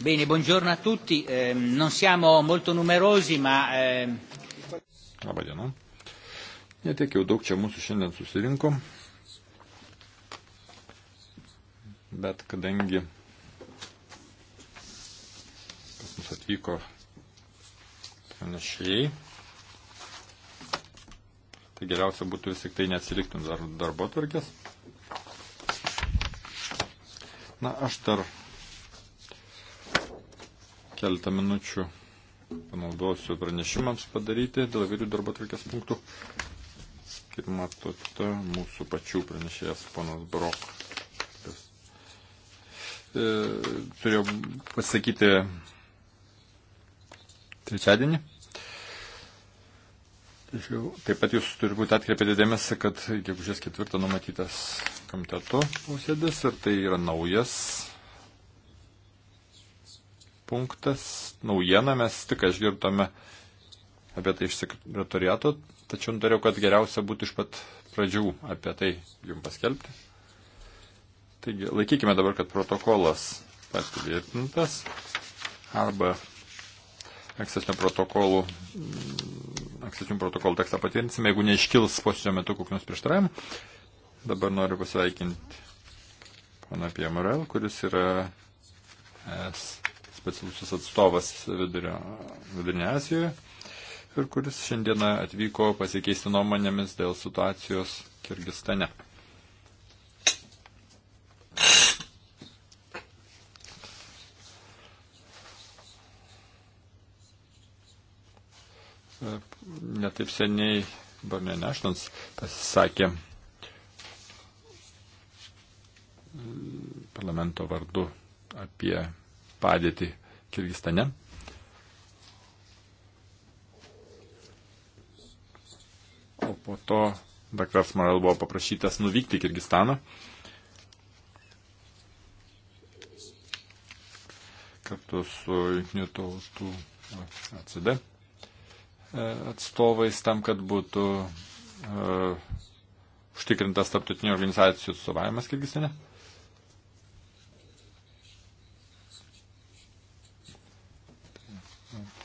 Bene, buongiorno a tutti. Eh, non siamo molto numerosi, ma. Eh... Labą dieną. Netiek jau daug čia mūsų šiandien susirinko, bet kadangi pas mus atvyko pranešėjai, tai geriausia būtų vis tik tai neatsiliktum dar darbo tvarkės. Na, aš dar Keletą minučių panaudosiu pranešimams padaryti dėl įvairių darbo atvarkės punktų. Kaip matote, mūsų pačių pranešėjas ponas Brok e, turėjo pasakyti trečiadienį. Taip pat jūs turbūt atkreipėte dėmesį, kad gegužės ketvirtą numatytas komiteto posėdis ir tai yra naujas punktas, naujieną mes tik išgirdome apie tai iš sekretoriato, tačiau nutariau, kad geriausia būtų iš pat pradžių apie tai jums paskelbti. Taigi laikykime dabar, kad protokolas patvirtintas arba ankstesnių protokolų, mm, ankstesnių protokolų tekstą patvirtinsime, jeigu neiškils posėdžio metu kokius prieštaravimus. Dabar noriu pasveikinti poną Piemorel, kuris yra es specialusis atstovas vidurio, vidurinė Azijoje ir kuris šiandieną atvyko pasikeisti nuomonėmis dėl situacijos Kirgistane. Netaip seniai Barnė Nešnans pasisakė parlamento vardu apie padėtį Kirgistane. O po to dr. Smarel buvo paprašytas nuvykti į Kirgistaną, kartu su jungtinių tautų ACD e, atstovais tam, kad būtų uh, užtikrintas tarptautinių organizacijų atstovavimas Kirgistane. Uh,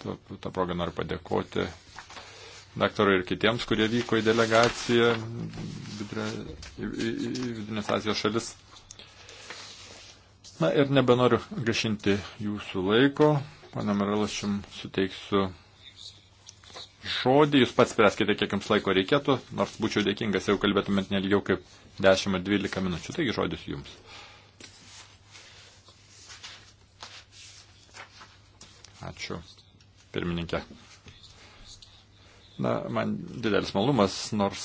Tuo, tą progą noriu padėkoti daktarui ir kitiems, kurie vyko į delegaciją į Vidinės Azijos šalis. Na ir nebenoriu gašinti jūsų laiko. Pana Miralas, jums suteiksiu žodį. Jūs pats spręskite, kiek jums laiko reikėtų, nors būčiau dėkingas, jeigu kalbėtumėt nelgiau kaip 10 ar 12 minučių. Taigi žodis jums. Ačiū pirmininkė. Na, man didelis malumas, nors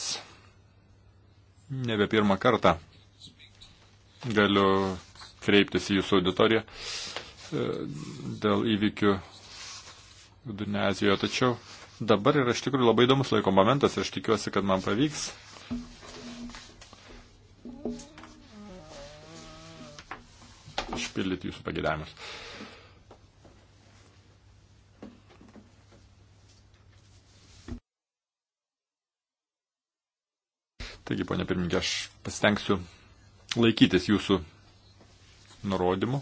nebe pirmą kartą galiu kreiptis į jūsų auditoriją e, dėl įvykių Vidurinė Azijoje. Tačiau dabar yra iš tikrųjų labai įdomus laiko momentas ir aš tikiuosi, kad man pavyks. Išpildyti jūsų pagėdavimus. Taigi, ponė pirmininkė, aš pasitengsiu laikytis jūsų nurodymų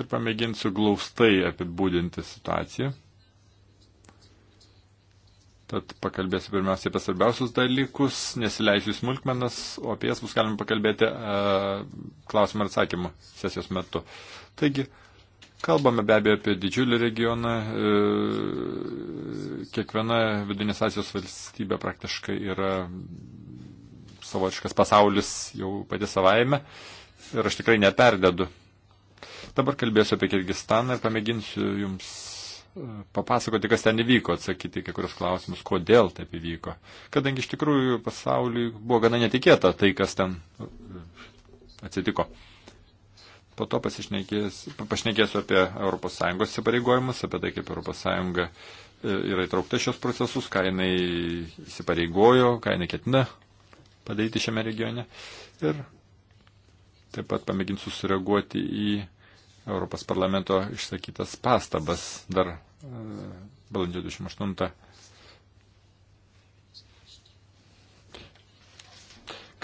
ir pamėginsiu glaustai apibūdinti situaciją. Tad pakalbėsiu pirmiausiai apie svarbiausius dalykus, nesileisiu smulkmenas, o apie jas bus galima pakalbėti e, klausimą ir atsakymą sesijos metu. Taigi, e, Kalbame be abejo apie didžiulį regioną. E, kiekviena vidinės Azijos valstybė praktiškai yra savotiškas pasaulis jau pati savaime. Ir aš tikrai neperdedu. Dabar kalbėsiu apie Kirgistaną ir pamėginsiu jums e, papasakoti, kas ten įvyko, atsakyti kiekvienus klausimus, kodėl taip įvyko. Kadangi iš tikrųjų pasauliui buvo gana netikėta tai, kas ten e, atsitiko. Po to pašnekėsiu apie ES įsipareigojimus, apie tai, kaip ES e, yra įtraukta šios procesus, ką jinai įsipareigojo, ką jinai ketina padaryti šiame regione. Ir taip pat pamėginsiu sureaguoti į Europos parlamento išsakytas pastabas dar e, balandžio 28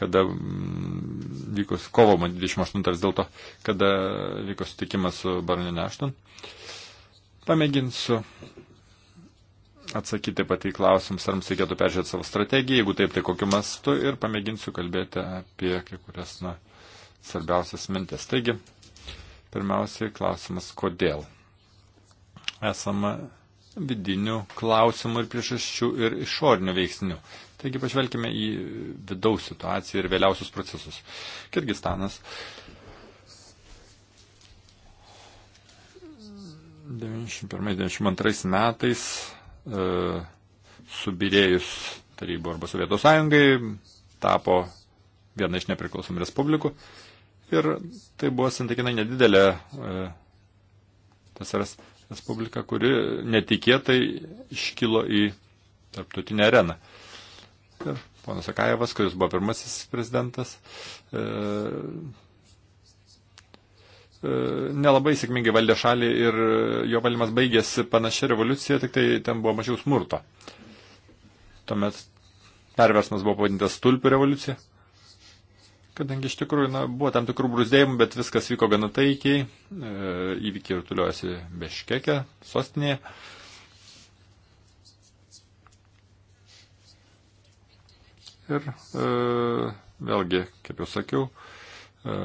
kada mm, vyko kovo 28 dėl to, kada vyko sutikimas su Barniu Nešton. Pamėginsiu atsakyti pat į klausimus, ar mums reikėtų peržiūrėti savo strategiją, jeigu taip, tai kokiu mastu ir pamėginsiu kalbėti apie kai kurias na, svarbiausias mintis. Taigi, pirmiausiai klausimas, kodėl esama vidinių klausimų ir priežasčių ir išorinių veiksnių. Taigi pažvelkime į vidaus situaciją ir vėliausius procesus. Kirgistanas 91-92 metais e, subirėjus tarybų arba Sovietų sąjungai tapo viena iš nepriklausomų respublikų ir tai buvo santykinai nedidelė e, tas yra Respubliką, kuri netikėtai iškilo į tarptautinę areną. Ir ponas Akajevas, kuris buvo pirmasis prezidentas, e, e, nelabai sėkmingai valdė šalį ir jo valdymas baigėsi panašia revoliucija, tik tai ten buvo mažiau smurto. Tuomet perversmas buvo pavadintas stulpių revoliucija. Kadangi iš tikrųjų na, buvo tam tikrų brūzdėjimų, bet viskas vyko gana taikiai, e, įvykiai rutuliuojasi Beškeke, sostinėje. Ir e, vėlgi, kaip jau sakiau, e,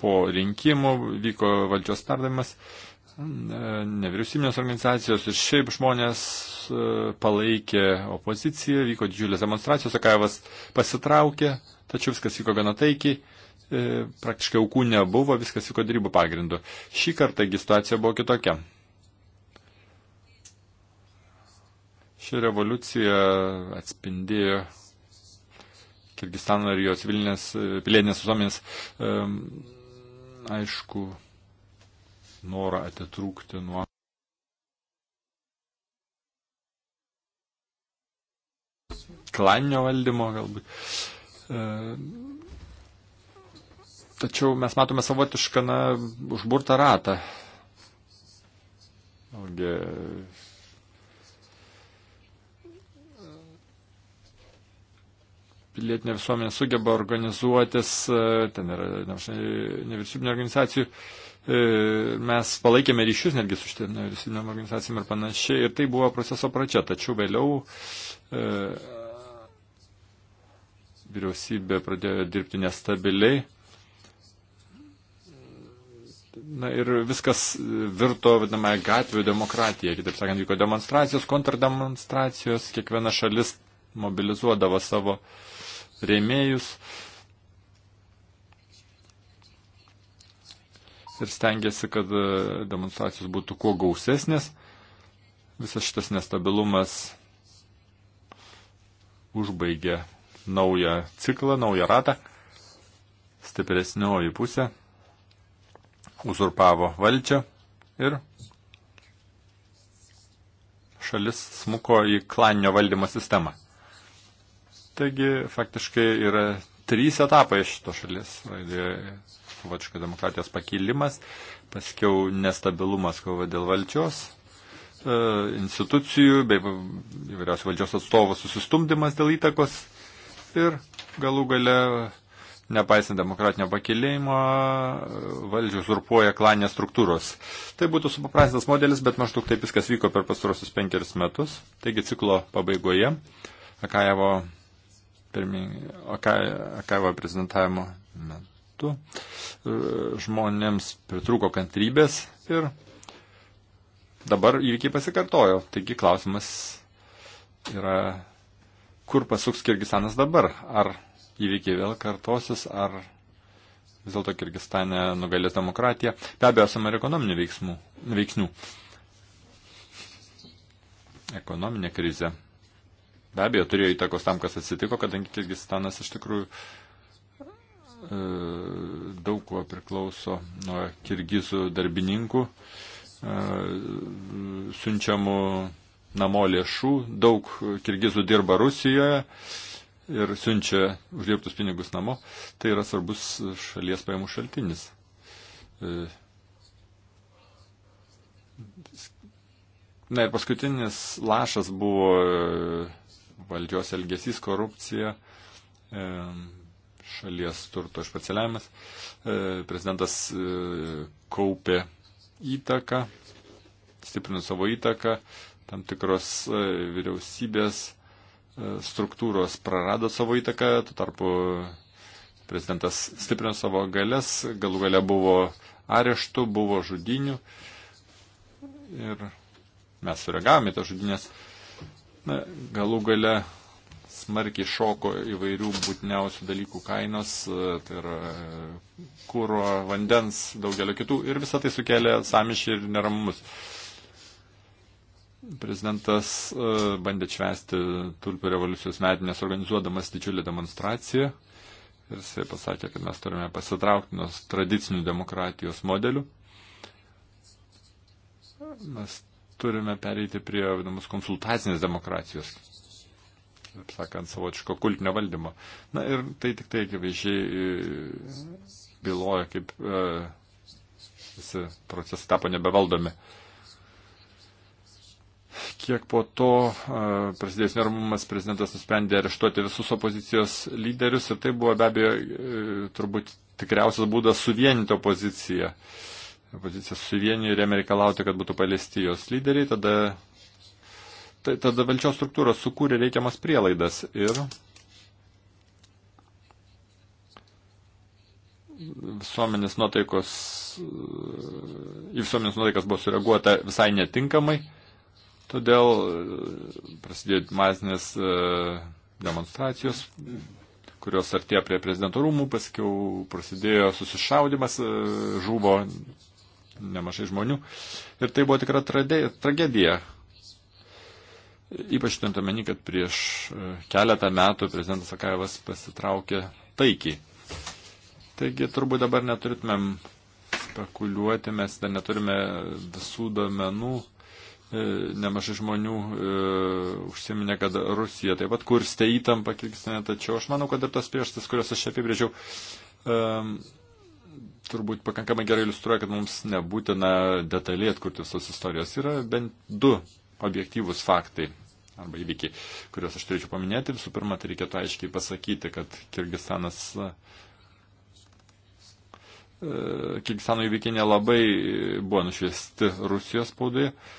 po rinkimų vyko valdžios perdavimas, e, nevyriausybinės organizacijos ir šiaip žmonės e, palaikė opoziciją, vyko didžiulės demonstracijos, Akavas pasitraukė. E, tačiau viskas vyko gana taikiai, e, praktiškai aukų nebuvo, viskas vyko darybų pagrindu. Šį kartą situacija buvo kitokia. Ši revoliucija atspindėjo Kirgistano ir jos Vilnės, e, pilietinės visuomenės e, aišku norą atitrūkti nuo. klaninio valdymo galbūt. E, tačiau mes matome savotišką na, užburtą ratą. Vėlgi, pilietinė visuomenė sugeba organizuotis, e, ten yra nevyriausybinio organizacijų. E, mes palaikėme ryšius netgi su šitiem nevyriausybinėm organizacijom ir panašiai. Ir tai buvo proceso pradžia. Tačiau vėliau vyriausybė pradėjo dirbti nestabiliai. Na ir viskas virto vadinamąją gatvių demokratiją. Kitaip sakant, vyko demonstracijos, kontrdemonstracijos, kiekviena šalis mobilizuodavo savo rėmėjus ir stengiasi, kad demonstracijos būtų kuo gausesnės. Visas šitas nestabilumas užbaigė naują ciklą, naują ratą. Stipresnioji pusė uzurpavo valdžią ir šalis smuko į klaninio valdymo sistemą. Taigi faktiškai yra trys etapai šito šalies. Vačiškai demokratijos pakilimas, paskiau nestabilumas kova dėl valdžios, e, institucijų bei įvairios valdžios atstovų susistumdymas dėl įtakos Ir galų gale, nepaisant demokratinio pakilėjimo, valdžių surpuoja klanės struktūros. Tai būtų supaprastas modelis, bet maždaug taip viskas vyko per pastarosius penkerius metus. Taigi ciklo pabaigoje Akajevo, pirmin, Akajevo prezidentavimo metu e, žmonėms pritruko kantrybės ir dabar įvykiai pasikartojo. Taigi klausimas yra kur pasuks Kirgistanas dabar? Ar įvykiai vėl kartosis, ar vis dėlto Kirgistane nugalės demokratija? Be abejo, esame ir ekonominių veiksmų, veiksnių. Ekonominė krizė. Be abejo, turėjo įtakos tam, kas atsitiko, kadangi Kirgistanas iš tikrųjų e, daug kuo priklauso nuo kirgizų darbininkų e, siunčiamų namo lėšų, daug kirgizų dirba Rusijoje ir siunčia uždirbtus pinigus namo. Tai yra svarbus šalies pajamų šaltinis. E, Na ir paskutinis lašas buvo e, valdžios elgesys, korupcija, e, šalies turto išpaceliavimas. Prezidentas kaupė įtaką, stiprino savo įtaką, tam tikros e, vyriausybės e, struktūros prarado savo įtaką, tuo tarpu prezidentas stiprino savo galės, galų gale buvo areštų, buvo žudinių ir mes sureagavome tą žudinės. Na, galų gale smarkiai šoko įvairių būtiniausių dalykų kainos, e, tai yra kūro, vandens, daugelio kitų ir visą tai sukelia samišį ir neramumus. Prezidentas e, bandė švęsti tulpių revoliucijos metinės organizuodamas didžiulį demonstraciją ir jisai pasakė, kad mes turime pasitraukti nuo tradicinių demokratijos modelių. Mes turime pereiti prie vadinamos konsultacinės demokratijos, taip sakant, savotiško kultinio valdymo. Na ir tai tik tai akivaizdžiai e, byloja, kaip e, visi procesai tapo nebevaldomi. E, kiek po to e, prasidėjus neramumas prezidentas nusprendė areštuoti visus opozicijos lyderius ir tai buvo be abejo e, turbūt tikriausias būdas suvienyti opoziciją. Opozicija suvienijo ir ėmė reikalauti, kad būtų paliesti jos lyderiai, tada, tai, tada valdžios struktūros sukūrė reikiamas prielaidas ir visuomenės nuotaikos, į visuomenės nuotaikas buvo sureaguota visai netinkamai. Todėl e, prasidėjo masinės e, demonstracijos, kurios artėjo prie prezidento rūmų, paskiau prasidėjo susišaudimas, e, žuvo nemažai žmonių. Ir tai buvo tikra tragedija. Ypač turint omeny, kad prieš keletą metų prezidentas Akajevas pasitraukė taikiai. Taigi turbūt dabar neturėtumėm spekuliuoti, mes dar neturime visų domenų E, nemažai žmonių e, užsiminė, kad Rusija taip pat kurstė įtampą Kirgistane, tačiau aš manau, kad ir tas prieštas, kurias aš apibrėžiau, e, turbūt pakankamai gerai iliustruoja, kad mums nebūtina detaliai atkurti visos istorijos. Yra bent du objektyvūs faktai arba įvykiai, kuriuos aš turėčiau paminėti. Visų pirma, tai reikėtų aiškiai pasakyti, kad Kirgistanas e, Kirgistano įvykiai nelabai buvo nušviesti Rusijos spaudai. E,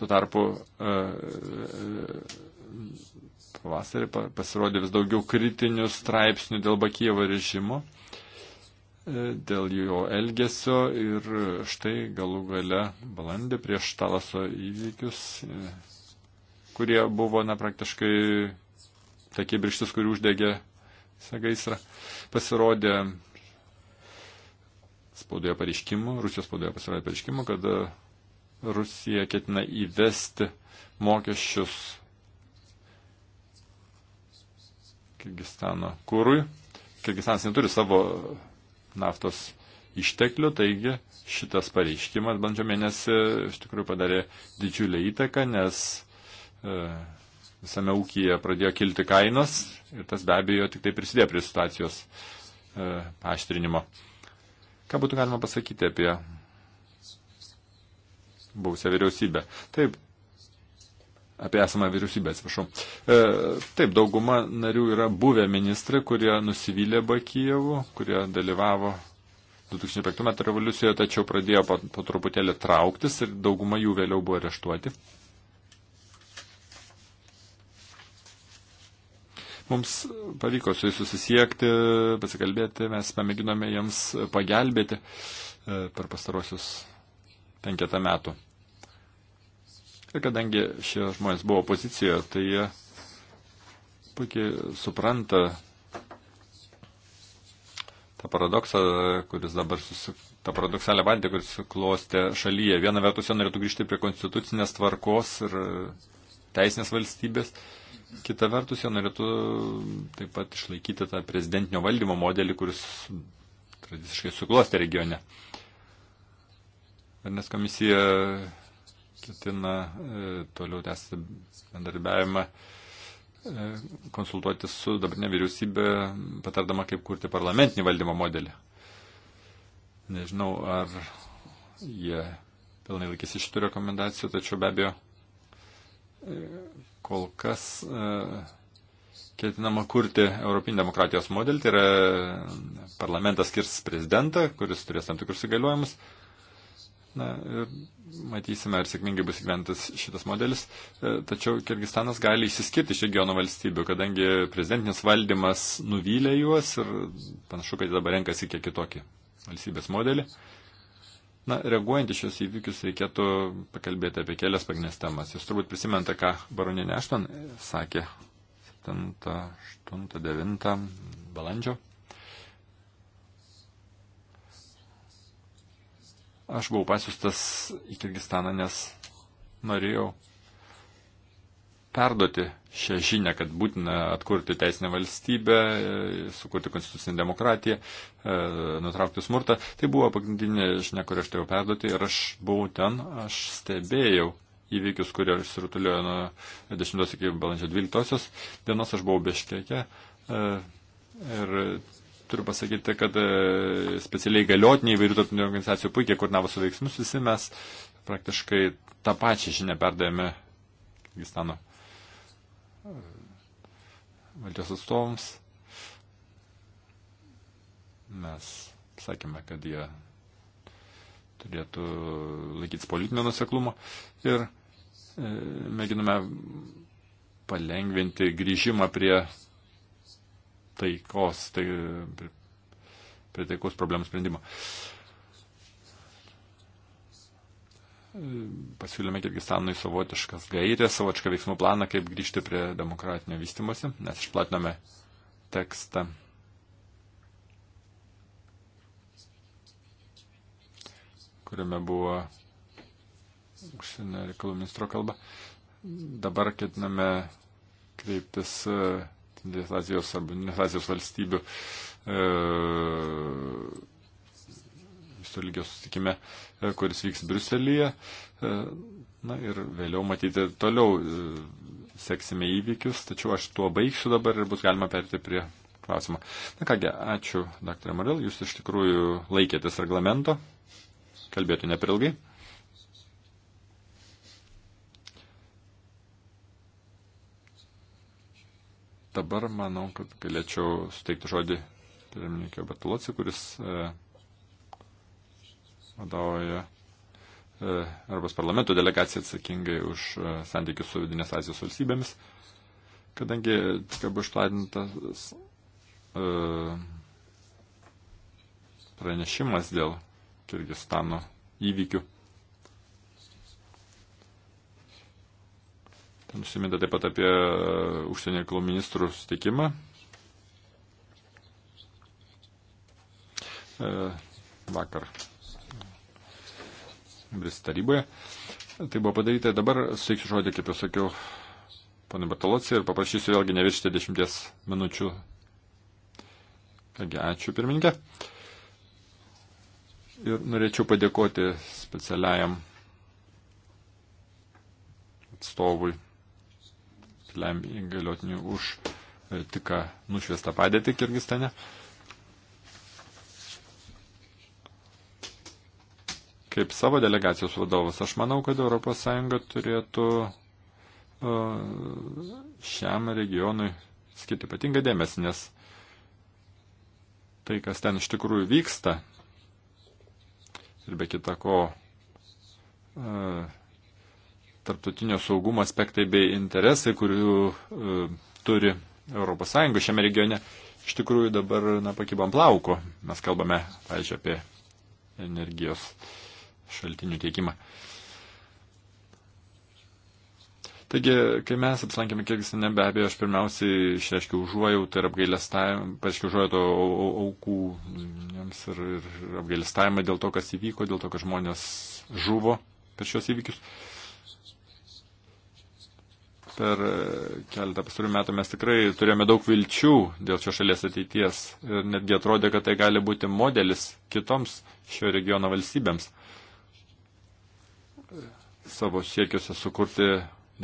Tuo tarpu e, e, pavasarį pasirodė vis daugiau kritinių straipsnių dėl Bakijevo režimo, e, dėl jo elgesio ir štai galų gale balandį prieš Talaso įvykius, kurie buvo na, praktiškai tokie birštis, kurį uždegė visą gaisrą, pasirodė spaudoje pareiškimų, Rusijos spaudoje pasirodė pareiškimų, kad Rusija ketina įvesti mokesčius Kirgistano kūrui. Kirgistanas neturi savo naftos išteklių, taigi šitas pareiškimas bandžio mėnesį iš tikrųjų padarė didžiulę įtaką, nes e, visame ūkyje pradėjo kilti kainos ir tas be abejo tik tai prisidėjo prie situacijos e, paaštrinimo. Ką būtų galima pasakyti apie buvusią vyriausybę. Taip, apie esamą vyriausybę, atsiprašau. E, taip, dauguma narių yra buvę ministrai, kurie nusivylė Bakijevu, kurie dalyvavo 2005 metų revoliucijoje, tačiau pradėjo po, po truputėlį trauktis ir dauguma jų vėliau buvo areštuoti. Mums pavyko su jais susisiekti, pasikalbėti, mes pamėginome jiems pagelbėti e, per pastarosius penketą metų. Ir kadangi šie žmonės buvo opozicijoje, tai jie puikiai supranta tą paradoksą, kuris dabar susikūrė tą paradoksalę valdį, kuris suklostė šalyje. Viena vertus jie norėtų grįžti prie konstitucinės tvarkos ir teisinės valstybės, kita vertus jie norėtų taip pat išlaikyti tą prezidentinio valdymo modelį, kuris tradiciškai suklostė regione. Uh, nes komisija ketina e, toliau tęsti bendarbiavimą, e, konsultuotis su dabartinė vyriausybė, patardama, kaip kurti parlamentinį valdymo modelį. Nežinau, ar jie pilnai laikysi šitų rekomendacijų, tačiau be abejo, e, kol kas ketinama kurti Europinį demokratijos modelį, tai yra parlamentas skirs prezidentą, kuris turės tam tikrus įgaliojimus. Na, matysime, ar sėkmingai bus įgyventas šitas modelis. E, tačiau Kirgistanas gali išsiskirti iš regiono valstybių, kadangi prezidentinis valdymas nuvylė juos ir panašu, kad dabar renkasi kiek kitokį valstybės modelį. Na, reaguojant į šios įvykius, reikėtų pakalbėti apie kelias pagrindinės temas. Jūs turbūt prisimenate, ką baronė Nešton e, sakė 7, 8, 9 balandžio. Aš buvau pasiustas į Kirgistaną, nes norėjau perduoti šią žinę, kad būtina atkurti teisinę valstybę, sukurti konstitucinę demokratiją, e, nutraukti smurtą. Tai buvo pagrindinė žinia, kurią aš turėjau perduoti ir aš buvau ten, aš stebėjau įvykius, kurie išsirutuliojo nuo 10 iki balandžio 12 dienos, aš buvau beškėke e, ir turiu pasakyti, kad e, specialiai galiotiniai įvairių tarptautinių organizacijų puikiai koordinavo su veiksmus, visi mes praktiškai tą pačią žinią perdavėme Kirgistano e, valdžios atstovams. Mes sakėme, kad jie turėtų laikytis politinio nuseklumo ir e, mėginame palengventi grįžimą prie taikos, tai, prie taikos problemų sprendimo. Pasiūlėme Kirgistanui savotiškas gairės, savotišką veiksmų planą, kaip grįžti prie demokratinio vystimosi. Mes išplatiname tekstą. kuriame buvo užsienio reikalų ministro kalba. Dabar ketiname kreiptis Centrinės Azijos arba Nes Azijos valstybių e, viso lygio susitikime, e, kuris vyks Bruselėje. E, na ir vėliau matyti toliau e, seksime įvykius, tačiau aš tuo baigsiu dabar ir bus galima perėti prie klausimą. Na kągi, ačiū, dr. Maril, jūs iš tikrųjų laikėtės reglamento, kalbėjote ne per ilgai. dabar manau, kad galėčiau suteikti žodį pirmininkio Batuloci, kuris e, vadovauja e, Europos parlamento delegacija atsakingai už e, santykius su Vidinės Azijos valstybėmis, kadangi tik buvo išplatintas e, pranešimas dėl Kirgistano įvykių. Ten užsiminta taip pat apie e, užsienio reikalų ministrų sutikimą. E, vakar Bris taryboje. Tai buvo padaryta. Dabar suteiksiu žodį, kaip jau sakiau, ponai Bartoloci ir paprašysiu vėlgi neviršti dešimties minučių. Kągi, ačiū pirmininkė. Ir norėčiau padėkoti specialiajam atstovui specialiam įgaliotiniui už e, tik nušviestą padėtį Kirgistane. Kaip savo delegacijos vadovas, aš manau, kad ES turėtų e, šiam regionui skirti ypatingą dėmesį, nes tai, kas ten iš tikrųjų vyksta, ir be kita ko, e, tarptautinio saugumo aspektai bei interesai, kurių e, turi ES šiame regione, iš tikrųjų dabar na, pakibam plauko. Mes kalbame, pavyzdžiui, apie energijos šaltinių teikimą. Taigi, kai mes apsilankėme Kirgistane, be abejo, aš pirmiausiai išreiškiau užuojautą ir apgailestavimą, pareiškiau užuojautą aukų jiems ir, ir apgailestavimą dėl to, kas įvyko, dėl to, kad žmonės žuvo per šios įvykius. Uh, Per e, keletą pastarųjų metų mes tikrai turėjome daug vilčių dėl šios šalies ateities ir netgi atrodė, kad tai gali būti modelis kitoms šio regiono valstybėms savo siekiuose sukurti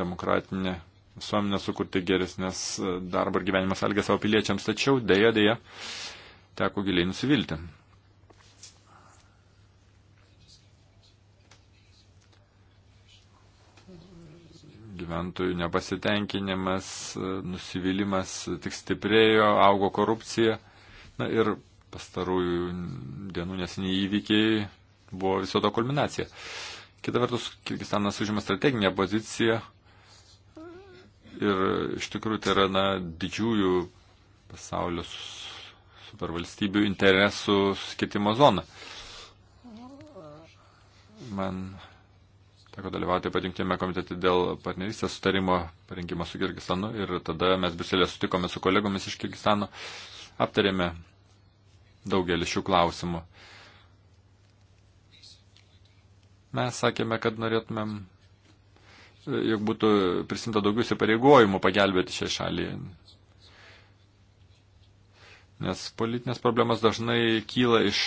demokratinę visuomenę sukurti geresnės e, darbo ir gyvenimo sąlygas savo piliečiams, tačiau dėja, dėja, teko giliai nusivilti. gyventojų nepasitenkinimas, nusivylimas tik stiprėjo, augo korupcija. Na ir pastarųjų dienų nesiniai įvykiai buvo viso to kulminacija. Kita vertus, Kirgistanas užima strateginę poziciją ir iš tikrųjų tai yra na, didžiųjų pasaulio supervalstybių interesų skirtimo zona. Man teko dalyvauti patinkime komitete dėl partnerystės sutarimo parinkimo su Kirgistanu ir tada mes Briuselėje sutikome su kolegomis iš Kirgistano, aptarėme daugelį šių klausimų. Mes sakėme, kad norėtumėm, jog būtų prisimta daugiau įsipareigojimų pagelbėti šiai šaliai. Nes politinės problemas dažnai kyla iš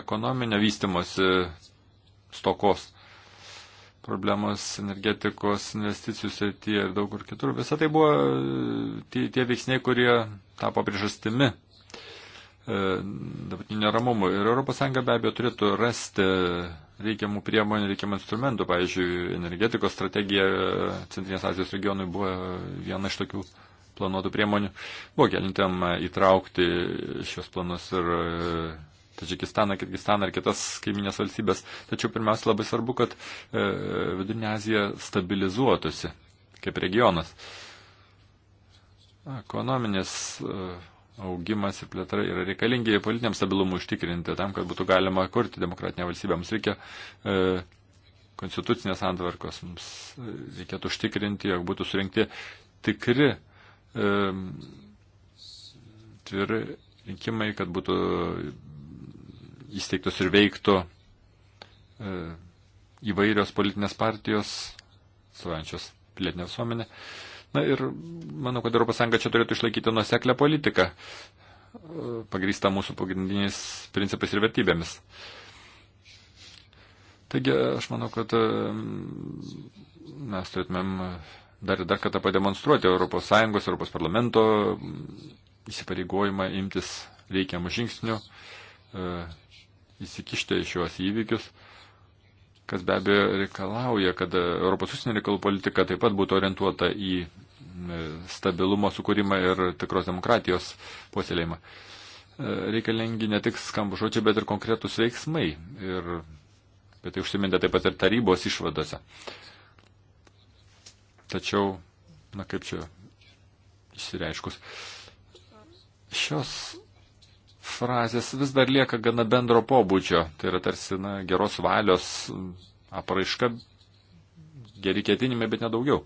ekonominio vystimosi stokos problemos energetikos investicijų srityje ir daug kur kitur. Visą tai buvo tie, tie veiksniai, kurie tapo priežastimi e, dabartinio neramumo. Ir ES be abejo turėtų rasti reikiamų priemonių, reikiamų instrumentų. Pavyzdžiui, energetikos strategija e, Centrinės Azijos regionui buvo viena iš tokių planuotų priemonių. Buvo kelintama įtraukti šios planus ir e, Tadžikistaną, Kirgistaną ir kitas kaiminės valstybės. Tačiau pirmiausia labai svarbu, kad e, Vidurinė Azija stabilizuotųsi kaip regionas. Ekonominis e, augimas ir plėtra yra reikalingi politiniam stabilumui užtikrinti, tam, kad būtų galima kurti demokratinę valstybę. Mums reikia e, konstitucinės santvarkos, mums reikėtų užtikrinti, jog būtų surinkti tikri e, tviri rinkimai, kad būtų įsteigtos ir veiktų e, įvairios politinės partijos, suvančios pilietinė visuomenė. Na ir manau, kad ES čia turėtų išlaikyti nuseklę politiką, e, pagrįstą mūsų pagrindiniais principais ir vertybėmis. Taigi aš manau, kad e, mes turėtumėm dar ir dar kartą pademonstruoti ES, ES parlamento įsipareigojimą imtis reikiamų žingsnių, įsikišti į šiuos įvykius, kas be abejo reikalauja, kad Europos užsienio reikalų politika taip pat būtų orientuota į e, stabilumo sukūrimą ir tikros demokratijos puoselėjimą. E, reikalingi ne tik skambų žodžiai, bet ir konkretus veiksmai. Ir apie tai užsiminta taip pat ir tarybos išvadose. Tačiau, na kaip čia išsireiškus, šios frazės vis dar lieka gana bendro pobūdžio. Tai yra tarsi na, geros valios apraiška, geri ketinimai, bet nedaugiau.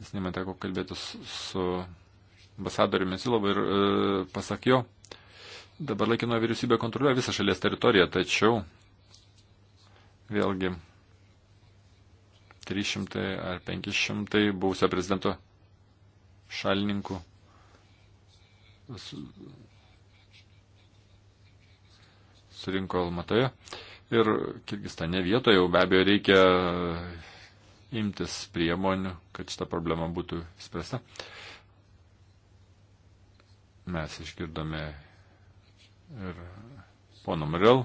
Nes man teko kalbėtis su ambasadoriumi Silovu ir e, pasak jo, dabar laikino vyriausybė kontroliuoja visą šalies teritoriją, tačiau vėlgi 300 ar 500 buvusio prezidento šalininkų surinko Almatoje ir Kirgistane vietoje jau be abejo reikia imtis priemonių, kad šita problema būtų spręsta. Mes išgirdome ir pono Marel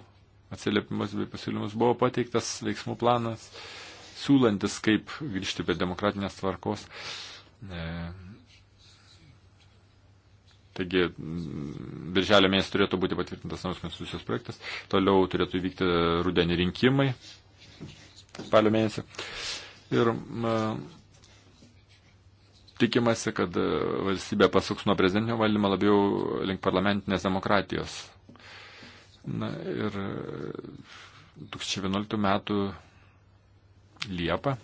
atsiliepimas bei pasiūlymus buvo pateiktas veiksmų planas, siūlantis, kaip grįžti prie demokratinės tvarkos. E, Taigi, birželio mėnesį turėtų būti patvirtintas naujas konstitucijos projektas, toliau turėtų įvykti rudenį rinkimai, spalio mėnesį. Ir e, tikimasi, kad valstybė pasuks nuo prezidentinio valdymo labiau link parlamentinės demokratijos. Na ir 2011 e, metų Liepa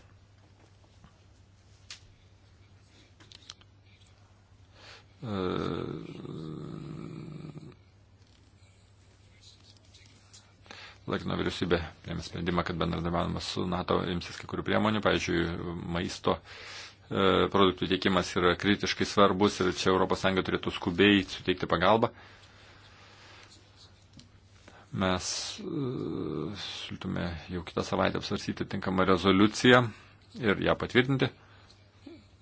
Laikino vyriausybė priėmė sprendimą, kad bendradarbiavimas su NATO imsis kai kurių priemonių, pavyzdžiui, maisto e, produktų tiekimas yra kritiškai svarbus ir čia ES turėtų skubiai suteikti pagalbą. Mes e, siūlytume jau kitą savaitę apsvarsyti tinkamą rezoliuciją ir ją patvirtinti.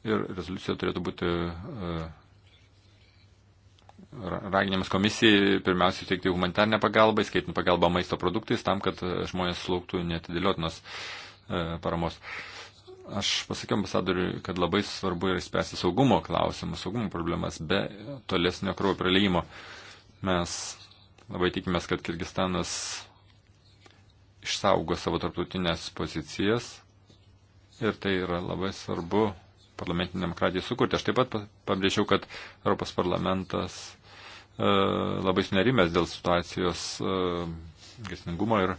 Ir rezoliucija turėtų būti e, raginimas komisijai pirmiausiai teikti humanitarnę pagalbą, skaitant pagalbą maisto produktais, tam, kad e, žmonės sulauktų netidėliotinos e, paramos. Aš pasakiau ambasadoriui, kad labai svarbu yra spręsti saugumo klausimus, saugumo problemas be tolesnio kraujo praleimo. Mes labai tikimės, kad Kirgistanas išsaugo savo tarptautinės pozicijas ir tai yra labai svarbu parlamentinė demokratija sukurti. Aš taip pat pabrėžiau, kad Europos parlamentas E, labai sunerimęs dėl situacijos gesningumo ir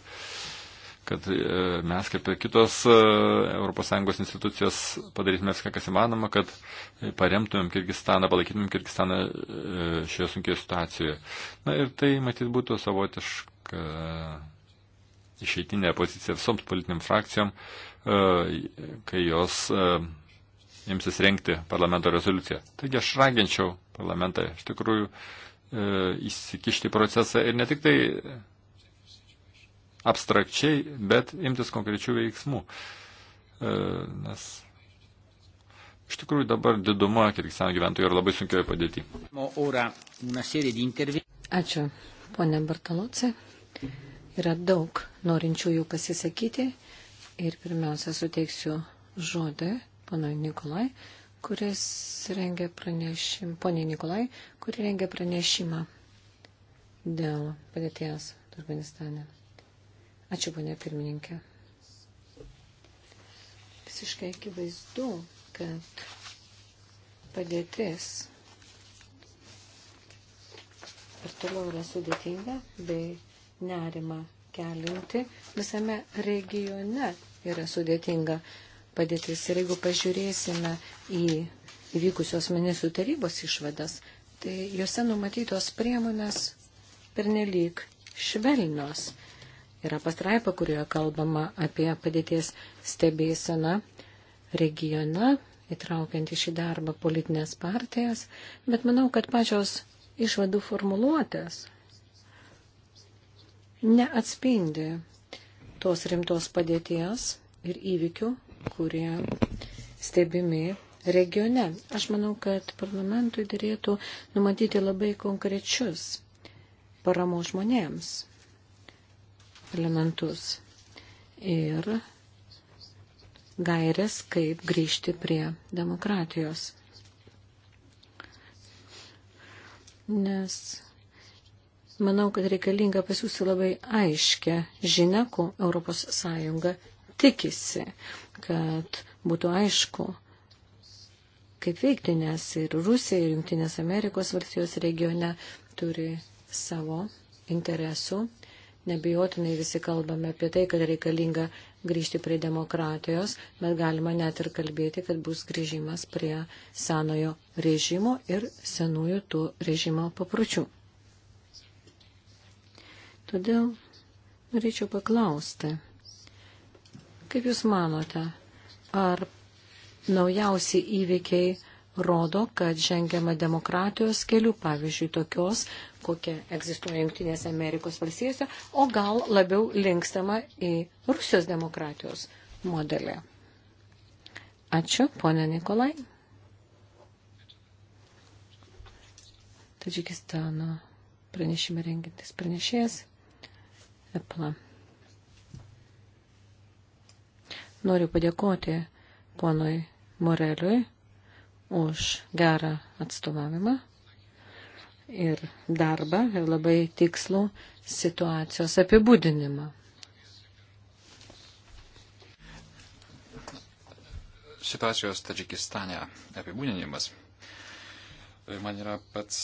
kad e, mes kaip ir kitos ES institucijos padarytume viską, kas įmanoma, kad paremtumėm Kirgistaną, palaikytumėm Kirgistaną e, šioje sunkioje situacijoje. Na ir tai, matyt, būtų savotiška išeitinė pozicija visoms politiniam frakcijom, kai jos imsis renkti parlamento rezoliuciją. Taigi aš raginčiau parlamentą iš tikrųjų E, įsikišti procesą ir ne tik tai abstrakčiai, bet imtis konkrečių veiksmų. E, nes iš tikrųjų dabar diduma Kirgizstano gyventojų yra labai sunkioje padėtyje. Ačiū, ponė Bartaloce. Yra daug norinčiųjų pasisakyti ir pirmiausia suteiksiu žodį ponui Nikolai, kuris rengia pranešimą, ponė Nikolai, kuri rengia pranešimą dėl padėties Turkmenistane. Ačiū, ponė pirmininkė. Visiškai akivaizdu, kad padėtis ir toliau yra sudėtinga bei nerima kelinti visame regione yra sudėtinga padėtis. Ir jeigu pažiūrėsime į įvykusios ministrų tarybos išvadas, tai juose numatytos priemonės pernelyg švelnios. Yra pastraipa, kurioje kalbama apie padėties stebėseną regione, įtraukiant į šį darbą politinės partijas, bet manau, kad pačios išvadų formuluotės neatspindi tos rimtos padėties ir įvykių, kurie stebimi regione. Aš manau, kad parlamentui dėrėtų numatyti labai konkrečius paramo žmonėms elementus ir gairės, kaip grįžti prie demokratijos. Nes manau, kad reikalinga pasiūsti labai aiškę žinę, ko ES tikisi, kad būtų aišku, kaip veikti, nes ir Rusija, ir Junktinės Amerikos valstijos regione turi savo interesų. Nebijotinai visi kalbame apie tai, kad reikalinga grįžti prie demokratijos, bet galima net ir kalbėti, kad bus grįžimas prie senojo režimo ir senųjų tų režimo papročių. Todėl norėčiau paklausti, kaip Jūs manote, ar Naujausi įvykiai rodo, kad žengiama demokratijos keliu, pavyzdžiui, tokios, kokia egzistuoja Junktinėse Amerikos valstijose, o gal labiau linkstama į Rusijos demokratijos modelį. Ačiū, ponė Nikolai. Tadžikistano pranešimą rengintis pranešėjas. Epla. Noriu padėkoti ponui Moreliui už gerą atstovavimą ir darbą ir labai tikslų situacijos apibūdinimą. Situacijos Tadžikistane apibūdinimas man yra pats,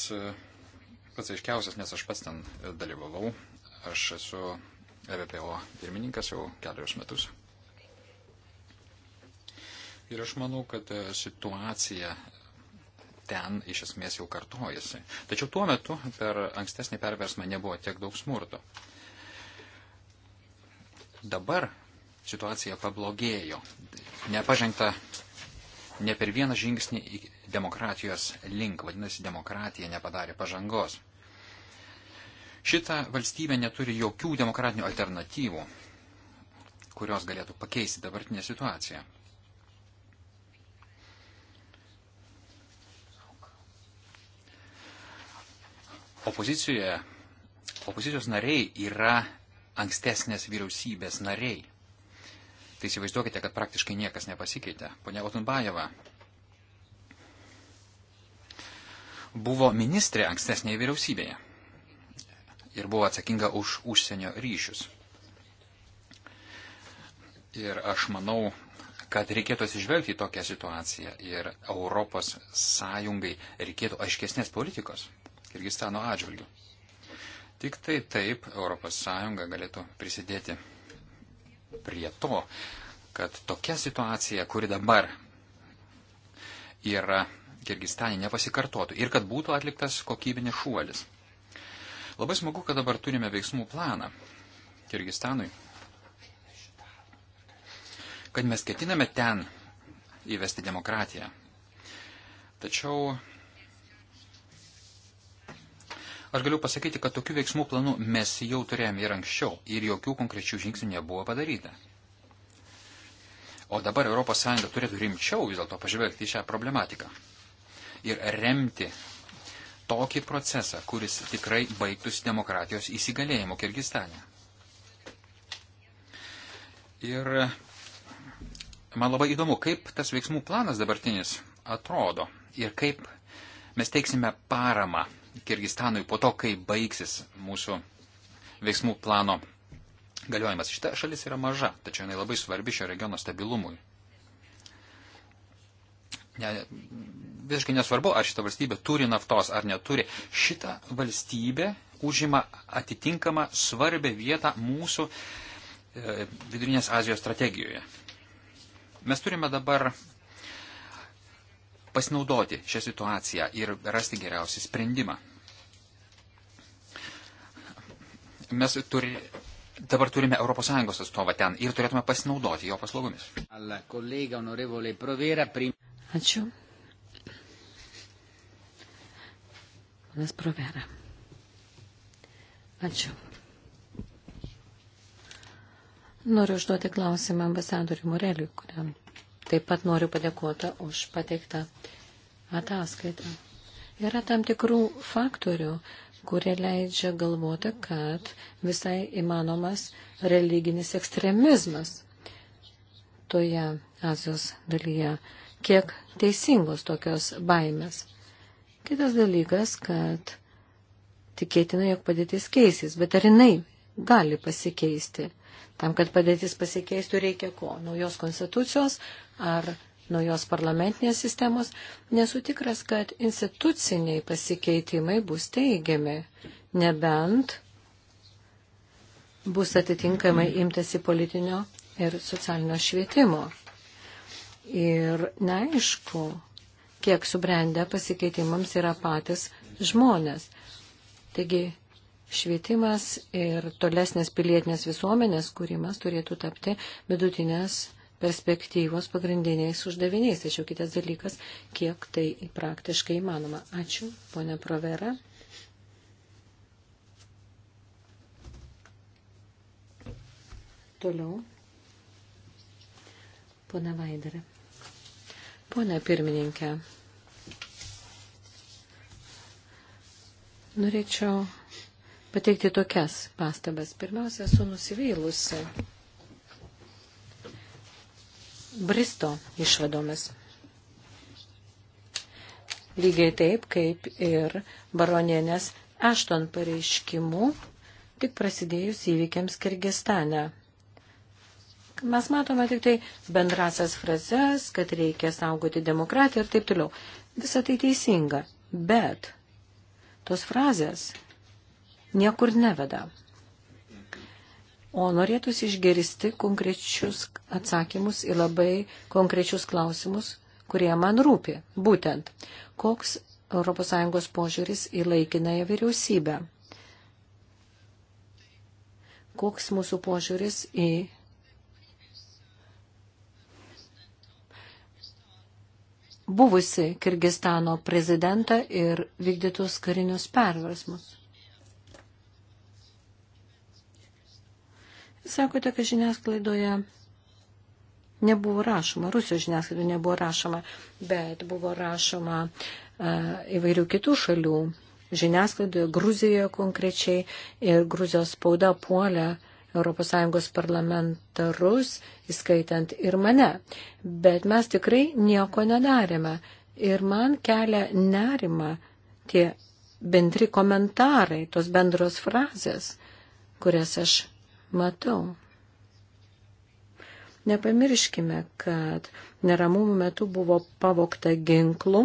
pats aiškiausias, nes aš pats ten dalyvavau. Aš esu EVPO pirmininkas jau kelius metus. Ir aš manau, kad e, situacija ten iš esmės jau kartojasi. Tačiau tuo metu per ankstesnį perversmą nebuvo tiek daug smurto. Dabar situacija pablogėjo. Nepažengta ne per vieną žingsnį į demokratijos link, vadinasi, demokratija nepadarė pažangos. Šita valstybė neturi jokių demokratinių alternatyvų, kurios galėtų pakeisti dabartinę situaciją. opozicijoje, opozicijos nariai yra ankstesnės vyriausybės nariai. Tai įsivaizduokite, kad praktiškai niekas nepasikeitė. Pone Otunbajeva buvo ministrė ankstesnėje vyriausybėje ir buvo atsakinga už užsienio ryšius. Ir aš manau, kad reikėtų atsižvelgti į tokią situaciją ir Europos Sąjungai reikėtų aiškesnės politikos. Kirgistano atžvilgių. Tik tai taip ES galėtų prisidėti prie to, kad tokia situacija, kuri dabar yra Kirgistane, nepasikartotų ir kad būtų atliktas kokybinis šuolis. Labai smagu, kad dabar turime veiksmų planą Kirgistanui, kad mes ketiname ten įvesti demokratiją. Tačiau Aš galiu pasakyti, kad tokių veiksmų planų mes jau turėjome ir anksčiau ir jokių konkrečių žingsnių nebuvo padaryta. O dabar ES turėtų rimčiau vis dėlto pažvelgti į šią problematiką ir remti tokį procesą, kuris tikrai baigtųsi demokratijos įsigalėjimu Kirgistane. Ir man labai įdomu, kaip tas veiksmų planas dabartinis atrodo ir kaip mes teiksime paramą Kirgistanui po to, kai baigsis mūsų veiksmų plano galiojimas. Šita šalis yra maža, tačiau jinai labai svarbi šio regiono stabilumui. Ne, visiškai nesvarbu, ar šita valstybė turi naftos ar neturi. Šita valstybė užima atitinkamą svarbę vietą mūsų e, Vidurinės Azijos strategijoje. Mes turime dabar pasinaudoti šią situaciją ir rasti geriausią sprendimą. Mes turi, dabar turime ES atstovą ten ir turėtume pasinaudoti jo paslaugomis. Ačiū. Panas Provera. Ačiū. Noriu užduoti klausimą ambasadoriui Moreliui, kuriam Taip pat noriu padėkoti už pateiktą ataskaitą. Yra tam tikrų faktorių, kurie leidžia galvoti, kad visai įmanomas religinis ekstremizmas toje Azijos dalyje. Kiek teisingos tokios baimės. Kitas dalykas, kad tikėtina, jog padėtis keisys, bet ar jinai gali pasikeisti? Tam, kad padėtis pasikeistų, reikia ko? Naujos konstitucijos ar naujos parlamentinės sistemos? Nesu tikras, kad instituciniai pasikeitimai bus teigiami, nebent bus atitinkamai imtasi politinio ir socialinio švietimo. Ir neaišku, kiek subrendę pasikeitimams yra patys žmonės. Taigi Švietimas ir tolesnės pilietinės visuomenės kūrimas turėtų tapti vidutinės perspektyvos pagrindiniais uždaviniais. Tačiau kitas dalykas, kiek tai praktiškai įmanoma. Ačiū, ponia Provera. Toliau. Pone Vaidarė. Pone pirmininkė. Norėčiau pateikti tokias pastabas. Pirmiausia, esu nusivylusi Bristo išvadomis. Lygiai taip, kaip ir baronienės Ašton pareiškimų tik prasidėjus įvykiams Kirgistane. Mes matome tik tai bendrasias frazes, kad reikia saugoti demokratiją ir taip toliau. Visą tai teisinga, bet tos frazės niekur neveda. O norėtųsi išgirsti konkrečius atsakymus į labai konkrečius klausimus, kurie man rūpi. Būtent, koks ES požiūris į laikinąją vyriausybę? Koks mūsų požiūris į buvusi Kirgistano prezidentą ir vykdytus karinius perversmus? Sakote, kad žiniasklaidoje nebuvo rašoma, Rusijos žiniasklaidoje nebuvo rašoma, bet buvo rašoma uh, įvairių kitų šalių žiniasklaidoje, Gruzijoje konkrečiai ir Gruzijos spauda puolė ES parlamentarus, įskaitant ir mane. Bet mes tikrai nieko nedarėme. Ir man kelia nerima tie bendri komentarai, tos bendros frazės, kurias aš matau. Nepamirškime, kad neramumų metu buvo pavokta ginklų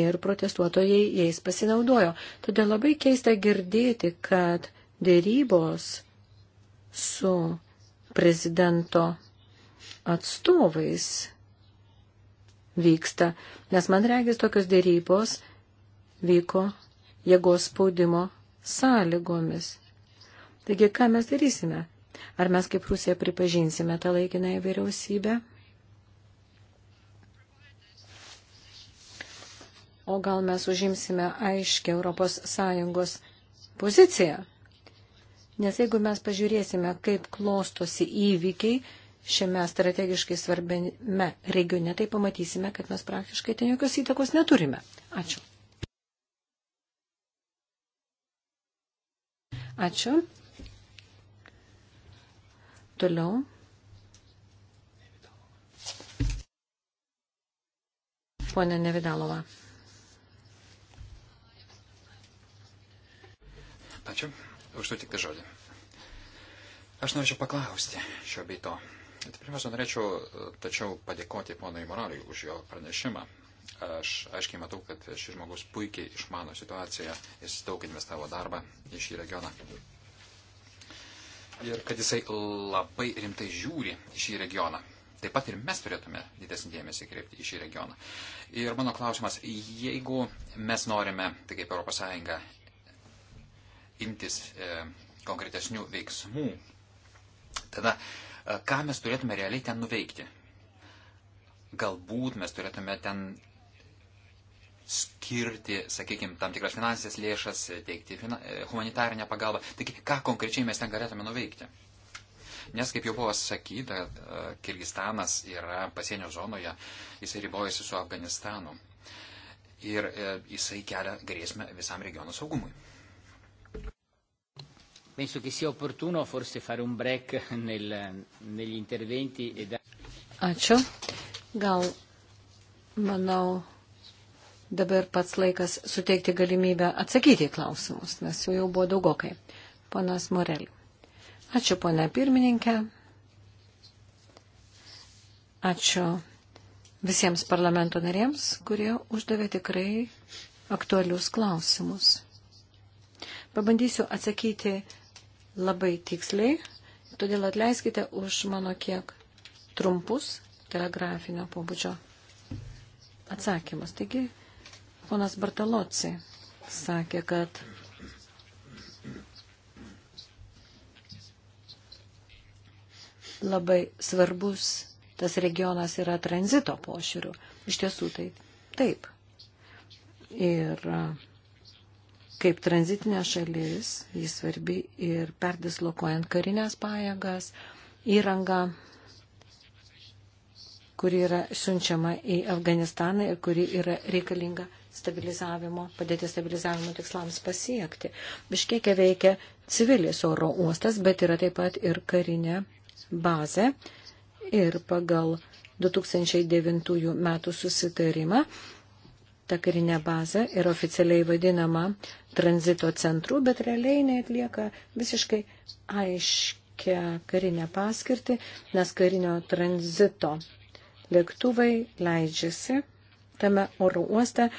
ir protestuotojai jais pasinaudojo. Todėl labai keista girdėti, kad dėrybos su prezidento atstovais vyksta, nes man regis tokios dėrybos vyko jėgos spaudimo sąlygomis. Taigi, ką mes darysime? Ar mes kaip Rusija pripažinsime tą laikinąją vyriausybę? O gal mes užimsime aiškę ES poziciją? Nes jeigu mes pažiūrėsime, kaip klostosi įvykiai šiame strategiškai svarbiame regione, tai pamatysime, kad mes praktiškai ten jokios įtakos neturime. Ačiū. Ačiū. Toliau. Pone Nevidalova. Ačiū už sutiktą žodį. Aš norėčiau paklausti šio bei to. Tai pirmiausia, norėčiau tačiau padėkoti ponui Moraliui už jo pranešimą. Aš aiškiai matau, kad šis žmogus puikiai išmano situaciją, jis daug investavo darbą į šį regioną ir kad jisai labai rimtai žiūri į šį regioną. Taip pat ir mes turėtume didesnį dėmesį kreipti į šį regioną. Ir mano klausimas, jeigu mes norime, tai kaip ES, imtis e, konkretesnių veiksmų, tada e, ką mes turėtume realiai ten nuveikti? Galbūt mes turėtume ten skirti, sakykime, tam tikras finansinės lėšas, teikti fina, humanitarinę pagalbą. Taigi, ką konkrečiai mes ten galėtume nuveikti? Nes, kaip jau buvo sakyta, Kirgistanas yra pasienio zonoje, jisai ribojasi su Afganistanu. Ir e, jisai kelia grėsmę visam regiono saugumui. Penso che sia opportuno forse fare un break nel, negli interventi e da... Ačiū. Gal, manau, dabar pats laikas suteikti galimybę atsakyti į klausimus, nes jų jau buvo daugokai. Ponas Morel. Ačiū, ponė pirmininkė. Ačiū visiems parlamento narėms, kurie uždavė tikrai aktualius klausimus. Pabandysiu atsakyti labai tiksliai, todėl atleiskite už mano kiek trumpus telegrafinio pobūdžio atsakymus. Taigi, Ponas Bartaloci sakė, kad labai svarbus tas regionas yra tranzito pošiūrių. Iš tiesų tai taip. Ir kaip tranzitinė šalis, jis svarbi ir perdislokuojant karinės pajėgas, įrangą, kuri yra siunčiama į Afganistaną ir kuri yra reikalinga stabilizavimo, padėti stabilizavimo tikslams pasiekti. Biškėkė veikia civilis oro uostas, bet yra taip pat ir karinė bazė. Ir pagal 2009 metų susitarimą ta karinė bazė yra oficialiai vadinama tranzito centru, bet realiai neatlieka visiškai aiškę karinę paskirtį, nes karinio tranzito lėktuvai leidžiasi tame oro uoste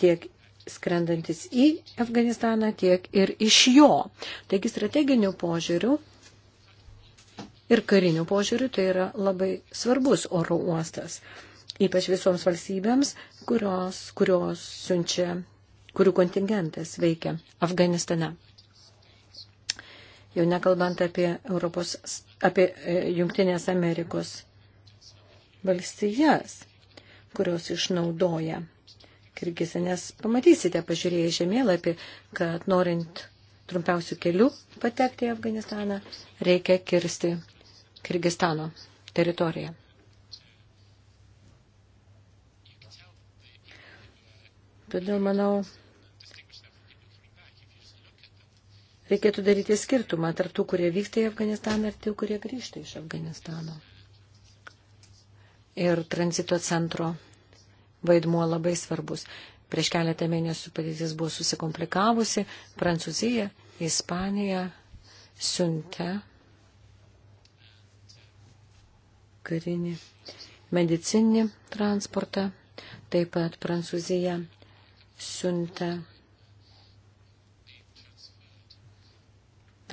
tiek skrendantis į Afganistaną, tiek ir iš jo. Taigi strateginių požiūrių ir karinių požiūrių tai yra labai svarbus oro uostas, ypač visoms valstybėms, kurios, kurios siunčia, kurių kontingentas veikia Afganistane. Jau nekalbant apie, Europos, apie e, Junktinės Amerikos valstijas, kurios išnaudoja Kirgizė, nes pamatysite, pažiūrėję žemėlapį, kad norint trumpiausių kelių patekti į Afganistaną, reikia kirsti Kirgistano teritoriją. Todėl, manau, reikėtų daryti skirtumą tarp tų, kurie vyksta į Afganistaną ir tų, kurie grįžta iš Afganistano. Ir tranzito centro vaidmuo labai svarbus. Prieš keletą mėnesių padėtis buvo susikomplikavusi, Prancūzija, Ispanija siuntė karinį medicininį transportą, taip pat Prancūzija siuntė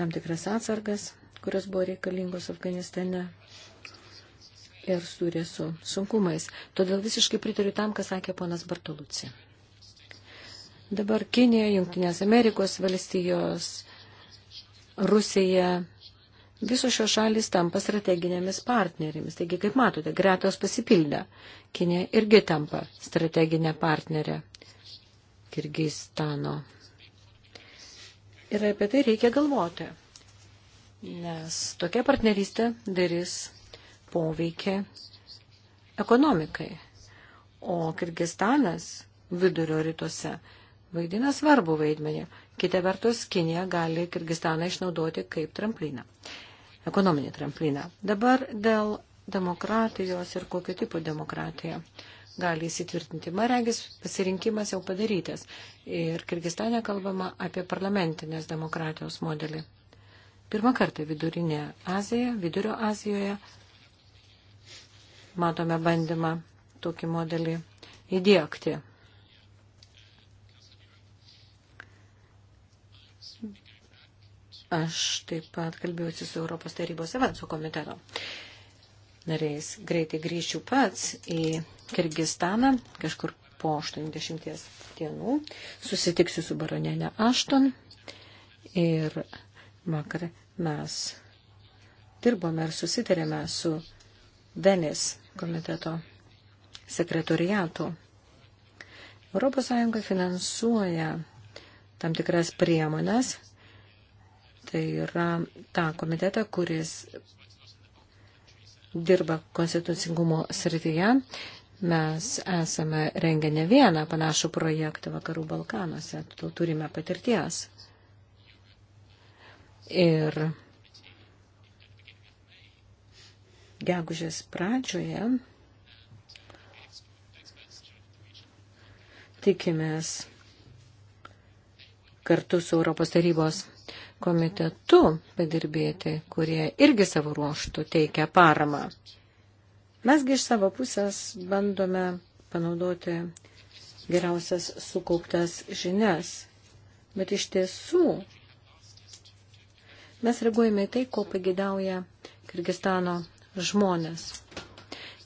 tam tikras atsargas, kurios buvo reikalingos Afganistane ir surė su sunkumais. Todėl visiškai pritariu tam, ką sakė ponas Bartoluci. Dabar Kinija, Junktinės Amerikos valstijos, Rusija, visos šios šalis tampa strateginėmis partnerėmis. Taigi, kaip matote, gretos pasipildė. Kinija irgi tampa strateginė partnerė Kirgistano. Ir apie tai reikia galvoti, nes tokia partnerystė darys poveikį ekonomikai. O Kirgistanas vidurio rytuose vaidina svarbu vaidmenį. Kita vertus, Kinija gali Kirgistaną išnaudoti kaip trampliną, ekonominį trampliną. Dabar dėl demokratijos ir kokio tipo demokratija gali įsitvirtinti. Maregis pasirinkimas jau padarytas ir Kirgistane kalbama apie parlamentinės demokratijos modelį. Pirmą kartą vidurinė Azija, vidurio Azijoje matome bandymą tokį modelį įdėkti. Aš taip pat kalbėjausi su Europos tarybos avansų komiteto nariais. Greitai grįšiu pats į Kirgistaną, kažkur po 80 dienų. Susitiksiu su baronėne Ašton ir vakar mes dirbome ir susitarėme su Denis komiteto sekretoriatų. ES finansuoja tam tikras priemonės, tai yra tą komitetą, kuris dirba konstitucingumo srityje. Mes esame rengę ne vieną panašų projektą Vakarų Balkanuose, todėl turime patirties. Ir gegužės pradžioje tikimės kartu su Europos tarybos komitetu padirbėti, kurie irgi savo ruoštų teikia paramą. Mesgi iš savo pusės bandome panaudoti geriausias sukauptas žinias, bet iš tiesų mes reaguojame į tai, ko pagidauja Kirgistano žmonės.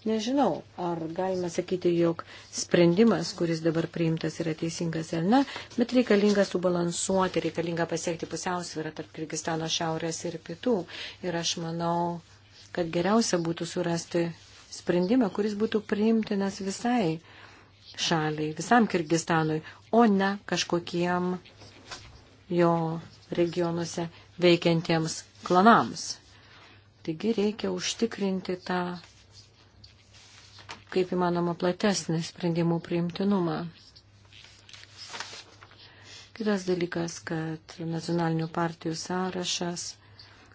Nežinau, ar galima sakyti, jog sprendimas, kuris dabar priimtas, yra teisingas ar ne, bet reikalinga subalansuoti, reikalinga pasiekti pusiausvyrą tarp Kirgistano šiaurės ir pietų. Ir aš manau, kad geriausia būtų surasti sprendimą, kuris būtų priimtinas visai šaliai, visam Kirgistanui, o ne kažkokiem jo regionuose veikiantiems klanams. Taigi reikia užtikrinti tą kaip įmanoma platesnį sprendimų priimtinumą. Kitas dalykas, kad nacionalinių partijų sąrašas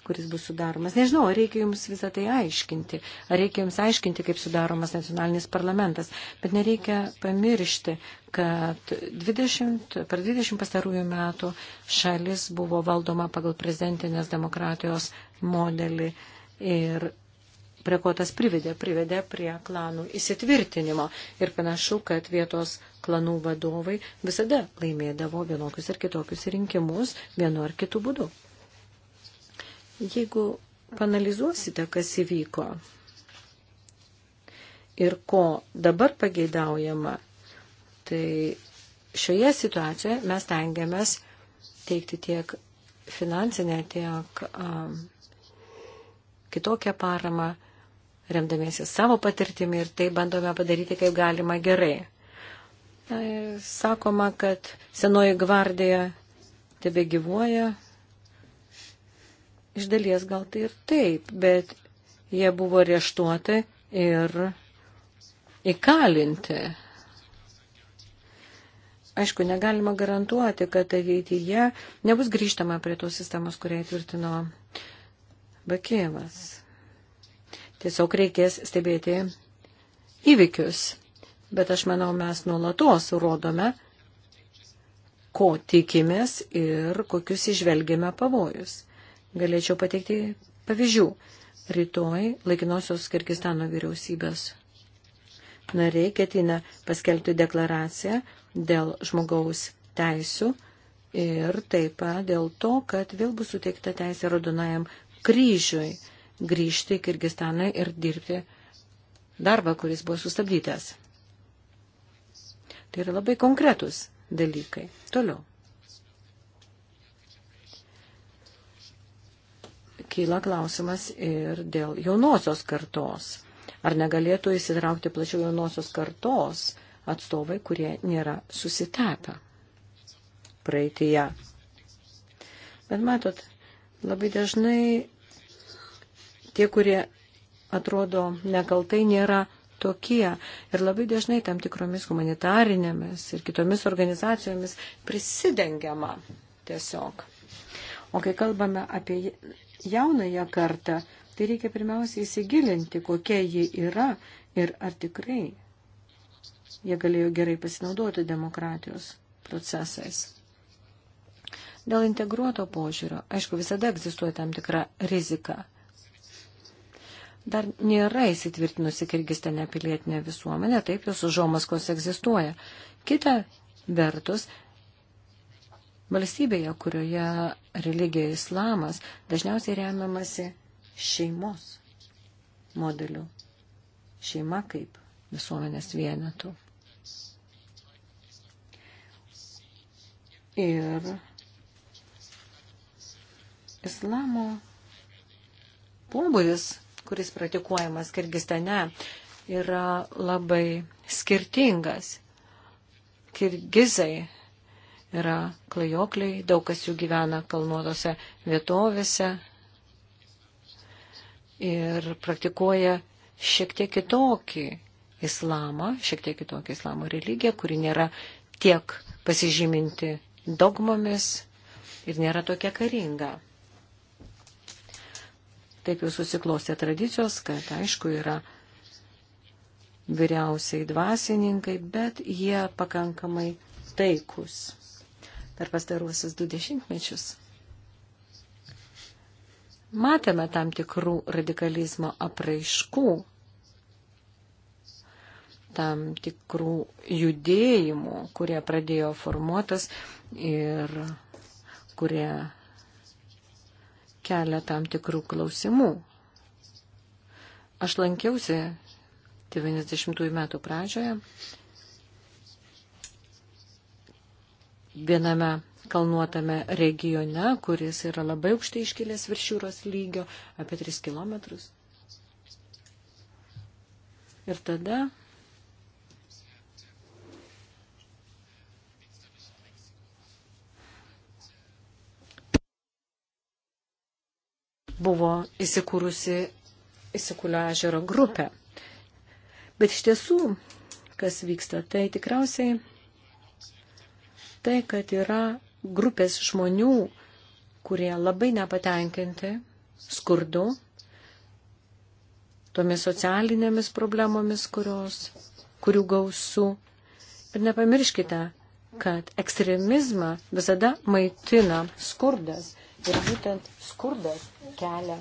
kuris bus sudaromas. Nežinau, ar reikia jums visą tai aiškinti, ar reikia jums aiškinti, kaip sudaromas nacionalinis parlamentas, bet nereikia pamiršti, kad 20, per 20 pastarųjų metų šalis buvo valdoma pagal prezidentinės demokratijos modelį Ir prie ko tas privedė? Privedė prie klanų įsitvirtinimo. Ir panašu, kad vietos klanų vadovai visada laimėdavo vienokius ar kitokius rinkimus vienu ar kitu būdu. Jeigu panalizuosite, kas įvyko ir ko dabar pageidaujama, tai šioje situacijoje mes tengiamės teikti tiek finansinę, tiek um, kitokią paramą, remdamiesi savo patirtimi ir tai bandome padaryti kaip galima gerai. Na, sakoma, kad senoji gvardija tebe gyvuoja. Iš dalies gal tai ir taip, bet jie buvo areštuoti ir įkalinti. Aišku, negalima garantuoti, kad ateityje nebus grįžtama prie tos sistemos, kurią įtvirtino Bakėvas. Tiesiog reikės stebėti įvykius. Bet aš manau, mes nuolatos rodome, ko tikimės ir kokius išvelgėme pavojus. Galėčiau pateikti pavyzdžių. Rytoj laikinosios Kirgistano vyriausybės nariai ketina paskelbti deklaraciją dėl žmogaus teisų ir taip pat dėl to, kad vėl bus suteikta teisė raudonajam kryžiui grįžti į Kirgistaną ir dirbti darbą, kuris buvo sustabdytas. Tai yra labai konkretus dalykai. Toliau. Kyla klausimas ir dėl jaunosios kartos. Ar negalėtų įsitraukti plačiau jaunosios kartos atstovai, kurie nėra susitapę praeitįje? Bet matot, Labai dažnai tie, kurie atrodo nekaltai, nėra tokie. Ir labai dažnai tam tikromis humanitarinėmis ir kitomis organizacijomis prisidengiama tiesiog. O kai kalbame apie jaunąją kartą, tai reikia pirmiausia įsigilinti, kokia ji yra ir ar tikrai jie galėjo gerai pasinaudoti demokratijos procesais. Dėl integruoto požiūrio, aišku, visada egzistuoja tam tikra rizika. Dar nėra įsitvirtinusi Kirgistane pilietinė visuomenė, taip jos užuomaskos egzistuoja. Kita vertus, valstybėje, kurioje religija islamas, dažniausiai remiamasi šeimos modeliu. Šeima kaip visuomenės vienetų. Ir Islamo pobūdis, kuris pratikuojamas Kirgistane, yra labai skirtingas. Kirgizai yra klajokliai, daug kas jų gyvena kalnuotose vietovėse ir praktikuoja šiek tiek kitokį islamą, šiek tiek kitokią islamo religiją, kuri nėra tiek pasižyminti dogmomis ir nėra tokia karinga taip jau susiklostė tradicijos, kad aišku yra vyriausiai dvasininkai, bet jie pakankamai taikus per pastaruosius du dešimtmečius. Matėme tam tikrų radikalizmo apraiškų, tam tikrų judėjimų, kurie pradėjo formuotas ir kurie kelia tam tikrų klausimų. Aš lankiausi 90-ųjų metų pradžioje viename kalnuotame regione, kuris yra labai aukštai iškilęs virš jūros lygio, apie 3 kilometrus. Ir tada buvo įsikūrusi įsikulio ežero grupė. Bet iš tiesų, kas vyksta, tai tikriausiai tai, kad yra grupės žmonių, kurie labai nepatenkinti skurdu, tomis socialinėmis problemomis, kurios, kurių gausu. Ir nepamirškite, kad ekstremizmą visada maitina skurdas Ir būtent skurdas kelia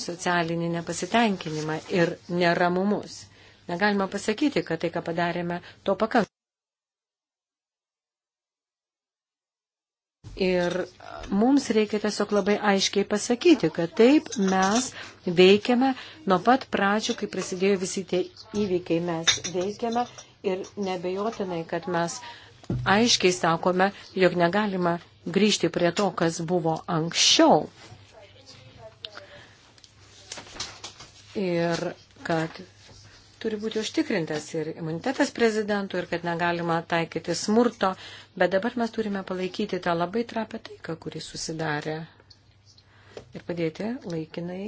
socialinį nepasitenkinimą ir neramumus. Negalima pasakyti, kad tai, ką padarėme, to pakankamai. Ir mums reikia tiesiog labai aiškiai pasakyti, kad taip mes veikiame nuo pat pradžių, kai prasidėjo visi tie įvykiai, mes veikiame ir nebejotinai, kad mes uh, aiškiai sakome, jog negalima grįžti prie to, kas buvo anksčiau. Ir kad turi būti užtikrintas ir imunitetas prezidentų, ir kad negalima taikyti smurto, bet dabar mes turime palaikyti tą labai trapę taiką, kuri susidarė ir padėti laikinai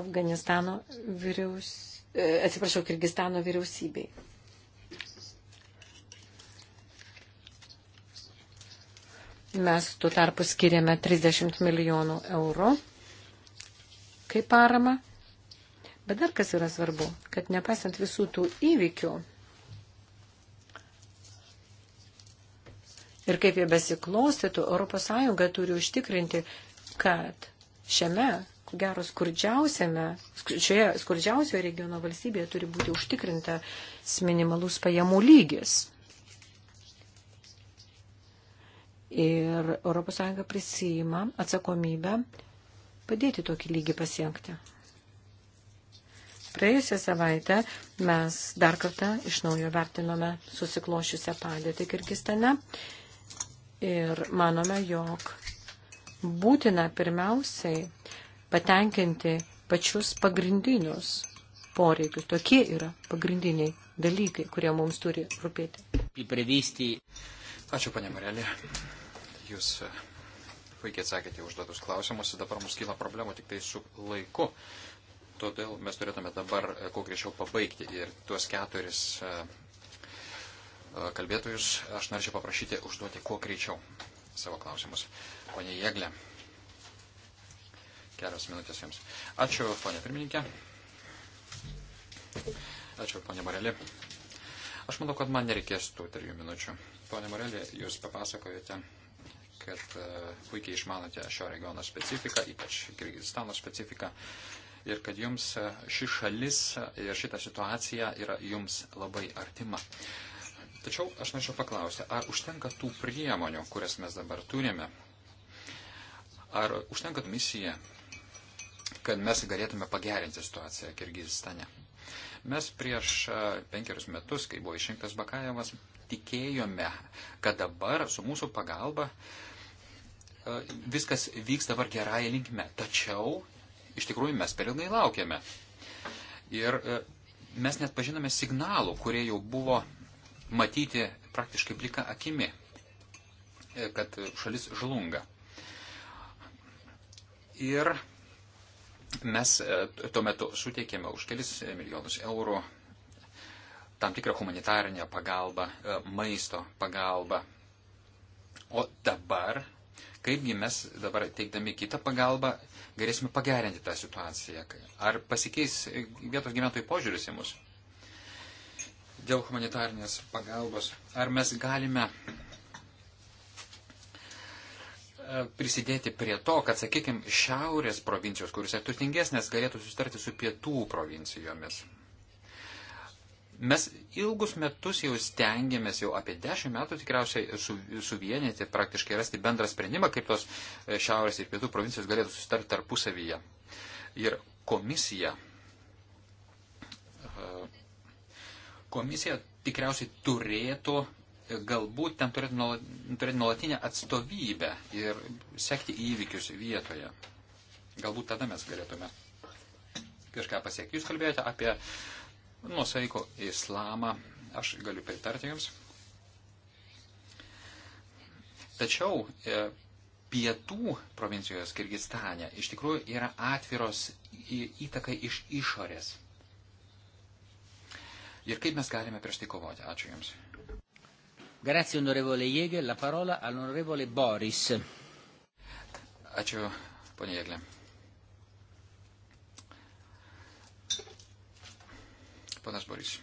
Afganistano vyriaus, e, atsiprašau, Kirgistano vyriausybei. Mes tuo tarpu skiriame 30 milijonų eurų kaip parama. Bet dar kas yra svarbu, kad nepasant visų tų įvykių ir kaip jie besiklostytų, ES turi užtikrinti, kad šiame, ko gero, skurdžiausiame, šioje skurdžiausioje regiono valstybėje turi būti užtikrintas minimalus pajamų lygis. ir ES prisijima atsakomybę padėti tokį lygį pasiekti. Praėjusią savaitę mes dar kartą iš naujo vertinome susiklošiusią padėtį Kirgistane ir manome, jog būtina pirmiausiai patenkinti pačius pagrindinius poreikius. Tokie yra pagrindiniai dalykai, kurie mums turi rūpėti. Ačiū, panė Marelė. Jūs e, puikiai atsakėte užduotus klausimus. Dabar mums kyla problemų tik tai su laiku. Todėl mes turėtume dabar e, kuo greičiau pabaigti. Ir tuos keturis e, kalbėtojus aš norėčiau paprašyti užduoti kuo greičiau savo klausimus. Pone Jėglė. Kelios minutės jums. Ačiū, ponė pirmininkė. Ačiū, ponė Marelė. Aš manau, kad man nereikės tų trijų minučių. Pone Morelė, jūs papasakojote, kad e, puikiai išmanote šio regiono specifiką, ypač Kirgizstano specifiką, ir kad jums e, ši šalis e, ir šita situacija yra jums labai artima. Tačiau aš norėčiau paklausti, ar užtenka tų priemonių, kurias mes dabar turime, ar užtenka misija, kad mes galėtume pagerinti situaciją Kirgizistane. Mes prieš penkerius metus, kai buvo išrinktas Bakajevas, tikėjome, kad dabar su mūsų pagalba e, viskas vyks dabar gerąją linkme. Tačiau iš tikrųjų mes per ilgai laukiame. Ir e, mes net pažinome signalų, kurie jau buvo matyti praktiškai plika akimi, e, kad šalis žlunga. Ir mes tuo metu suteikėme už kelis milijonus eurų tam tikrą humanitarinę pagalbą, e, maisto pagalbą. O dabar, kaipgi mes dabar teikdami kitą pagalbą galėsime pagerinti tą situaciją? Ar pasikeis vietos gyventojų požiūris į mus? Dėl humanitarnės pagalbos, ar mes galime e, prisidėti prie to, kad, sakykime, šiaurės provincijos, kuris yra turtingesnės, galėtų susitarti su pietų provincijomis? Mes ilgus metus jau stengiamės, jau apie dešimt metų tikriausiai su, suvienyti, praktiškai rasti bendrą sprendimą, kaip tos e, šiaurės ir pietų provincijos galėtų susitarti tarpusavyje. Ir komisija. E, komisija tikriausiai turėtų, e, galbūt ten turėtų nuolatinę atstovybę ir sekti įvykius vietoje. Galbūt tada mes galėtume kažką pasiekti. Jūs kalbėjote apie nusaiko islamą, aš galiu pritarti jums. Tačiau e, pietų provincijos Kirgistane iš tikrųjų yra atviros įtakai iš išorės. Ir kaip mes galime prieš tai kovoti? Ačiū Jums. Grazie, onorevole Jėgė. La parola all'onorevole Boris. Ačiū, ponė Jėglė. panas Boris.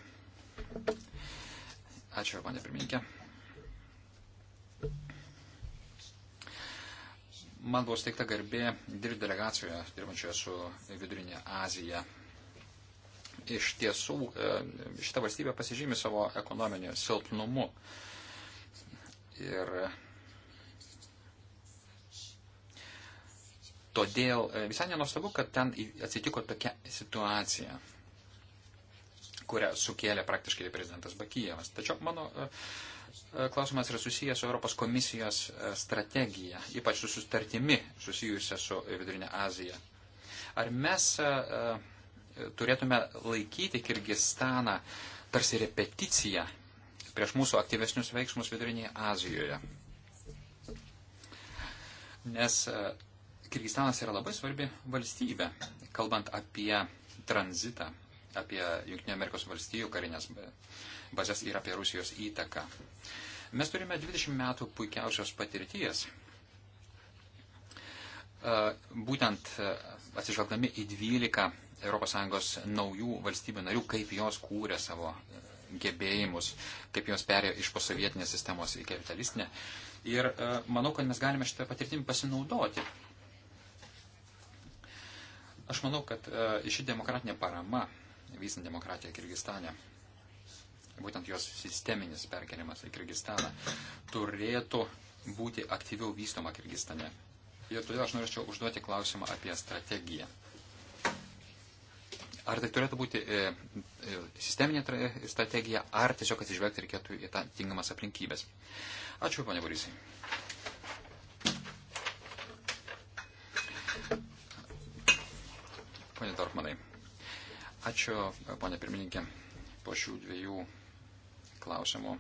Ačiū, panė pirmininkė. Man buvo steigta garbė dirbti delegacijoje, dirbančioje su Vidurinė Azija. Iš tiesų, e, šita valstybė pasižymi savo ekonominiu silpnumu. Ir todėl e, visai nenostabu, kad ten atsitiko tokia situacija kurią sukėlė praktiškai prezidentas Bakijevas. Tačiau mano e, e, klausimas yra susijęs su Europos komisijos e, strategija, ypač su sustartimi susijusia su Vidurinė Azija. Ar mes turėtume laikyti Kirgistaną tarsi repeticiją prieš mūsų aktyvesnius veiksmus Vidurinėje Azijoje? Nes Kirgistanas yra labai svarbi valstybė, kalbant apie tranzitą apie Junktinio Amerikos valstijų karinės bazės ir apie Rusijos įtaką. Mes turime 20 metų puikiausios patirties, e, būtent e, atsižvelgdami į 12 ES naujų valstybių narių, kaip jos kūrė savo e, gebėjimus, kaip jos perėjo iš posovietinės sistemos į kapitalistinę. Ir manau, kad mes galime šitą patirtimį pasinaudoti. Aš manau, kad ši demokratinė parama vystant demokratiją Kirgistane, būtent jos sisteminis perkelimas į Kirgistaną, turėtų būti aktyviau vystoma Kirgistane. Ir todėl aš norėčiau užduoti klausimą apie strategiją. Ar tai turėtų būti e, e, sisteminė strategija, ar tiesiog atsižvelgti reikėtų į tą tinkamas aplinkybės. Ačiū, ponia Borisai. Pone Dorfmanai. Ačiū, ponė pirmininkė, po šių dviejų klausimų.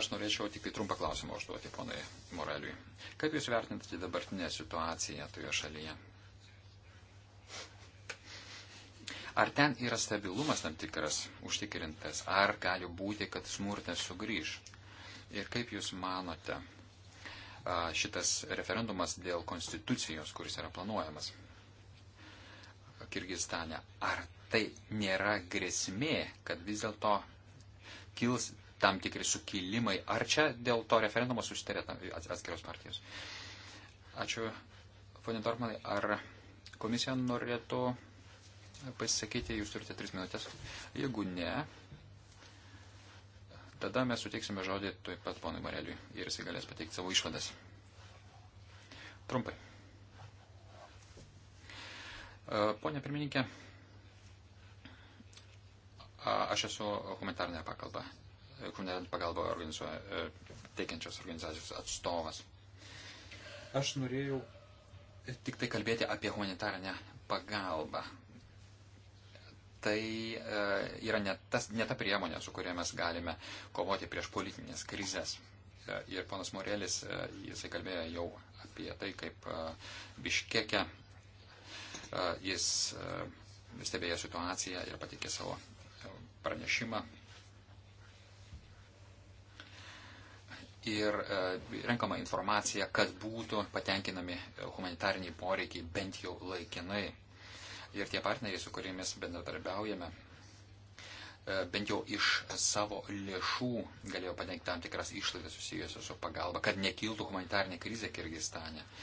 Aš norėčiau tik tai trumpą klausimą užduoti ponai Moreliui. Kaip Jūs vertinate dabartinę situaciją toje šalyje? Ar ten yra stabilumas tam tikras užtikrintas, ar gali būti, kad smurtas sugrįž? Ir kaip Jūs manote, šitas referendumas dėl konstitucijos, kuris yra planuojamas? Kirgistane. Ar tai nėra grėsmė, kad vis dėlto kils tam tikri sukilimai? Ar čia dėl to referendumo susitarė atskiros partijos? Ačiū, ponė Dormanai. Ar komisija norėtų pasisakyti, jūs turite tris minutės. Jeigu ne, tada mes suteiksime žodį taip pat ponui Mareliui ir jis galės pateikti savo išvadas. Trumpai. E, Pone pirmininkė, aš esu humanitarinė pakalba, humanitarinė pagalba organizuoja, e, teikiančios organizacijos atstovas. Aš norėjau tik tai kalbėti apie humanitarinę pagalbą. Tai e, yra ne, tas, ne ta priemonė, su kuria mes galime kovoti prieš politinės krizės. E, ir ponas Morelis, e, jisai kalbėjo jau apie tai, kaip e, Biškeke Jis e, stebėjo situaciją ir pateikė savo e, pranešimą. Ir e, renkama informacija, kad būtų patenkinami humanitariniai poreikiai bent jau laikinai. Ir tie partneriai, su kuriamis bendradarbiaujame, bent jau iš savo lėšų galėjo padengti tam tikras išlaidas susijusios su pagalba, kad nekiltų humanitarinė krizė Kirgistane. Uh,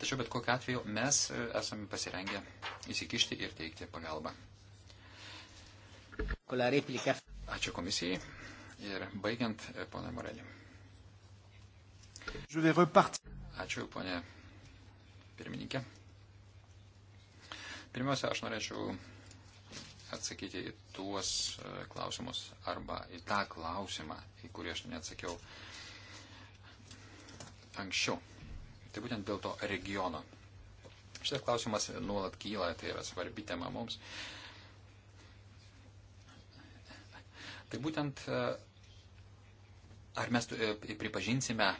Tačiau bet kokiu atveju mes e, esame pasirengę įsikišti ir teikti pagalbą. Ačiū komisijai ir baigiant, e, ponai Morelį. Ačiū, ponė pirmininkė. Pirmiausia, aš norėčiau atsakyti į tuos e, klausimus arba į tą klausimą, į kurį aš neatsakiau anksčiau. Tai būtent dėl to regiono. Šitas klausimas nuolat kyla, tai yra svarbi tema mums. Tai būtent, ar mes e, pripažinsime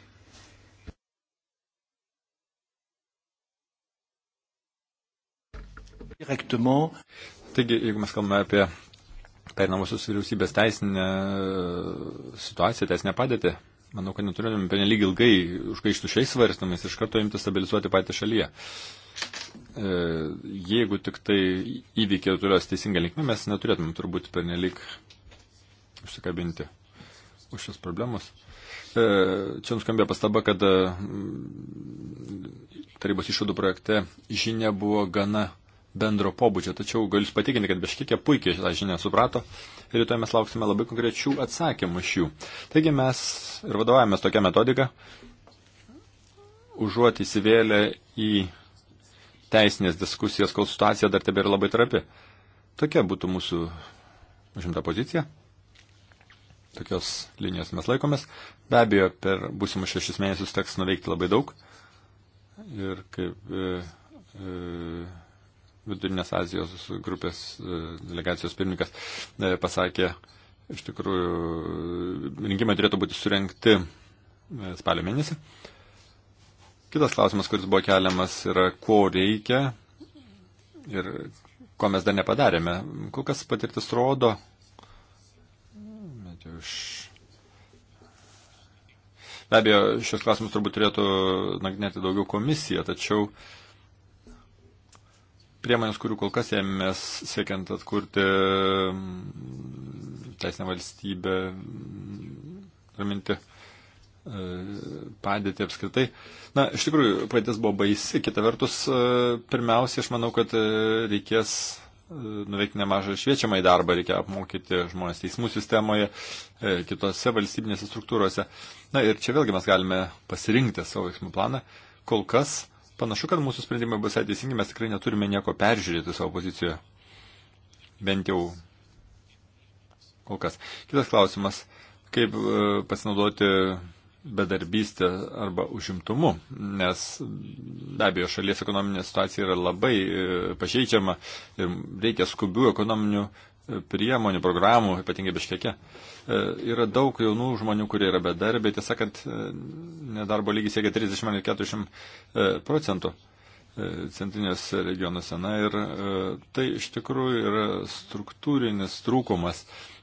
Direktement. Taigi, jeigu mes kalbame apie perinamosios vyriausybės teisinę e, situaciją, teisinę padėtį, Manau, kad neturėtume penelyg ilgai užkaištų šiais svarstymais iš karto imti stabilizuoti patį šalyje. E, jeigu tik tai įvykiai turės teisingą linkmę, mes neturėtume turbūt penelyg užsikabinti už šios problemos. E, čia nuskambėjo pastaba, kad mm, tarybos išvadų projekte žinia buvo gana bendro pobūdžio, tačiau galiu patikinti, kad Beškikė puikiai šitą žinią suprato ir rytoj mes lauksime labai konkrečių atsakymų iš jų. Taigi mes ir vadovavomės tokią metodiką, užuot įsivėlę į teisinės diskusijas, kol situacija dar tebėra labai trapi. Tokia būtų mūsų užimta pozicija. Tokios linijos mes laikomės. Be abejo, per būsimus šešis mėnesius teks nuveikti labai daug. Ir kaip e, e, Vidurinės Azijos grupės e, delegacijos pirmininkas e, pasakė, iš tikrųjų, rinkimai turėtų būti surenkti e, spalio mėnesį. Kitas klausimas, kuris buvo keliamas, yra, ko reikia ir ko mes dar nepadarėme. Kokias patirtis rodo, bet jau iš Be abejo, šios klausimus turbūt turėtų nagrinėti daugiau komisija, tačiau priemonės, kurių kol kas ėmėmės siekiant atkurti mm, teisinę valstybę, mm, raminti e, padėti apskritai. Na, iš tikrųjų, padėtis buvo baisi. Kita vertus, e, pirmiausia, aš manau, kad e, reikės nuveikti nemažą šviečiamą į darbą, reikia apmokyti žmonės teismų sistemoje, kitose valstybinėse struktūrose. Na ir čia vėlgi mes galime pasirinkti savo veiksmų planą. Kol kas Panašu, kad mūsų sprendimai bus ateisingi, mes tikrai neturime nieko peržiūrėti savo pozicijoje. Bent jau kol kas. Kitas klausimas, kaip e, pasinaudoti bedarbystę arba užimtumu, nes be abejo šalies ekonominė situacija yra labai e, pažeidžiama ir reikia skubių ekonominių priemonių, programų, ypatingai Biškeke. E, yra daug jaunų žmonių, kurie yra bedarbiai, tiesą sakant, e, nedarbo lygis siekia 30-40 e, procentų centrinėse regionuose. Na ir tai iš tikrųjų yra struktūrinis trūkumas,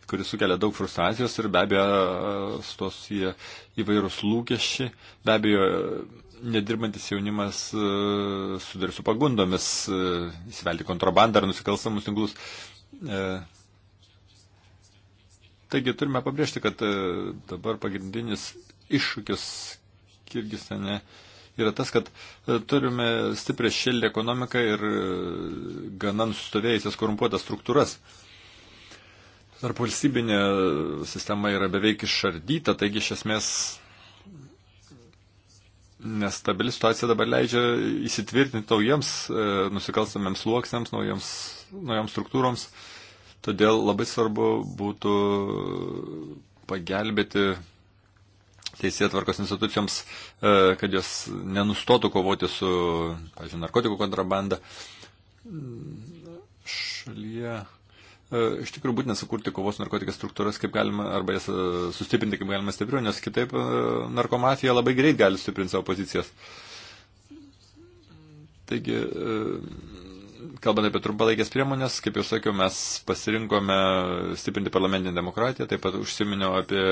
kuris sukelia daug frustracijos ir be abejo stos į įvairūs lūkesčiai. Be abejo, nedirbantis jaunimas sudarys su pagundomis įsivelti kontrabandą ar nusikalstamus tinklus. Taigi turime pabrėžti, kad e, dabar pagrindinis iššūkis Kirgistane yra tas, kad e, turime stiprią šėlį ekonomiką ir e, gana nusistovėjusias korumpuotas struktūras. Tarp valstybinė sistema yra beveik išardyta, taigi iš esmės nestabili situacija dabar leidžia įsitvirtinti naujiems e, nusikalstamiems sluoksniams, naujiems, naujiems struktūroms. E, Todėl labai svarbu būtų pagelbėti teisėtvarkos institucijoms, e, kad jos nenustotų kovoti su, pažiūrėjau, narkotikų kontrabanda šalyje. E, iš tikrųjų, būtina sukurti kovos narkotikas struktūras, kaip galima, arba jas e, sustiprinti, kaip galima stipriau, nes kitaip narkomafija labai greit gali stiprinti savo pozicijas. Taigi, kalbant apie trumpalaikės priemonės, kaip jau sakiau, mes pasirinkome stiprinti parlamentinę demokratiją, taip pat užsiminiau apie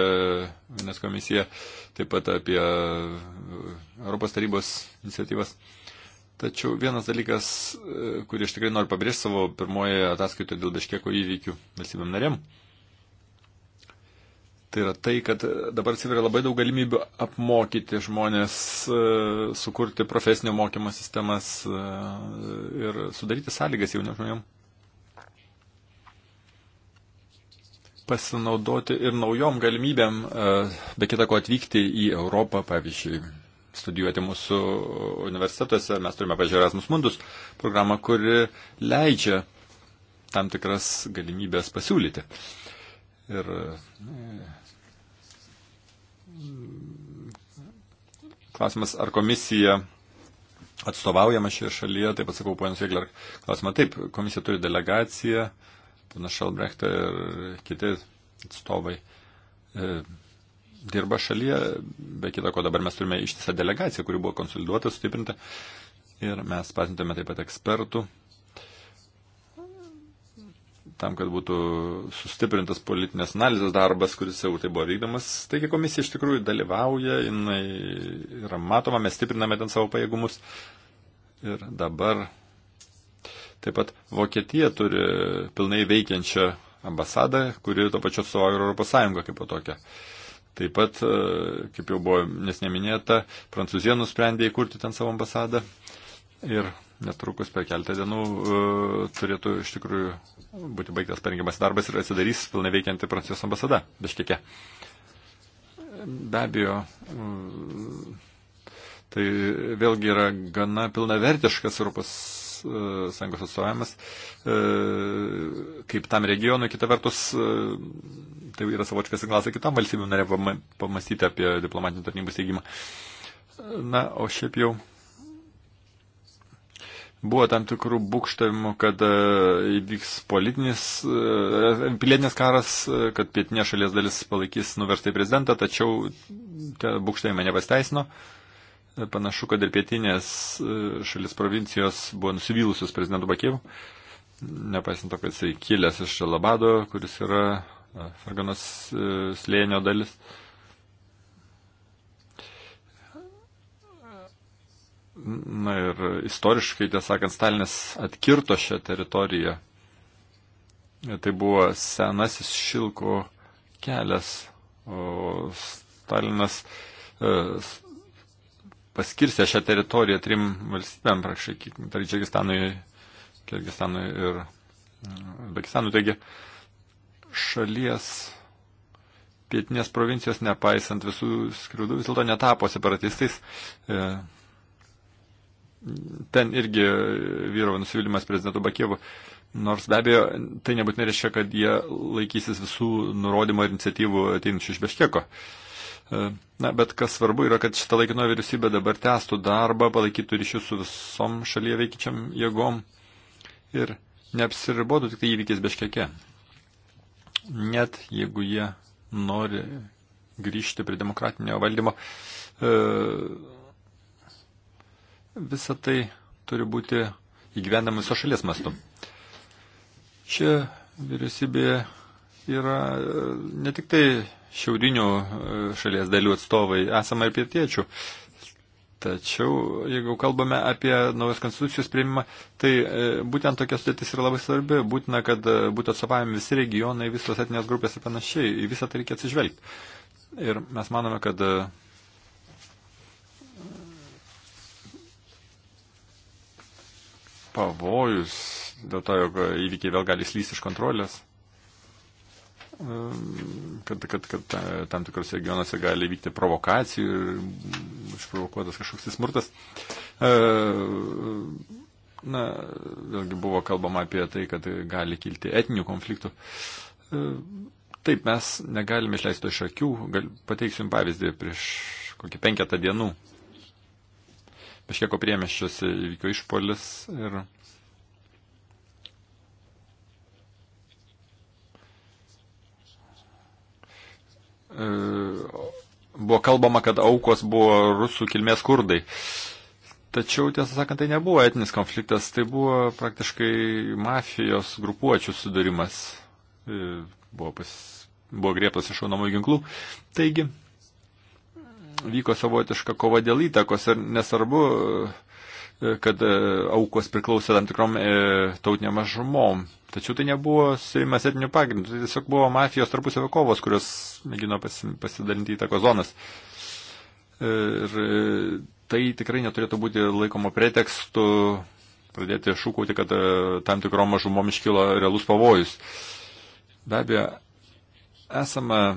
Vienas komisiją, taip pat apie Europos tarybos iniciatyvas. Tačiau vienas dalykas, e, kurį aš tikrai noriu pabrėžti savo pirmoje ataskaitoje dėl Beškėko įvykių valstybėm narėm, Tai yra tai, kad dabar atsiveria labai daug galimybių apmokyti žmonės, e, sukurti profesinio mokymo sistemas e, ir sudaryti sąlygas jauniems žmonėms pasinaudoti ir naujom galimybėm, e, be kita ko atvykti į Europą, pavyzdžiui, studijuoti mūsų universitetuose. Mes turime, pavyzdžiui, Erasmus Mundus programą, kuri leidžia tam tikras galimybės pasiūlyti. Ir Klausimas, ar komisija atstovaujama šioje šalyje, taip atsakau, ponas Vėgler, klausimą, taip, komisija turi delegaciją, ponas Šalbrechta ir kiti atstovai e, dirba šalyje, be kita ko dabar mes turime ištisą delegaciją, kuri buvo konsoliduota, sustiprinta ir mes pasintėme taip pat ekspertų tam, kad būtų sustiprintas politinės analizės darbas, kuris jau tai buvo vykdomas. Taigi komisija iš tikrųjų dalyvauja, jinai yra matoma, mes stipriname ten savo pajėgumus. Ir dabar taip pat Vokietija turi pilnai veikiančią ambasadą, kuri to pačiu atstovauja Europos Sąjungą kaip po tokią. Taip pat, e, kaip jau buvo nesneminėta, Prancūzija nusprendė įkurti ten savo ambasadą. Ir netrukus per keltą dienų e, turėtų iš tikrųjų būti baigtas parengiamas darbas ir atsidarys pilnai veikianti Prancūzijos ambasada Beškeke. Be abejo, e, tai vėlgi yra gana pilnavertiškas Europos e, Sąjungos atstovavimas, kaip tam regionui, kita vertus, tai yra savočkas signalas kitam valstybėm narė pamastyti apie diplomatinių tarnybų steigimą. Na, o šiaip jau Buvo tam tikrų būkštavimų, kad e, įvyks politinis, e, pilietinis karas, e, kad pietinė šalies dalis palaikys nuverstai prezidentą, tačiau tie būkštavimai nepasteisino. Panašu, kad ir pietinės šalis provincijos buvo nusivylusios prezidentu Bakievu, nepaisant to, kad jisai kilęs iš Labado, kuris yra Ferganos slėnio dalis. Na ir istoriškai, tiesą sakant, Stalinas atkirto šią teritoriją. Tai buvo senasis šilko kelias, o Stalinas e, paskirstė šią teritoriją trim valstybėm, praktiškai Tadžikistanui, Kirgistanui ir Pakistanui. E, Taigi šalies pietinės provincijos, nepaisant visų skriaudų, vis dėlto netapo separatistais. E, ten irgi vyravo nusivylimas prezidentu Bakievu. Nors be abejo, tai nebūtinai reiškia, kad jie laikysis visų nurodymų ir iniciatyvų ateinančių iš Beškeko. E, na, bet kas svarbu yra, kad šita laikino vyriausybė dabar tęstų darbą, palaikytų ryšius su visom šalyje veikičiam jėgom ir neapsiribotų tik tai įvykiais Beškeke. Net jeigu jie nori grįžti prie demokratinio valdymo, e, Visa tai turi būti įgyvendama viso šalies mastu. Čia vyriausybėje yra e, ne tik tai šiaurinių e, šalies dalių atstovai, esama ir pietiečių. Tačiau, jeigu kalbame apie naujos konstitucijos prieimimą, tai e, būtent tokia sudėtis yra labai svarbi. Būtina, kad būtų atsovavimi visi regionai, visos etinės grupės ir panašiai. Į visą tai reikia atsižvelgti. Ir mes manome, kad pavojus dėl to, jog įvykiai vėl gali slysti iš kontrolės, ehm, kad, kad, kad tam tikrose regionuose gali vykti provokacijų ir išprovokuotas kažkoks tai smurtas. Ehm, na, vėlgi buvo kalbama apie tai, kad gali kilti etinių konfliktų. Ehm, taip, mes negalime išleisti iš akių. Gal, pateiksiu Jums pavyzdį prieš kokį penketą dienų. Peškėko priemeščiuose įvyko išpolis ir e, buvo kalbama, kad aukos buvo rusų kilmės kurdai. Tačiau, tiesą sakant, tai nebuvo etinis konfliktas, tai buvo praktiškai mafijos grupuočių sudarimas. E, buvo, pas, buvo griebtas iš šaunamųjų ginklų. Taigi, vyko savotiška kova dėl įtakos ir nesvarbu, e, kad e, aukos priklausė tam tikrom e, tautiniam mažumom. Tačiau tai nebuvo suėjimas etinių pagrindų, tai tiesiog buvo mafijos tarpusavio kovos, kurios mėgino pasidalinti įtakos zonas. Ir tai tikrai neturėtų būti laikoma pretekstu pradėti šūkauti, kad tam tikrom mažumom iškilo realus pavojus. Be abejo, Esama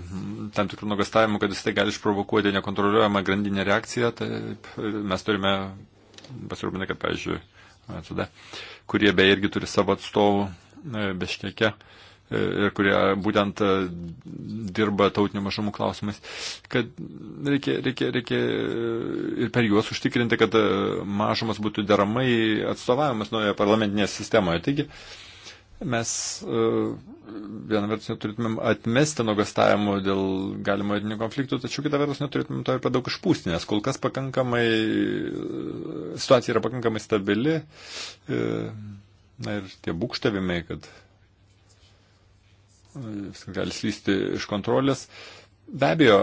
tam tikrų nuogastavimų, kad jis tai gali išprovokuoti nekontroliuojamą grandinę reakciją, taip mes turime pasirūpinti, kad, pavyzdžiui, tada, kurie beje irgi turi savo atstovų e, beškėke e, ir kurie būtent e, dirba tautinių mažumų klausimais, kad reikia, reikia, reikia ir per juos užtikrinti, kad mažumas būtų deramai atstovavimas naujoje parlamentinėje sistemoje. Taigi, Mes e, vieną vertus neturėtumėm atmesti nuogastavimų dėl galimo etinių konfliktų, tačiau kitą vertus neturėtumėm to ir per daug išpūsti, nes kol kas pakankamai e, situacija yra pakankamai stabili. E, na ir tie būkštavimai, kad viskas gali slysti iš kontrolės. Be abejo,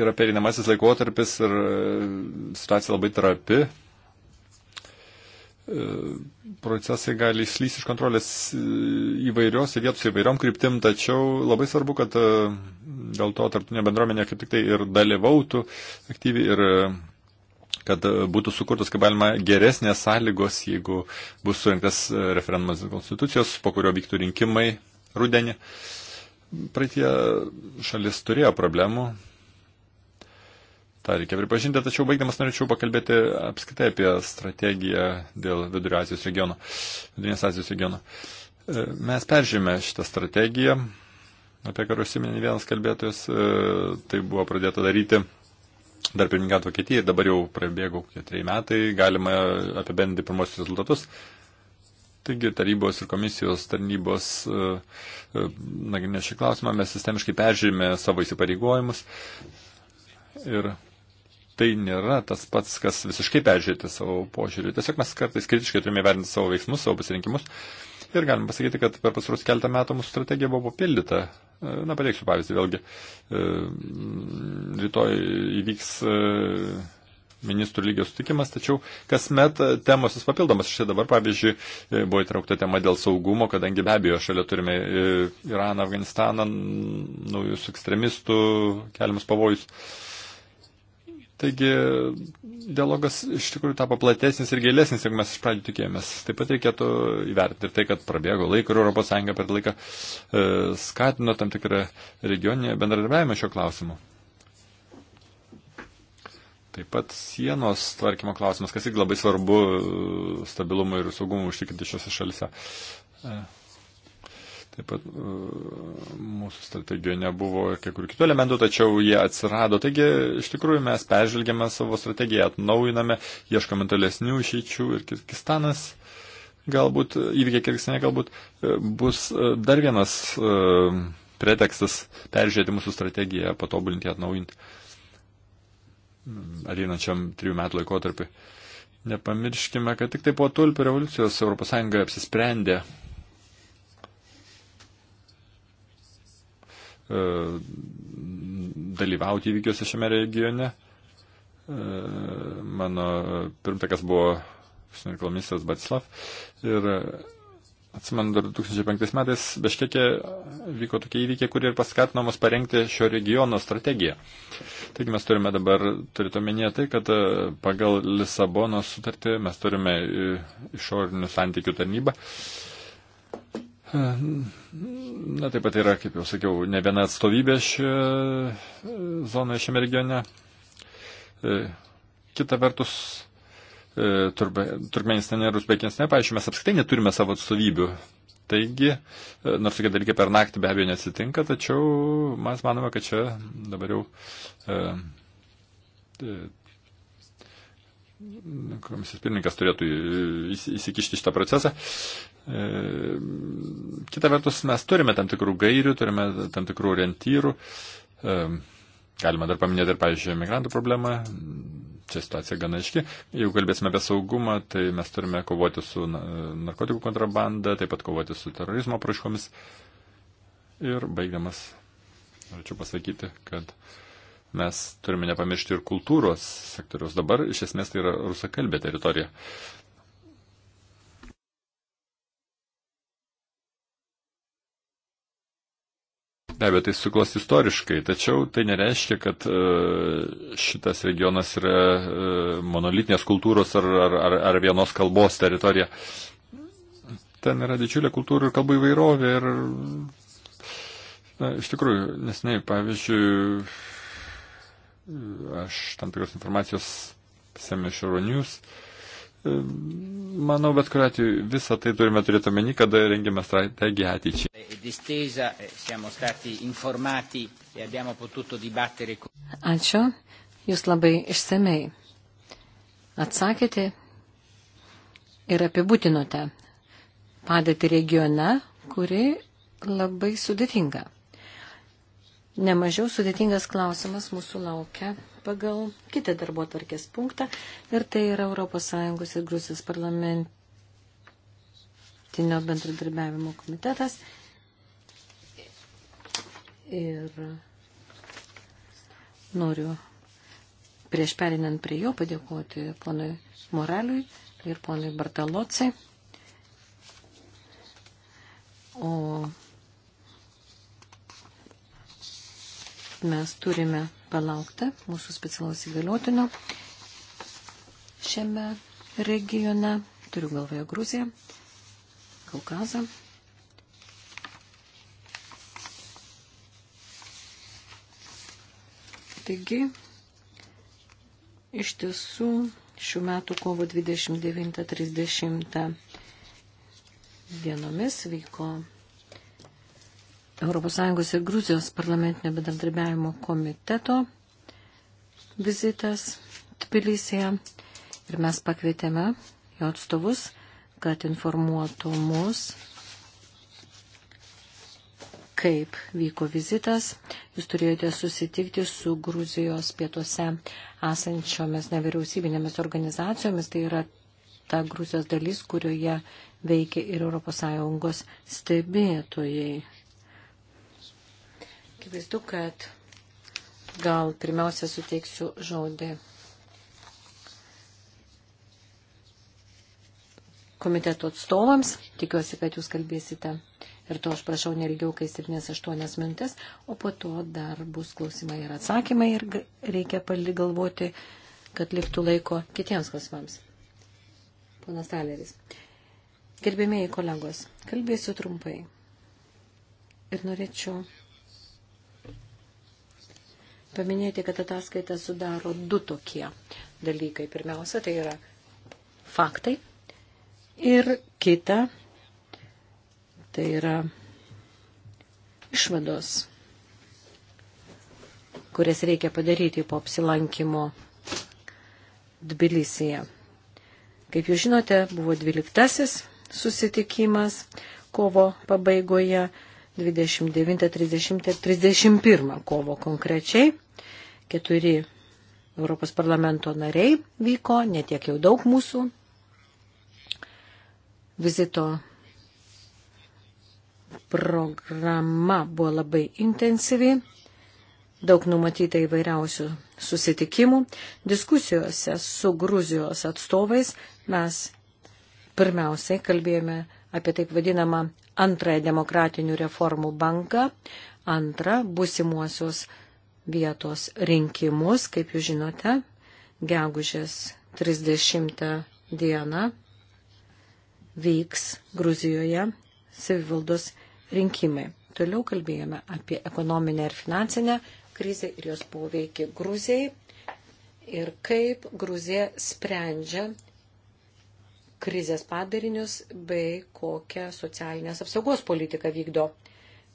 yra perinamasis laikotarpis ir situacija labai trapi procesai gali išlys iš kontrolės e, įvairiose vietose, įvairiom kryptim, tačiau labai svarbu, kad e, dėl to tarptautinė bendruomenė kaip tik tai ir dalyvautų aktyviai ir e, kad būtų sukurtos, kaip galima, geresnės sąlygos, jeigu bus surinktas referendumas konstitucijos, po kurio vyktų rinkimai rudenį. Praeitie šalis turėjo problemų, tą reikia pripažinti, tačiau baigdamas norėčiau pakalbėti apskritai apie strategiją dėl Vidurio Azijos regiono, Vidurinės Azijos regiono. E, mes peržymė šitą strategiją, apie kurią užsiminė vienas kalbėtojas, e, tai buvo pradėta daryti dar pirmininkant Vokietijai, dabar jau prabėgo kokie trejai metai, galima apibendinti pirmosius rezultatus. Taigi tarybos ir komisijos tarnybos e, nagrinė šį klausimą, mes sistemiškai peržiūrime savo įsipareigojimus ir tai nėra tas pats, kas visiškai peržiūrėti savo požiūrį. Tiesiog mes kartais kritiškai turime vertinti savo veiksmus, savo pasirinkimus. Ir galim pasakyti, kad per pasarus keltą metų mūsų strategija buvo papildyta. Na, pateiksiu pavyzdį vėlgi. E, rytoj įvyks e, ministrų lygio sutikimas, tačiau kasmet temos vis papildomas. Štai dabar, pavyzdžiui, e, buvo įtraukta tema dėl saugumo, kadangi be abejo šalia turime Iraną, Afganistaną, naujus ekstremistų keliamus pavojus. Taigi dialogas iš tikrųjų tapo platesnis ir gėlesnis, jeigu mes iš pradžių tikėjomės. Taip pat reikėtų įvertinti ir tai, kad prabėgo laiko ir ES per laiką e, skatino tam tikrą regioninį bendradarbiavimą šio klausimu. Taip pat sienos tvarkymo klausimas, kas irgi labai svarbu e, stabilumui ir saugumui užtikrinti šiuose šalise. E. Taip pat e, mūsų strategijoje nebuvo ir kai kur kitų elementų, tačiau jie atsirado. Taigi, iš tikrųjų, mes peržvelgėme savo strategiją, atnaujiname, ieškome tolesnių išeičių ir Kirgistanas galbūt, įvykiai Kirgistane galbūt e, bus e, dar vienas pretekstas peržiūrėti mūsų strategiją, patobulinti, atnaujinti mm, ateinančiam trijų metų laikotarpiu. Nepamirškime, kad tik tai po tulpių revoliucijos ES apsisprendė E, dalyvauti įvykiuose šiame regione. E, mano pirmtakas buvo užsienio reikalų ministras Batislav. Ir atsimenu, dar 2005 metais Beškekė vyko tokie įvykiai, kurie ir paskatino mus parengti šio regiono strategiją. Taigi mes turime dabar, turite omenyje tai, kad e, pagal Lisabono sutartį mes turime išorinių santykių tarnybą. Uh, Na taip pat yra, kaip jau sakiau, ne viena atstovybė šioje e, zonoje, šiame regione. E, kita vertus, e, Turkmenistane ir Uzbekistane, paaiškiai, mes apskritai neturime savo atstovybių. Taigi, nors tokie dalykai per naktį be abejo nesitinka, tačiau mes manome, kad čia dabar jau e, komisijos pirmininkas turėtų įsikišti šitą procesą. E, kita vertus, mes turime tam tikrų gairių, turime tam tikrų orientyrų. E, galima dar paminėti ir, pavyzdžiui, migrantų problemą. Čia situacija gana aiški. Jeigu kalbėsime apie saugumą, tai mes turime kovoti su narkotikų kontrabanda, taip pat kovoti su terorizmo praškomis. Ir baigdamas, norėčiau pasakyti, kad uh, mes turime nepamiršti ir kultūros sektoriaus. Dabar iš esmės tai yra rusakalbė teritorija. Be abejo, tai suklos istoriškai, tačiau tai nereiškia, kad e, šitas regionas yra e, monolitinės kultūros ar, ar, ar, ar vienos kalbos teritorija. Ten yra didžiulė kultūrų ir kalbų įvairovė ir, na, iš tikrųjų, nesnei, pavyzdžiui, Aš tam tikros informacijos pasiemė iš Euronews. E, manau, bet kuriuo atveju visą tai turime turėti omeny, kada rengiame strategiją ateičiai. E, e, Ačiū, jūs labai išsamei atsakėte ir apibūtinote padėti regione, kuri labai sudėtinga. Nemažiau sudėtingas klausimas mūsų laukia pagal kitą darbo tvarkės punktą ir tai yra ES ir Grūsijos parlamentinio bendradarbiavimo komitetas. Ir noriu prieš perinant prie jo padėkoti ponui Moreliui ir ponui Bartalocai. O mes turime palaukti mūsų specialaus įgaliotinio šiame regione, turiu galvoje Gruziją, Kaukazą. Taigi, iš tiesų, šių metų kovo 29-30 dienomis vyko ES ir Gruzijos parlamentinio bendradarbiavimo komiteto vizitas Tbilisėje ir mes pakvietėme jo atstovus, kad informuotų mus, kaip vyko vizitas. Jūs turėjote susitikti su Gruzijos pietuose esančiomis nevyriausybinėmis organizacijomis. Tai yra ta Gruzijos dalis, kurioje veikia ir ES stebėtojai. Akivaizdu, kad gal pirmiausia suteiksiu žodį komiteto atstovams. Tikiuosi, kad jūs kalbėsite. Ir to aš prašau nelgiau, kai 7-8 minutės, o po to dar bus klausimai ir atsakymai ir reikia galvoti, kad liktų laiko kitiems klausimams. Ponas Taleris. Gerbėmėjai kolegos, kalbėsiu trumpai. Ir norėčiau paminėti, kad ataskaitą sudaro du tokie dalykai. Pirmiausia, tai yra faktai ir kita, tai yra išvados, kurias reikia padaryti po apsilankimo Tbilisyje. Kaip jūs žinote, buvo dvyliktasis susitikimas kovo pabaigoje 29, 30 ir 31 kovo konkrečiai. Keturi Europos parlamento nariai vyko, netiek jau daug mūsų vizito programa buvo labai intensyvi, daug numatyta įvairiausių susitikimų. Diskusijose su Gruzijos atstovais mes pirmiausiai kalbėjome apie taip vadinamą antrąją demokratinių reformų banką, antrą busimuosius vietos rinkimus, kaip jūs žinote, gegužės 30 dieną vyks Gruzijoje savivaldos rinkimai. Toliau kalbėjome apie ekonominę ir finansinę krizę ir jos poveikį Gruzijai ir kaip Gruzija sprendžia krizės padarinius bei kokią socialinės apsaugos politiką vykdo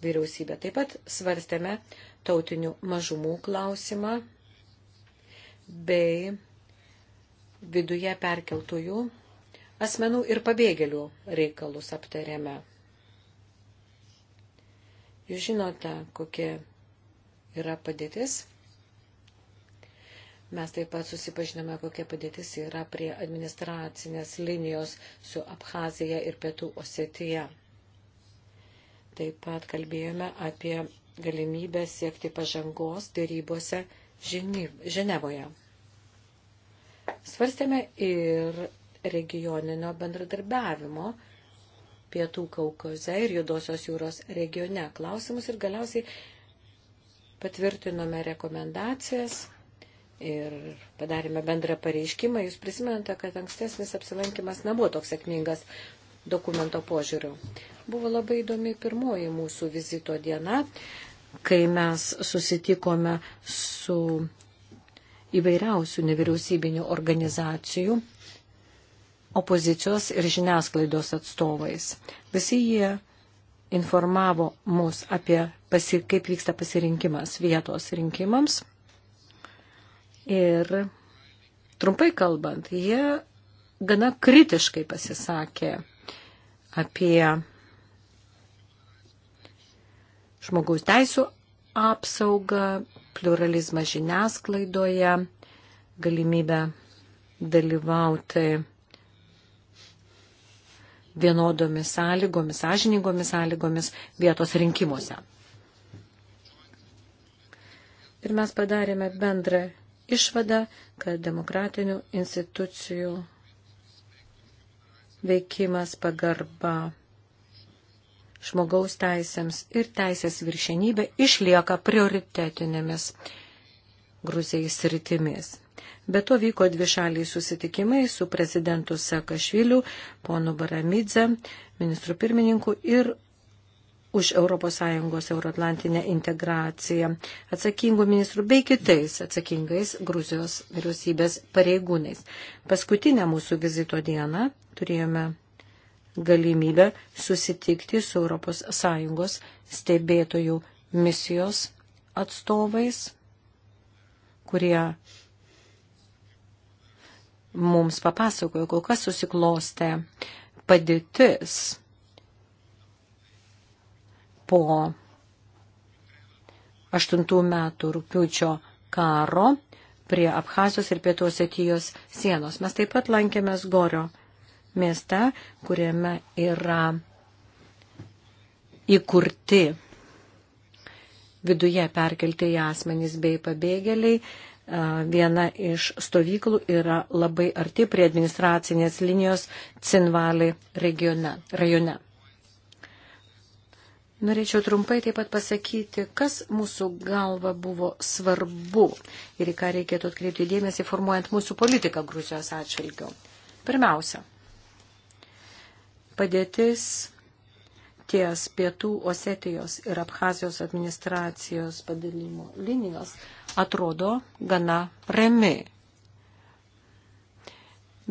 vyriausybė. Taip pat svarstėme tautinių mažumų klausimą bei viduje perkeltųjų asmenų ir pabėgėlių reikalus aptarėme. Jūs žinote, kokia yra padėtis Mes taip pat susipažinome, kokia padėtis yra prie administracinės linijos su Abhazija ir Pietų Osetija. Taip pat kalbėjome apie galimybę siekti pažangos dėrybose Ženevoje. Svarstėme ir regioninio bendradarbiavimo pietų Kaukoze ir Judosios jūros regione klausimus ir galiausiai patvirtinome rekomendacijas ir padarėme bendrą pareiškimą. Jūs prisimenate, kad ankstesnis apsilankimas nebuvo toks sėkmingas dokumento požiūriu. Buvo labai įdomi pirmoji mūsų vizito diena, kai mes susitikome su įvairiausių nevyriausybinių organizacijų, opozicijos ir žiniasklaidos atstovais. Visi jie informavo mus apie, pasi, kaip vyksta pasirinkimas vietos rinkimams Ir trumpai kalbant, jie gana kritiškai pasisakė apie žmogaus teisų apsaugą, pluralizmą žiniasklaidoje, galimybę dalyvauti vienodomis sąlygomis, sąžiningomis sąlygomis vietos rinkimuose. Ir mes padarėme bendrą išvada, kad demokratinių institucijų veikimas pagarba žmogaus teisėms ir teisės viršenybė išlieka prioritetinėmis Gruzijai sritimis. Be to vyko dvi šaliai susitikimai su prezidentu Sakašviliu, ponu Baramidze, ministru pirmininku ir už ES euroatlantinę integraciją atsakingų ministrų bei kitais atsakingais Gruzijos vyriausybės pareigūnais. Paskutinę mūsų vizito dieną turėjome galimybę susitikti su ES stebėtojų misijos atstovais, kurie mums papasakojo, kol kas susiklostė padėtis po aštuntų metų rūpiučio karo prie Abhazijos ir Pietų Osetijos sienos. Mes taip pat lankėmės Gorio mieste, kuriame yra įkurti viduje perkelti į asmenys bei pabėgėliai. Viena iš stovyklų yra labai arti prie administracinės linijos Cinvali regione. rajone. Norėčiau trumpai taip pat pasakyti, kas mūsų galva buvo svarbu ir į ką reikėtų atkreipti dėmesį formuojant mūsų politiką Gruzijos atšvilgiu. Pirmiausia, padėtis ties pietų Osetijos ir Abhazijos administracijos padalymo linijos atrodo gana rami.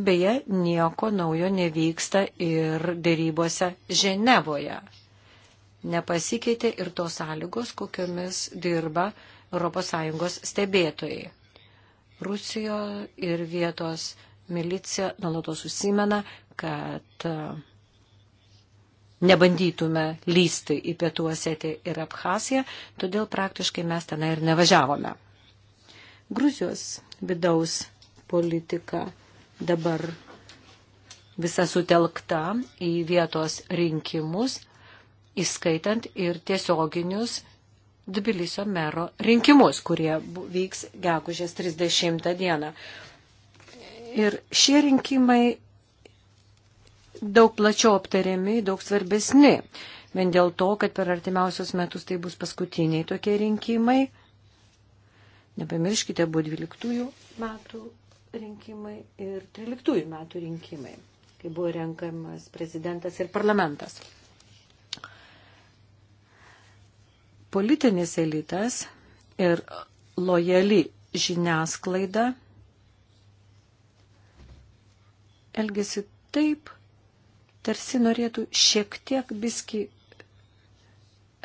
Beje, nieko naujo nevyksta ir dėrybose Ženevoje nepasikeitė ir tos sąlygos, kokiamis dirba ES stebėtojai. Rusijo ir vietos milicija nuolatos užsimena, kad e, nebandytume lysti į pietų Osetį ir Abhaziją, todėl praktiškai mes tenai ir nevažiavome. Gruzijos vidaus politika dabar visa sutelkta į vietos rinkimus įskaitant ir tiesioginius Dbilisio mero rinkimus, kurie vyks gegužės 30 dieną. Ir šie rinkimai daug plačiau aptariami, daug svarbesni. Vien dėl to, kad per artimiausius metus tai bus paskutiniai tokie rinkimai. Nepamirškite, buvo 12 metų rinkimai ir 13 metų rinkimai, kai buvo renkamas prezidentas ir parlamentas. Politinis elitas ir lojali žiniasklaida elgesi taip, tarsi norėtų šiek tiek biski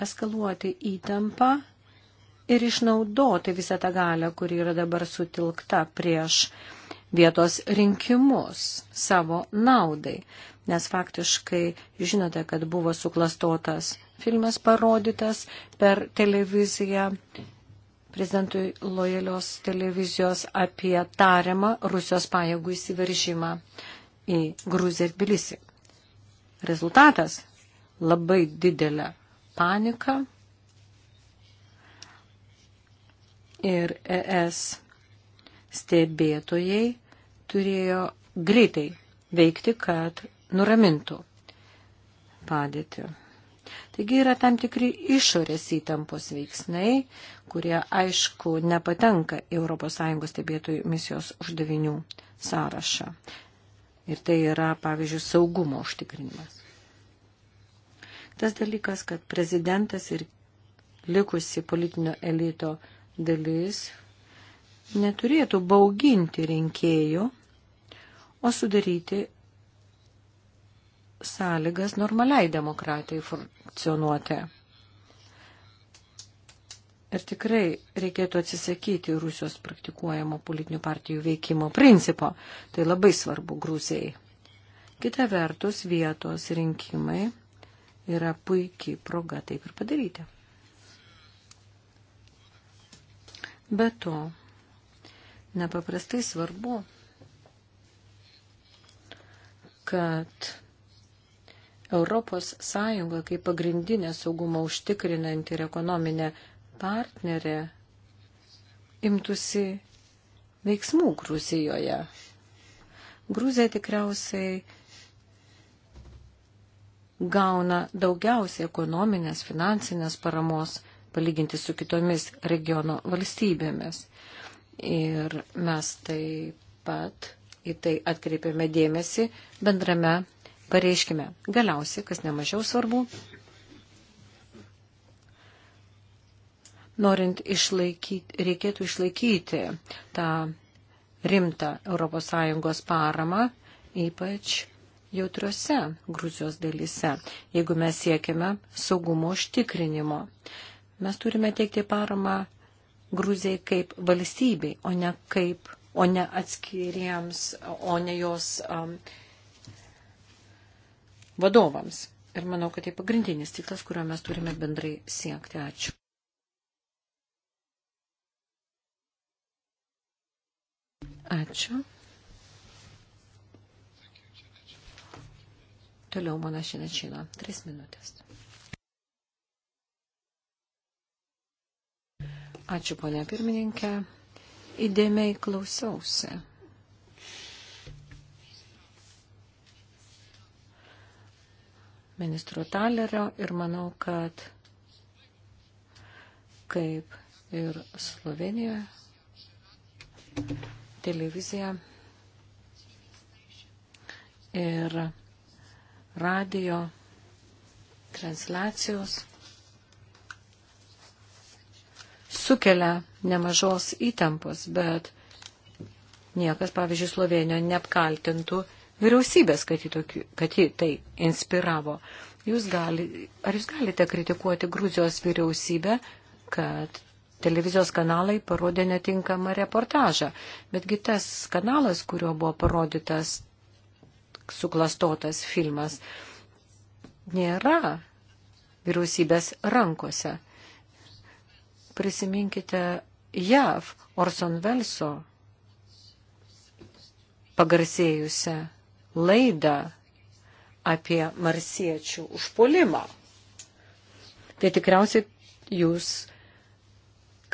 eskaluoti įtampą ir išnaudoti visą tą galę, kuri yra dabar sutilkta prieš vietos rinkimus savo naudai. Nes faktiškai žinote, kad buvo suklastotas filmas parodytas per televiziją prezidentui lojalios televizijos apie tariamą Rusijos pajėgų įsiveržimą į Gruziją ir Bilisi. Rezultatas - labai didelė panika ir ES stebėtojai turėjo greitai veikti, kad nuramintų padėtį. Taigi yra tam tikri išorės įtampos veiksnai, kurie aišku nepatenka ES stebėtojų misijos uždavinių sąrašą. Ir tai yra, pavyzdžiui, saugumo užtikrinimas. Tas dalykas, kad prezidentas ir likusi politinio elito dalis neturėtų bauginti rinkėjų, o sudaryti sąlygas normaliai demokratijai funkcionuoti. Ir tikrai reikėtų atsisakyti Rusijos praktikuojamo politinių partijų veikimo principo. Tai labai svarbu Gruzijai. Kita vertus, vietos rinkimai yra puikiai proga taip ir padaryti. Be to, nepaprastai svarbu, kad Europos Sąjunga kaip pagrindinė saugumą užtikrinanti ir ekonominė partnerė imtųsi veiksmų Gruzijoje. Gruzija tikriausiai gauna daugiausiai ekonominės, finansinės paramos palyginti su kitomis regiono valstybėmis. Ir mes taip pat į tai atkreipiame dėmesį bendrame pareiškime. Galiausiai, kas nemažiau svarbu, norint išlaikyti, reikėtų išlaikyti tą rimtą ES paramą, ypač jautriose Gruzijos dalyse, jeigu mes siekime saugumo užtikrinimo. Mes turime teikti paramą Gruzijai kaip valstybei, o ne kaip, o ne atskiriems, o ne jos um, vadovams. Ir manau, kad tai pagrindinis tikslas, kurio mes turime bendrai siekti. Ačiū. Ačiū. Toliau mano šinačino. Tris minutės. Ačiū, ponia pirmininkė. Įdėmiai klausiausi. ministro Talerio ir manau, kad kaip ir Slovenijoje televizija ir radio transliacijos sukelia nemažos įtampos, bet niekas, pavyzdžiui, Slovenijoje neapkaltintų vyriausybės, kad jį, tokiu, kad jį tai inspiravo. Jūs gali, ar jūs galite kritikuoti Gruzijos vyriausybę, kad televizijos kanalai parodė netinkamą reportažą, betgi tas kanalas, kuriuo buvo parodytas suklastotas filmas, nėra vyriausybės rankose. Prisiminkite JAV Orson Velso pagarsėjusią laidą apie marsiečių užpolimą. Tai tikriausiai jūs,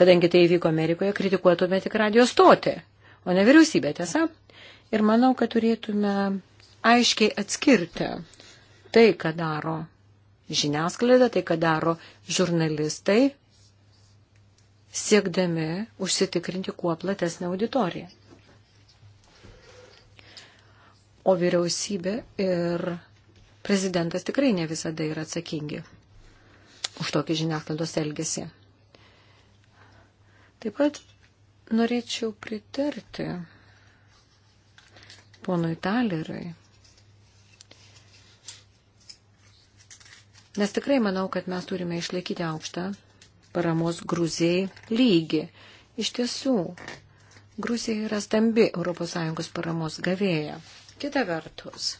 kadangi tai įvyko Amerikoje, kritikuotume tik radijos stotį, o ne vyriausybę, tiesa? Ir manau, kad turėtume aiškiai atskirti tai, ką daro žiniasklaida, tai, ką daro žurnalistai, siekdami užsitikrinti kuo platesnę auditoriją o vyriausybė ir prezidentas tikrai ne visada yra atsakingi už tokį žiniasklaidos elgesį. Taip pat norėčiau pritarti ponui Talerui. Nes tikrai manau, kad mes turime išlaikyti aukštą paramos Gruzijai lygį. Iš tiesų, Gruzija yra stambi ES paramos gavėja. Kita vertus,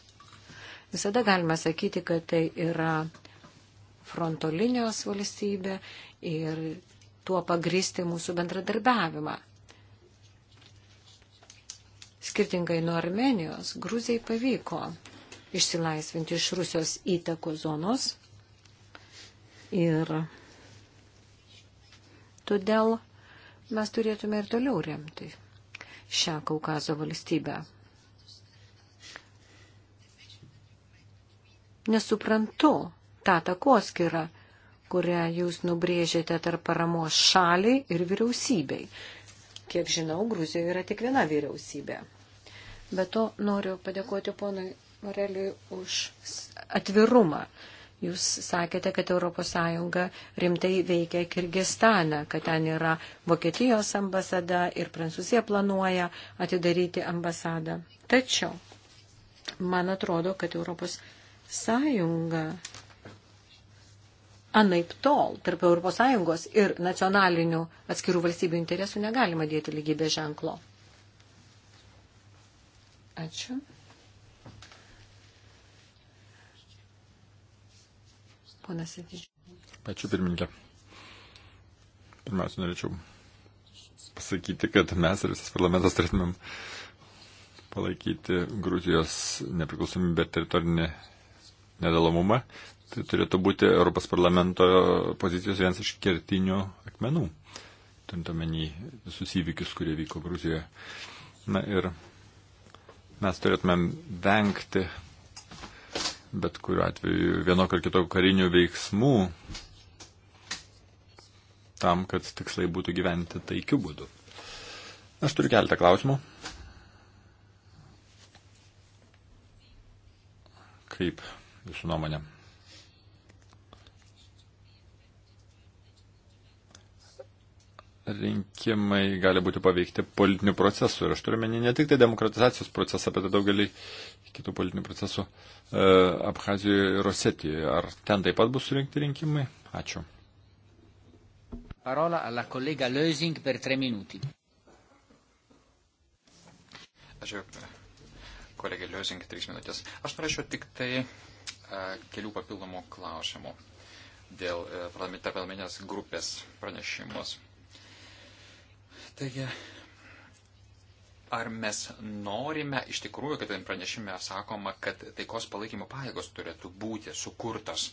visada galima sakyti, kad tai yra fronto linijos valstybė ir tuo pagristi mūsų bendradarbiavimą. Skirtingai nuo Armenijos, Gruzijai pavyko išsilaisvinti iš Rusijos įtakų zonos ir todėl mes turėtume ir toliau remti šią Kaukazo valstybę. nesuprantu tą takoskirą, kurią jūs nubrėžėte tarp paramos šaliai ir vyriausybei. Kiek žinau, Gruzijoje yra tik viena vyriausybė. Be to noriu padėkoti ponui Moreliui už atvirumą. Jūs sakėte, kad ES rimtai veikia Kirgistane, kad ten yra Vokietijos ambasada ir Prancūzija planuoja atidaryti ambasadą. Tačiau, man atrodo, kad ES Sąjunga anaip tol tarp Europos Sąjungos ir nacionalinių atskirų valstybių interesų negalima dėti lygybės ženklo. Ačiū. Ponas Sėdžičius. Pačiu pirmininkė. Pirmiausia, norėčiau pasakyti, kad mes ir visas parlamentas turėtumėm palaikyti Gruzijos nepriklausomybę teritorinę nedalomumą, tai turėtų būti Europos parlamento pozicijos vienas iš kertinių akmenų, turint omeny visus įvykius, kurie vyko Gruzijoje. Na ir mes turėtumėm vengti bet kuriuo atveju vienokio ar kitokio karinių veiksmų tam, kad tikslai būtų gyventi taikių būdų. Aš turiu keletą klausimų. Kaip jūsų nuomonė? rinkimai gali būti paveikti politinių procesų. Ir aš turiu menį ne tik tai demokratizacijos procesą, bet ir daugelį kitų politinių procesų e, Abhazijoje ir Osetijoje. Ar ten taip pat bus surinkti rinkimai? Ačiū. Parola alla collega Lösing per tre minuti. Ačiū, kolegė Lösing, trys minutės. Aš norėčiau tik tai E, kelių papildomų klausimų dėl e, parlamentinės grupės pranešimus. Taigi, ar mes norime iš tikrųjų, kad tam pranešime sakoma, kad taikos palaikymo pajėgos turėtų būti sukurtos?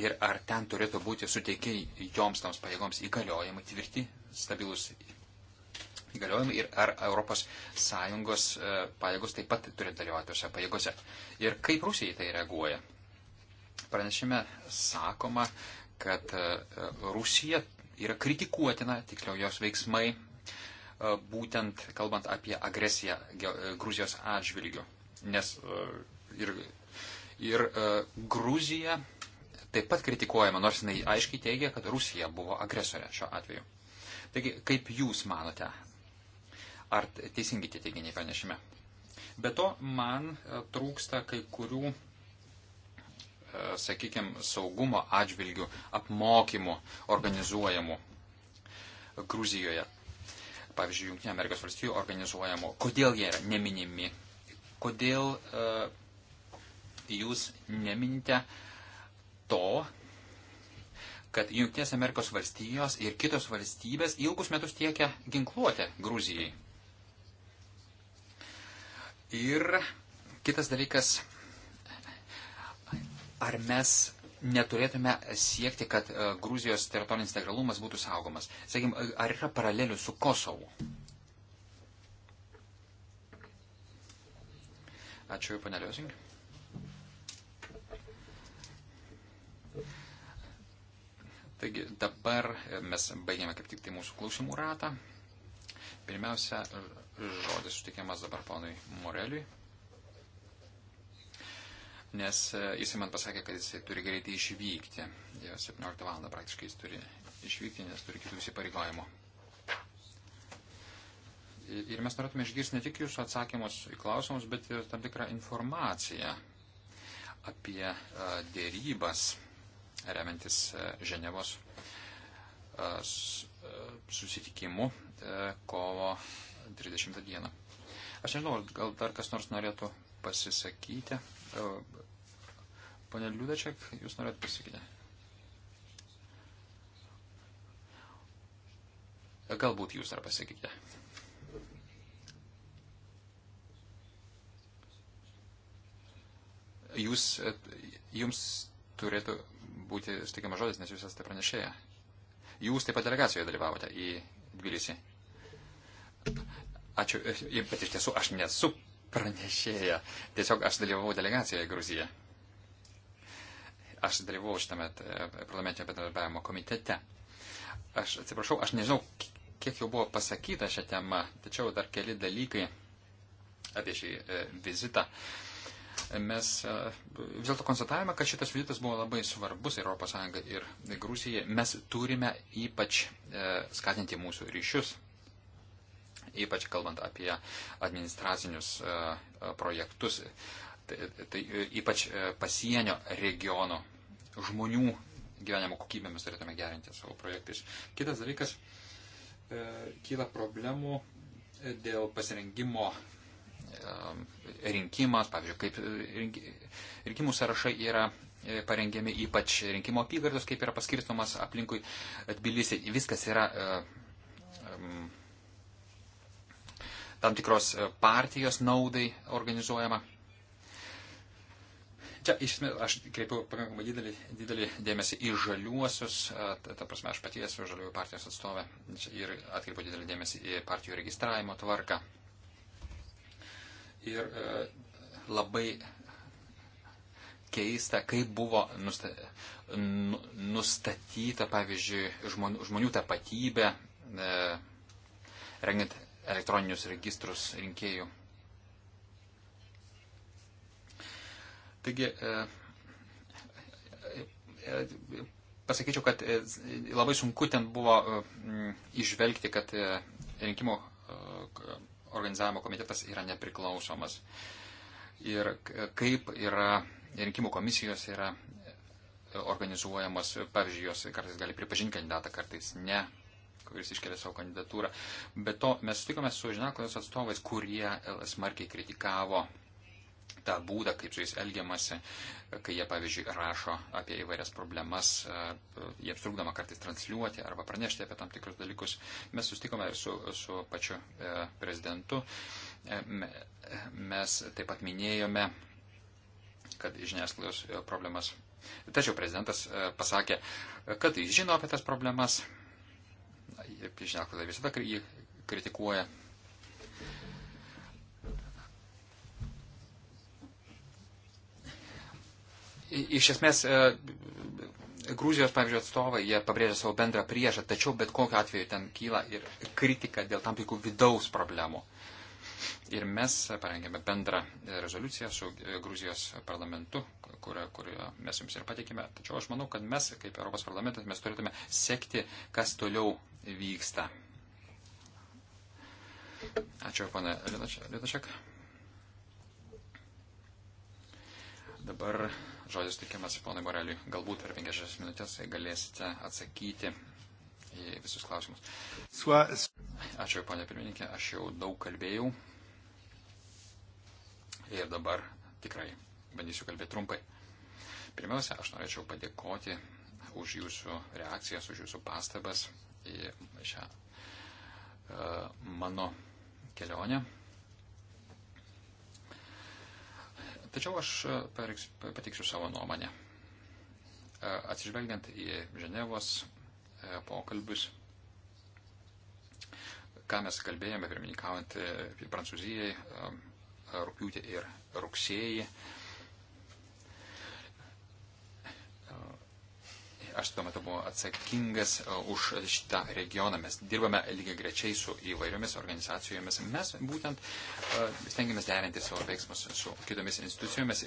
Ir ar ten turėtų būti suteikiai joms toms pajėgoms įgaliojimai tvirti, stabilus įgaliojimai ir ar ES e, pajėgos taip pat turi dalyvauti tose pajėgose. Ir kaip Rusija į tai reaguoja? Pranešime sakoma, kad e, Rusija yra kritikuotina, tiksliau jos veiksmai, e, būtent kalbant apie agresiją Gruzijos atžvilgių. Nes ir, ir Gruzija taip pat kritikuojama, nors jinai aiškiai teigia, kad Rusija buvo agresorė šiuo atveju. Taigi, kaip Jūs manote, Ar teisingi tie teiginiai pranešime? Be to, man e, trūksta kai kurių, e, sakykime, saugumo atžvilgių apmokymų organizuojamų Gruzijoje. Pavyzdžiui, Junktinė Amerikos valstijų organizuojamų. Kodėl jie yra neminimi? Kodėl uh, jūs neminite to, kad Junktinės Amerikos valstijos ir kitos valstybės ilgus metus tiekia ginkluotę Gruzijai? Ir kitas dalykas, ar mes neturėtume siekti, kad e, Gruzijos teritorinis integralumas būtų saugomas? Sakykime, ar yra paralelių su Kosovu? Ačiū, panelė Josink. Taigi dabar mes baigėme kaip tik tai mūsų klausimų ratą. Pirmiausia, žodis sutikiamas dabar ponui Moreliui, nes e, jis man pasakė, kad jis turi greitai išvykti. Jau 17 val. praktiškai jis turi išvykti, nes turi kitų įsipareigojimų. Ir mes norėtume išgirsti ne tik jūsų atsakymus į klausimus, bet ir tam tikrą informaciją apie e, dėrybas, remiantis e, Ženevos susitikimu kovo 30 dieną. Aš nežinau, gal dar kas nors norėtų pasisakyti. Pane Liudačiak, jūs norėtų pasakyti? Galbūt jūs dar pasakykite. Jūs, jums turėtų būti sutikimas žodis, nes jūs esate pranešėję. Jūs taip pat delegacijoje dalyvavote į Dvilisį. Ačiū, e, bet iš tiesų aš nesu pranešėja. Tiesiog aš dalyvavau delegacijoje Gruzija. Aš dalyvavau šitame e, parlamentinio bendradarbiavimo komitete. Aš atsiprašau, aš nežinau, kiek jau buvo pasakyta šią temą, tačiau dar keli dalykai apie šį e, vizitą. Mes e, vis dėlto konstatavome, kad šitas vizitas buvo labai svarbus ES ir Gruzijai. Mes turime ypač e, skatinti mūsų ryšius ypač kalbant apie administracinius e, e, projektus, tai, tai ypač e, pasienio regiono žmonių gyvenimo kokybę mes turėtume gerinti savo projektais. Kitas dalykas, kyla problemų dėl pasirengimo rinkimas, pavyzdžiui, kaip rinkimų sąrašai yra parengiami, ypač rinkimo apygardos, kaip yra paskirstomas aplinkui Tbilisi, viskas yra tam tikros e, partijos naudai organizuojama. Čia iš esmės aš kreipiu pakankamai didelį, didelį dėmesį į žaliuosius, e, ta, ta prasme aš pati esu žaliųjų partijos atstovė ir atkreipiu didelį dėmesį į partijų registravimo tvarką. Ir e, labai keista, kaip buvo nu, nustatyta, pavyzdžiui, žmonių, žmonių tapatybė, e, rengiant elektroninius registrus rinkėjų. Taigi, e, e, pasakyčiau, kad e, labai sunku ten buvo išvelgti, kad rinkimų organizavimo komitetas yra nepriklausomas. Ir kaip yra rinkimų komisijos yra organizuojamos, pavyzdžiui, jos kartais gali pripažinti kandidatą, kartais ne kuris iškelia savo kandidatūrą. Be to, mes sutikome su žiniasklaidos atstovais, kurie e, smarkiai kritikavo tą būdą, kaip su jais elgiamasi, kai jie, pavyzdžiui, rašo apie įvairias problemas, e, jiems trukdoma kartais transliuoti arba pranešti apie tam tikrus dalykus. Mes sustikome ir su, su pačiu e, prezidentu. Mes taip pat minėjome, kad žiniasklaidos problemas. Tačiau prezidentas pasakė, kad jis žino apie tas problemas, žiniasklaida visada jį kritikuoja. Iš esmės, e, Grūzijos, pavyzdžiui, atstovai, jie pabrėžia savo bendrą priežą, tačiau bet kokiu atveju ten kyla ir kritika dėl tam tikrų vidaus problemų. Ir mes parengėme bendrą rezoliuciją su Gruzijos parlamentu, kurio, kurio mes jums ir pateikėme. Tačiau aš manau, kad mes, kaip Europos parlamentas, mes turėtume sekti, kas toliau vyksta. Ačiū, pana Liutašek. Dabar žodis tikimas ponui Boreliui. Galbūt per 50 minutės galėsite atsakyti į visus klausimus. Ačiū, ponė pirmininkė, aš jau daug kalbėjau. Ir dabar tikrai bandysiu kalbėti trumpai. Pirmiausia, aš norėčiau padėkoti už jūsų reakcijas, už jūsų pastabas į šią e, mano kelionę. Tačiau aš e, pateiksiu savo nuomonę. E, atsižvelgiant į Ženevos pokalbius, ką mes kalbėjome, pirmininkaujant Prancūzijai, rūpiutį ir rugsėjį, aš tuo metu buvau atsakingas e, už šitą regioną. Mes dirbame lygiai grečiai su įvairiomis organizacijomis. Mes būtent e, stengiamės derinti savo veiksmus su kitomis institucijomis.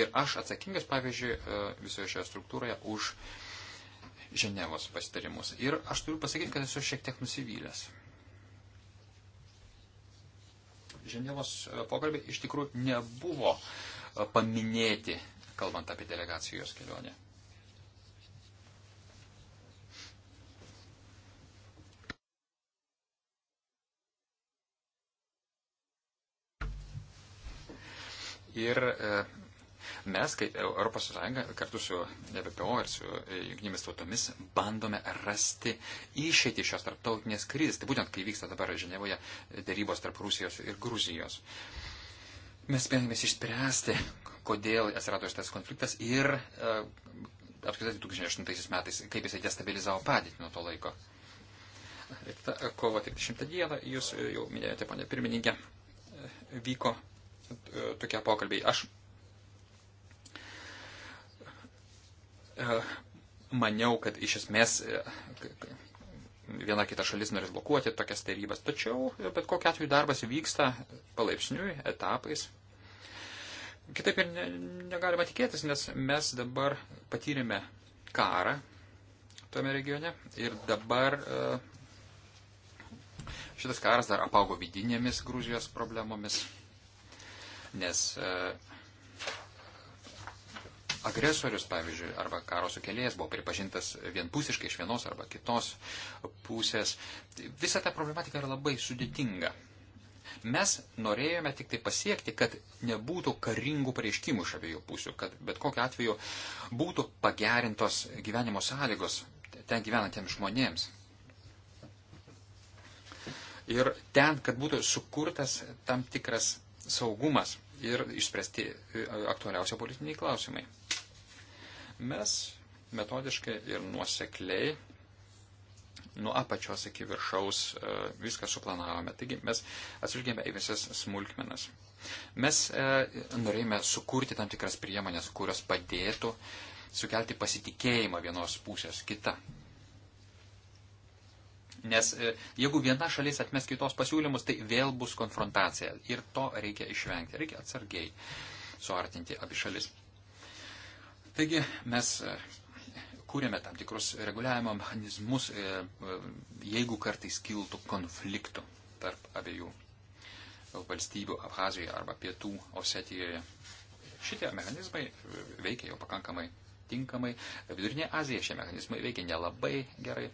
Ir aš atsakingas, pavyzdžiui, e, visoje šioje struktūroje už Ženevos pasitarimus. Ir aš turiu pasakyti, kad esu šiek tiek nusivylęs. Ženevos pokalbiai iš tikrųjų nebuvo paminėti, kalbant apie delegacijos kelionę. Ir e, mes, kaip ES, kartu su EBPO ir su e, jungtinėmis tautomis, bandome rasti išeitį šios tarptautinės krizės. Tai būtent, kai vyksta dabar Ženevoje dėrybos tarp Rusijos ir Gruzijos. Mes spėjomės išspręsti, kodėl atsirado šitas konfliktas ir e, apskritai 2008 metais, kaip jisai destabilizavo padėtį nuo to laiko. Ir ta, kovo 30 dieną, jūs jau minėjote, ponė pirmininkė, vyko tokie pokalbiai. Aš e, maniau, kad iš esmės e, viena kita šalis norės blokuoti tokias tarybas, tačiau bet kokiu atveju darbas vyksta palaipsniui, etapais. Kitaip ir ne, negalima tikėtis, nes mes dabar patyrėme karą tame regione ir dabar e, šitas karas dar apaugo vidinėmis Gruzijos problemomis nes e, agresorius, pavyzdžiui, arba karo sukėlėjas buvo pripažintas vienpusiškai iš vienos arba kitos pusės. Visa ta problematika yra labai sudėtinga. Mes norėjome tik tai pasiekti, kad nebūtų karingų pareiškimų iš abiejų pusių, kad bet kokiu atveju būtų pagerintos gyvenimo sąlygos ten gyvenantiems žmonėms. Ir ten, kad būtų sukurtas tam tikras saugumas ir išspręsti e, aktualiausia politiniai klausimai. Mes metodiškai ir nuosekliai nuo apačios iki viršaus e, viską suplanavome. Taigi mes atsižvelgėme į visas smulkmenas. Mes e, norėjome sukurti tam tikras priemonės, kurios padėtų sukelti pasitikėjimą vienos pusės kita. Nes e, jeigu viena šalis atmes kitos pasiūlymus, tai vėl bus konfrontacija. Ir to reikia išvengti. Reikia atsargiai suartinti abi šalis. Taigi mes e, kūrėme tam tikrus reguliavimo mechanizmus, e, jeigu kartais kiltų konfliktų tarp abiejų valstybių Abhazijoje arba Pietų Osetijoje. Šitie mechanizmai veikia jau pakankamai tinkamai. Vidurinė Azija šie mechanizmai veikia nelabai gerai.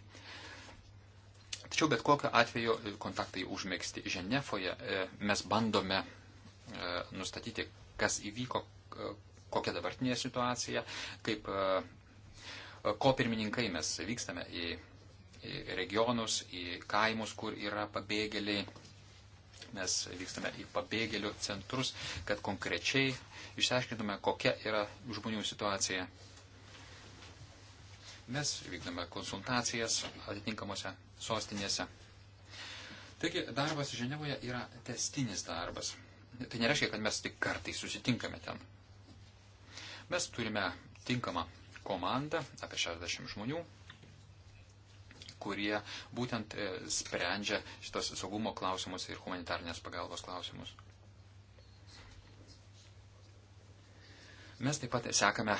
Tačiau bet kokiu atveju kontaktai užmėgsti Ženefoje. E, mes bandome e, nustatyti, kas įvyko, e, kokia dabartinė situacija, kaip ko pirmininkai mes vykstame į, į regionus, į kaimus, kur yra pabėgėliai. Mes vykstame į pabėgėlių centrus, kad konkrečiai išsiaiškintume, kokia yra žmonių situacija Mes vykdome konsultacijas atitinkamuose sostinėse. Taigi darbas Ženevoje yra testinis darbas. Tai nereiškia, kad mes tik kartais susitinkame ten. Mes turime tinkamą komandą, apie 60 žmonių, kurie būtent e, sprendžia šitas saugumo klausimus ir humanitarnės pagalbos klausimus. Mes taip pat sekame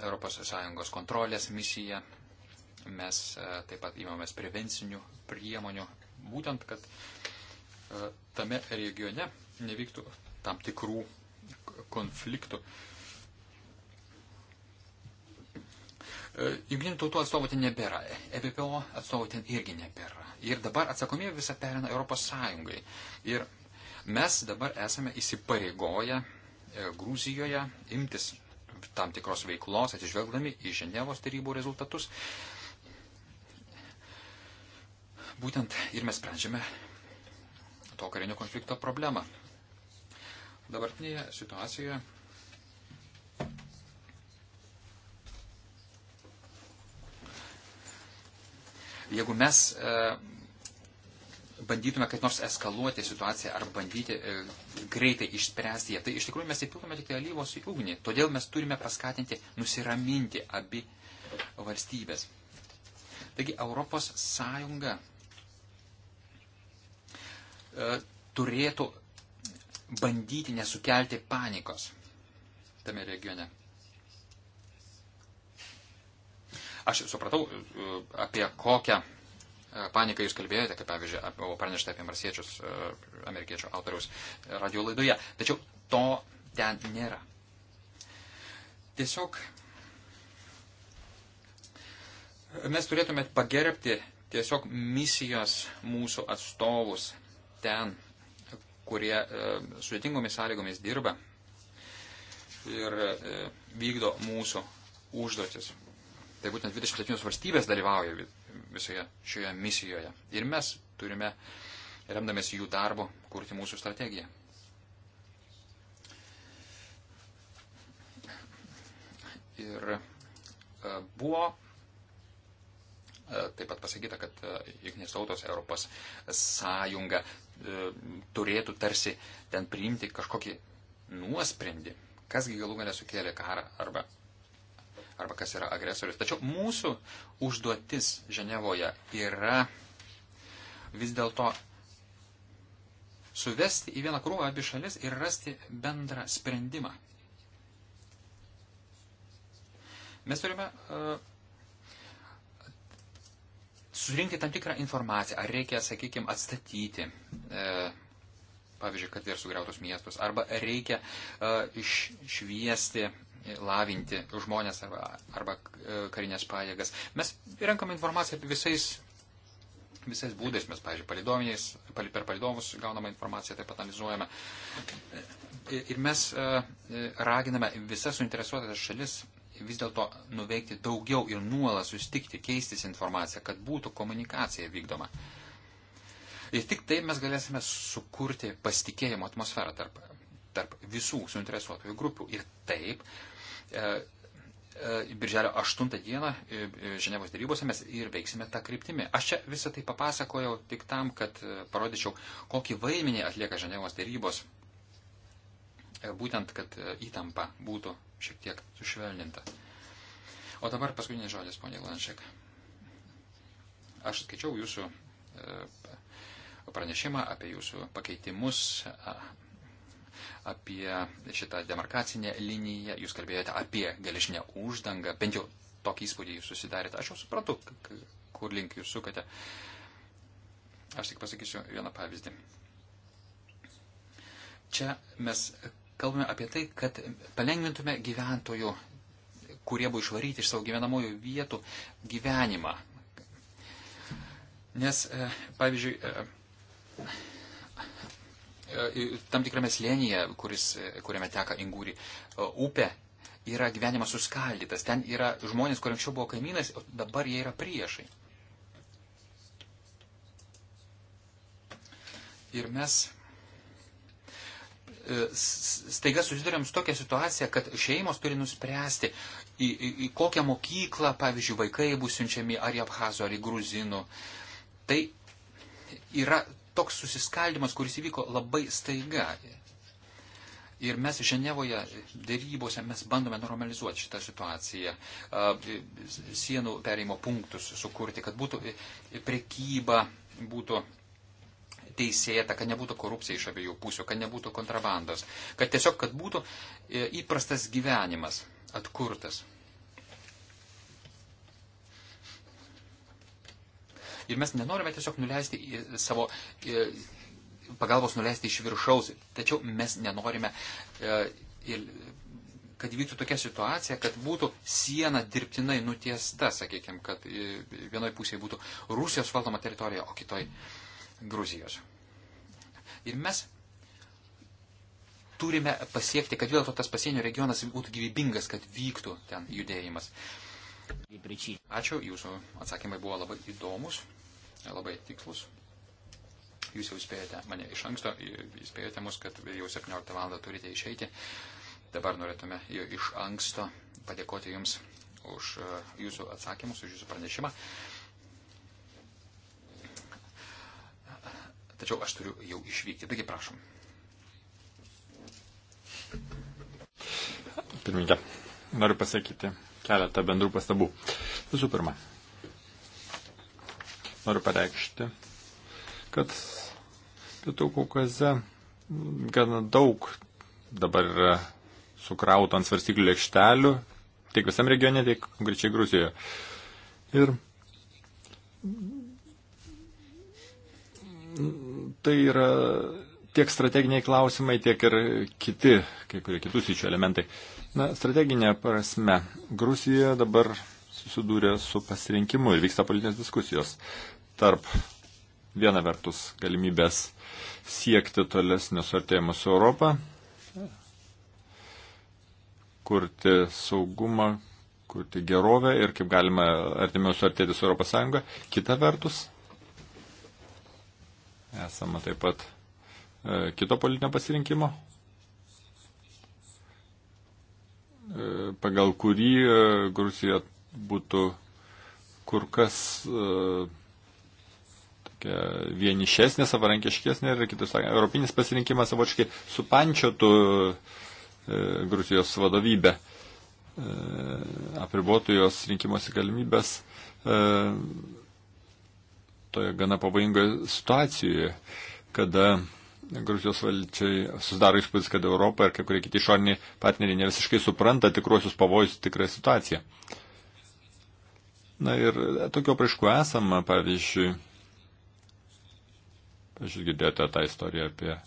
ES kontrolės misiją, mes e, taip pat įmamės prevencinių priemonių, būtent, kad e, tame regione nevyktų tam tikrų konfliktų. E, Junktinių tautų atstovų ten nebėra, EBPO atstovų ten irgi nebėra. Ir dabar atsakomybė visą perina Europos Sąjungai. Ir mes dabar esame įsipareigoję E, Gruzijoje imtis tam tikros veiklos, atsižvelgdami į Ženevos tarybų rezultatus. Būtent ir mes sprendžiame to karinio konflikto problemą. Dabartinėje situacijoje jeigu mes e, bandytume kaip nors eskaluoti situaciją ar bandyti e, greitai išspręsti ją. Tai iš tikrųjų mes įpilkome tik tai alyvos į ugnį. Todėl mes turime paskatinti nusiraminti abi valstybės. Taigi Europos Sąjunga e, turėtų bandyti nesukelti panikos tame regione. Aš supratau, e, apie kokią E, paniką jūs kalbėjote, kaip pavyzdžiui, buvo pranešta apie marsiečius e, amerikiečių autoriaus radio laidoje. Tačiau to ten nėra. Tiesiog mes turėtume pagerbti tiesiog misijos mūsų atstovus ten, kurie e, sudėtingomis sąlygomis dirba ir vykdo mūsų užduotis. Tai būtent 27 valstybės dalyvauja visoje šioje misijoje. Ir mes turime, remdamės jų darbu, kurti mūsų strategiją. Ir e, buvo e, taip pat pasakyta, kad e, Jungtinės tautos Europos sąjunga turėtų tarsi ten priimti kažkokį nuosprendį, kasgi galų galę sukėlė karą arba arba kas yra agresorius. Tačiau mūsų užduotis Ženevoje yra vis dėlto suvesti į vieną krūvą abi šalis ir rasti bendrą sprendimą. Mes turime uh, surinkti tam tikrą informaciją, ar reikia, sakykime, atstatyti, e, pavyzdžiui, kad ir sugriautus miestus, arba reikia e, iššviesti lavinti žmonės arba, arba e, karinės pajėgas. Mes renkame informaciją apie visais. Visais būdais mes, pavyzdžiui, per palidomus gaunamą informaciją taip pat analizuojame. E, ir mes e, raginame visas suinteresuotas šalis vis dėlto nuveikti daugiau ir nuolat sustikti, keistis informaciją, kad būtų komunikacija vykdoma. Ir tik taip mes galėsime sukurti pasitikėjimo atmosferą tarp, tarp visų suinteresuotųjų grupių. Ir taip E, e, birželio 8 dieną e, Ženevos darybose mes ir veiksime tą kryptimį. Aš čia visą tai papasakojau tik tam, kad parodyčiau, kokį vaidmenį atlieka Ženevos darybos. Būtent, kad įtampa būtų šiek tiek sušvelninta. O dabar paskutinis žodis, ponė Lanšek. Aš skaičiau jūsų pranešimą apie jūsų pakeitimus apie šitą demarkacinę liniją, jūs kalbėjote apie geležinę uždangą, bent jau tokį įspūdį jūs susidarėte. Aš jau supratau, kur link jūs sukate. Aš tik pasakysiu vieną pavyzdį. Čia mes kalbame apie tai, kad palengvintume gyventojų, kurie buvo išvaryti iš savo gyvenamojų vietų, gyvenimą. Nes, e, pavyzdžiui, e, E, tam tikrame slėnyje, kuris, e, kuriame teka Ingūri e, upė, yra gyvenimas suskaldytas. Ten yra žmonės, kurie anksčiau buvo kaimynas, o dabar jie yra priešai. Ir mes staiga susidurėm su tokia situacija, kad šeimos turi nuspręsti, į, į, į kokią mokyklą, pavyzdžiui, vaikai bus siunčiami ar į Abhazo, ar į Gruzinų. Tai yra toks susiskaldimas, kuris įvyko labai staiga. Ir mes Ženevoje dėrybose mes bandome normalizuoti šitą situaciją, e, sienų pereimo punktus sukurti, kad būtų e, prekyba, būtų teisėta, kad nebūtų korupcija iš abiejų pusių, kad nebūtų kontrabandos, kad tiesiog, kad būtų e, įprastas gyvenimas atkurtas. Ir mes nenorime tiesiog nuleisti savo pagalbos nuleisti iš viršaus. Tačiau mes nenorime, e, kad vyktų tokia situacija, kad būtų siena dirbtinai nutiesta, sakykime, kad vienoje pusėje būtų Rusijos valdoma teritorija, o kitoje Gruzijos. Ir mes turime pasiekti, kad vėl to tas pasienio regionas būtų gyvybingas, kad vyktų ten judėjimas. Uh, Ačiū, jūsų atsakymai buvo labai įdomus, labai tikslus. Jūs jau spėjote mane iš anksto, įspėjote mus, kad jau 17 val. turite išeiti. Dabar norėtume jau iš anksto padėkoti Jums už e, Jūsų atsakymus, už Jūsų pranešimą. Tačiau aš turiu jau išvykti, taigi prašom. Pirmininkė, noriu pasakyti, keletą bendrų pastabų. Visų pirma, noriu pareikšti, kad Pietų Kaukaze gana daug dabar yra sukrauto ant svarstyklių lėkštelių, tiek visam regione, tiek konkrečiai Gruzijoje. Ir tai yra tiek strateginiai klausimai, tiek ir kiti, kai kurie kitus įčių elementai. Uh, Na, strateginė prasme, Gruzija dabar susidūrė su pasirinkimu ir vyksta politinės diskusijos tarp viena vertus galimybės siekti tolesnio suartėjimo su Europą, kurti saugumą, kurti gerovę ir kaip galima artimiau suartėti su Europos Sąjunga. Kita vertus, esama taip pat e, kito politinio pasirinkimo E, pagal kurį e, Gruzija būtų kur kas e, tokia vienišesnė, savarankiškesnė ir, kitaip sakant, europinis pasirinkimas savočiai supančiotų Gruzijos vadovybę, apribotų jos rinkimuose galimybės toje gana pavojingoje situacijoje, kada Gruzijos valdžiai susidaro įspūdis, kad Europa ir kai kurie kiti išoriniai partneriai ne visiškai supranta tikruosius pavojus, tikrą situaciją. Na ir tokio praiškų esama, pavyzdžiui, pavyzdžiui, girdėjote tą istoriją apie uh,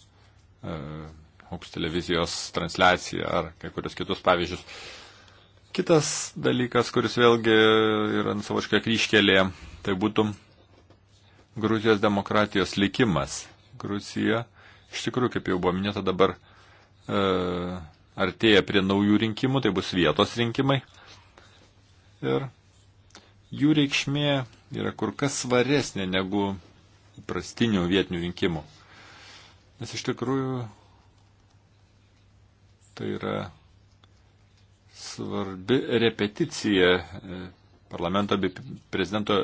e, Hops televizijos transliaciją ar kai kurios kitus pavyzdžius. Kitas dalykas, kuris vėlgi yra savoškai kryškelėje, tai būtų Gruzijos demokratijos likimas. Gruzija Iš tikrųjų, kaip jau buvo minėta, dabar e, artėja prie naujų rinkimų, tai bus vietos rinkimai. Ir jų reikšmė yra kur kas svaresnė negu įprastinių vietinių rinkimų. Nes iš tikrųjų tai yra svarbi repeticija e, parlamento bei prezidento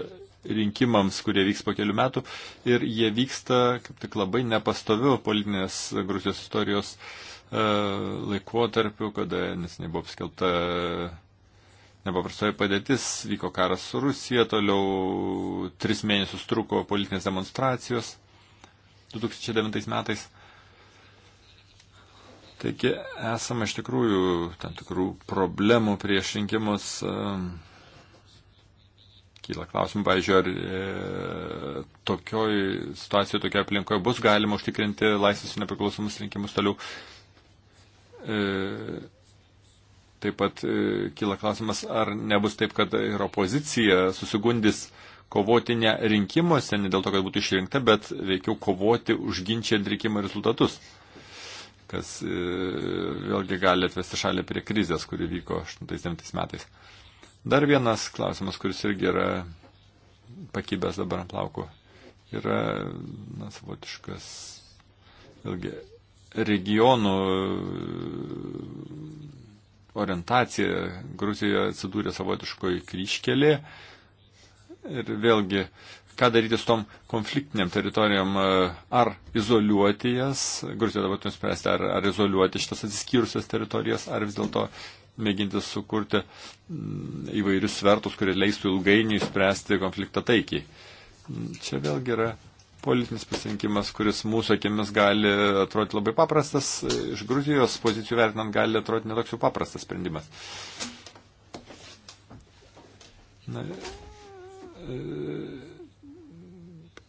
rinkimams, kurie vyks po kelių metų. Ir jie vyksta kaip tik labai nepastoviu politinės Gruzijos istorijos e, laikotarpiu, kada nesiniai buvo apskelta e, nepaprastoji padėtis, vyko karas su Rusija, toliau tris mėnesius truko politinės demonstracijos 2009 metais. Taigi esame iš tikrųjų tam tikrų problemų prieš rinkimus. Um, kyla klausimų, pavyzdžiui, ar e, tokioj situacijoje, tokioje aplinkoje bus galima užtikrinti laisvės ir nepriklausomus rinkimus toliau. E, taip pat e, kyla klausimas, ar nebus taip, kad ir opozicija susigundys kovoti ne rinkimuose, ne dėl to, kad būtų išrinkta, bet veikiau kovoti užginčiant rinkimų rezultatus kas e, vėlgi gali atvesti šalį prie krizės, kuri vyko 89 metais. Dar vienas klausimas, kuris irgi yra pakybęs dabar ant plauko, yra na, savotiškas vėlgi regionų e, orientacija. Gruzijoje atsidūrė savotiškoji kryškelė ir vėlgi ką daryti su tom konfliktiniam teritorijom, e, ar izoliuoti jas, Gruzija dabar turi spręsti, ar, ar izoliuoti šitas atsiskyrusias teritorijas, ar vis dėlto mėginti sukurti mm, įvairius svertus, kurie leistų ilgainiui spręsti konfliktą taikiai. Mm, čia vėlgi yra politinis pasirinkimas, kuris mūsų akimis gali atrodyti labai paprastas, iš Gruzijos pozicijų vertinant gali atrodyti netoks jau paprastas sprendimas. Na, e,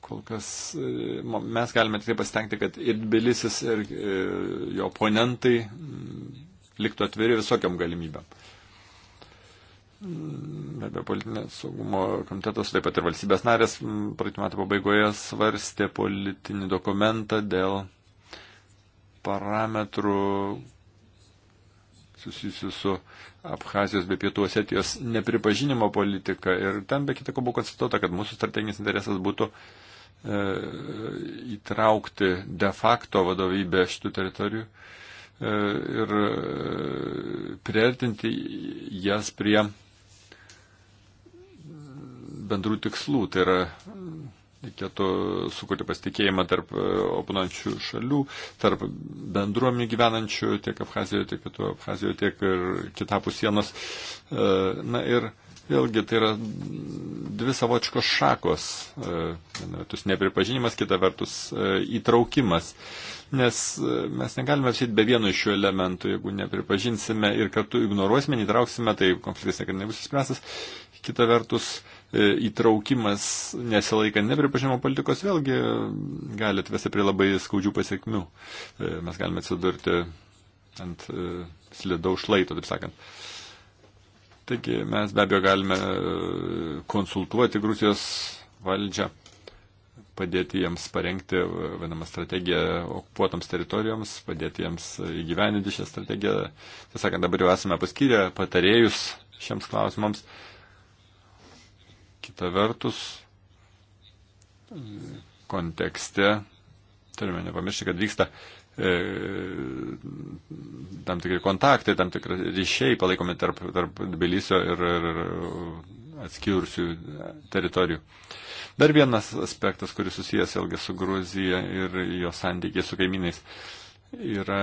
kol kas e, mes galime tikrai pasitengti, kad ir Bilisis, e, ir jo oponentai mm, liktų atviri visokiam galimybėm. Be abejo, politinės saugumo komitetas, taip pat ir valstybės narės, praeitų metų pabaigoje svarstė politinį dokumentą dėl parametrų susijusių su Abhazijos bei Pietų Osetijos nepripažinimo politika. Ir ten be kitako buvo konstatuota, kad mūsų strateginis interesas būtų e, įtraukti de facto vadovybę šitų teritorijų E, ir e, priartinti jas prie bendrų tikslų. Tai yra, reikėtų sukurti pasitikėjimą tarp e, oponuojančių šalių, tarp bendruomenių gyvenančių tiek Abhazijoje, tiek Pietų Abhazijoje, tiek ir kitapus sienos. Na ir vėlgi tai yra dvi savočkos šakos. Viena vertus nepripažinimas, kita vertus įtraukimas nes e, mes negalime apsėti be vieno iš šių elementų, jeigu nepripažinsime ir kartu ignoruosime, neįtrauksime, tai konfliktas niekada nebus išspręstas. Kita vertus, e, įtraukimas nesilaikant nepripažinimo politikos vėlgi gali atvesti prie labai skaudžių pasiekmių. E, mes galime atsidurti ant slidaus šlaito, taip sakant. Taigi mes be abejo galime konsultuoti Gruzijos valdžią padėti jiems parengti e, vienamą strategiją okupuotoms teritorijoms, padėti jiems e, įgyveninti šią strategiją. Tiesą sakant, dabar jau esame paskyrę patarėjus šiems klausimams. Kita vertus, kontekste turime nepamiršti, kad vyksta e, tam tikri kontaktai, tam tikri ryšiai palaikomi tarp, tarp Belisio ir, ir atskirusių teritorijų. E, Dar vienas aspektas, kuris susijęs vėlgi su Gruzija ir jo santykiai su kaimynais, yra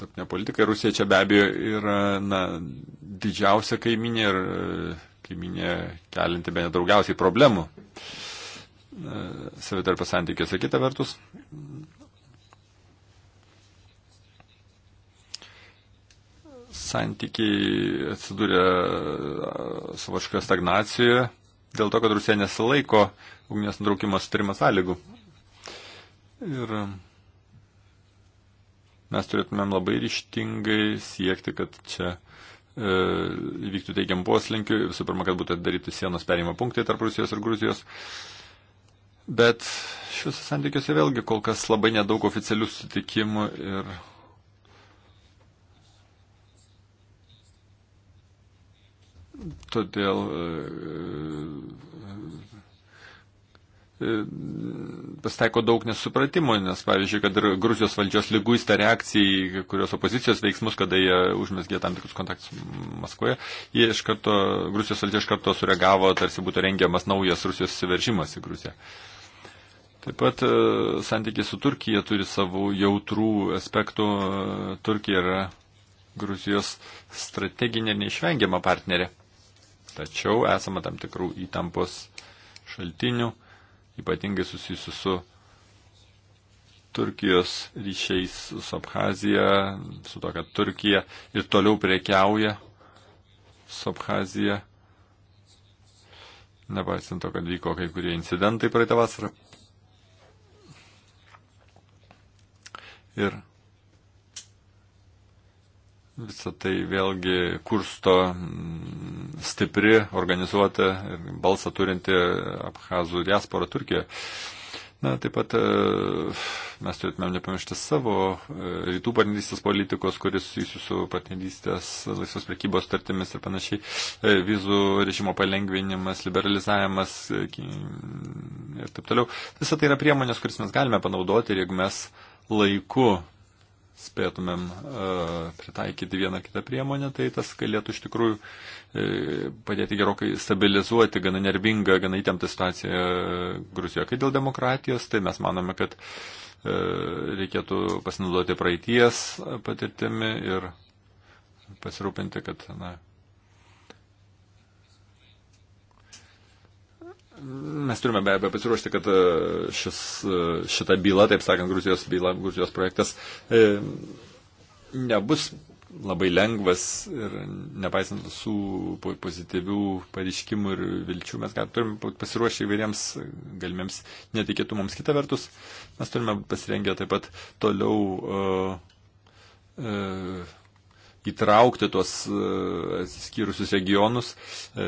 tarpinė politika. Rusija čia be abejo yra na, didžiausia kaiminė ir e, kaiminė kelinti be nedaugiausiai problemų e, savitarpio santykiuose. Kita vertus, santykiai atsidūrė savaškoje stagnacijoje dėl to, kad Rusija nesilaiko ugnies nutraukimo sutarimo sąlygų. Ir mes turėtumėm labai ryštingai siekti, kad čia e, įvyktų teigiam poslinkių, visų pirma, kad būtų atdaryti sienos perėjimo punktai tarp Rusijos ir Gruzijos. Bet šiuose santykiuose vėlgi kol kas labai nedaug oficialių sutikimų ir Todėl e, e, pasitaiko daug nesupratimo, nes, pavyzdžiui, kad ir Gruzijos valdžios lyguista reakcija į kurios opozicijos veiksmus, kada jie užmesgė tam tikrus kontaktus Maskvoje, jie iš karto, Gruzijos valdžia iš karto sureagavo, tarsi būtų rengiamas naujas Rusijos įsiveržimas į Gruziją. Taip pat e, santykiai su Turkija turi savų jautrų aspektų. Turkija yra Gruzijos strateginė ir neišvengiama partnerė. Tačiau esama tam tikrų įtampos šaltinių, ypatingai susijusių su Turkijos ryšiais su Abhazija, su to, kad Turkija ir toliau priekiauja su Abhazija, nepaisant to, kad vyko kai kurie incidentai praeitą vasarą. Ir Visą tai vėlgi kursto mm, stipri, organizuota ir balsą turinti Abhazų diaspora Turkijoje. Na, taip pat e, mes turėtumėm nepamiršti savo e, rytų partnerystės politikos, kuris susijusi su partnerystės laisvos prekybos tartimis ir panašiai, e, vizų režimo palengvinimas, liberalizavimas ir taip toliau. Visą tai yra priemonės, kuris mes galime panaudoti ir jeigu mes laiku spėtumėm e, pritaikyti vieną kitą priemonę, tai tas galėtų iš tikrųjų e, padėti gerokai stabilizuoti gana nervingą, gana įtemptą situaciją e, Gruzijoje. Kai dėl demokratijos, tai mes manome, kad reikėtų pasinaudoti praeities patirtimi ir pasirūpinti, kad na, Mes turime be abejo pasiruošti, kad e, šis, e, šita byla, taip sakant, Gruzijos byla, Gruzijos projektas e, nebus labai lengvas ir nepaisant visų pozityvių pareiškimų ir vilčių, mes turime pasiruošę įvairiems galimiems netikėtumams. Kita vertus, mes turime pasirengę taip pat toliau uh, uh, įtraukti tuos e, atsiskyrusius regionus e,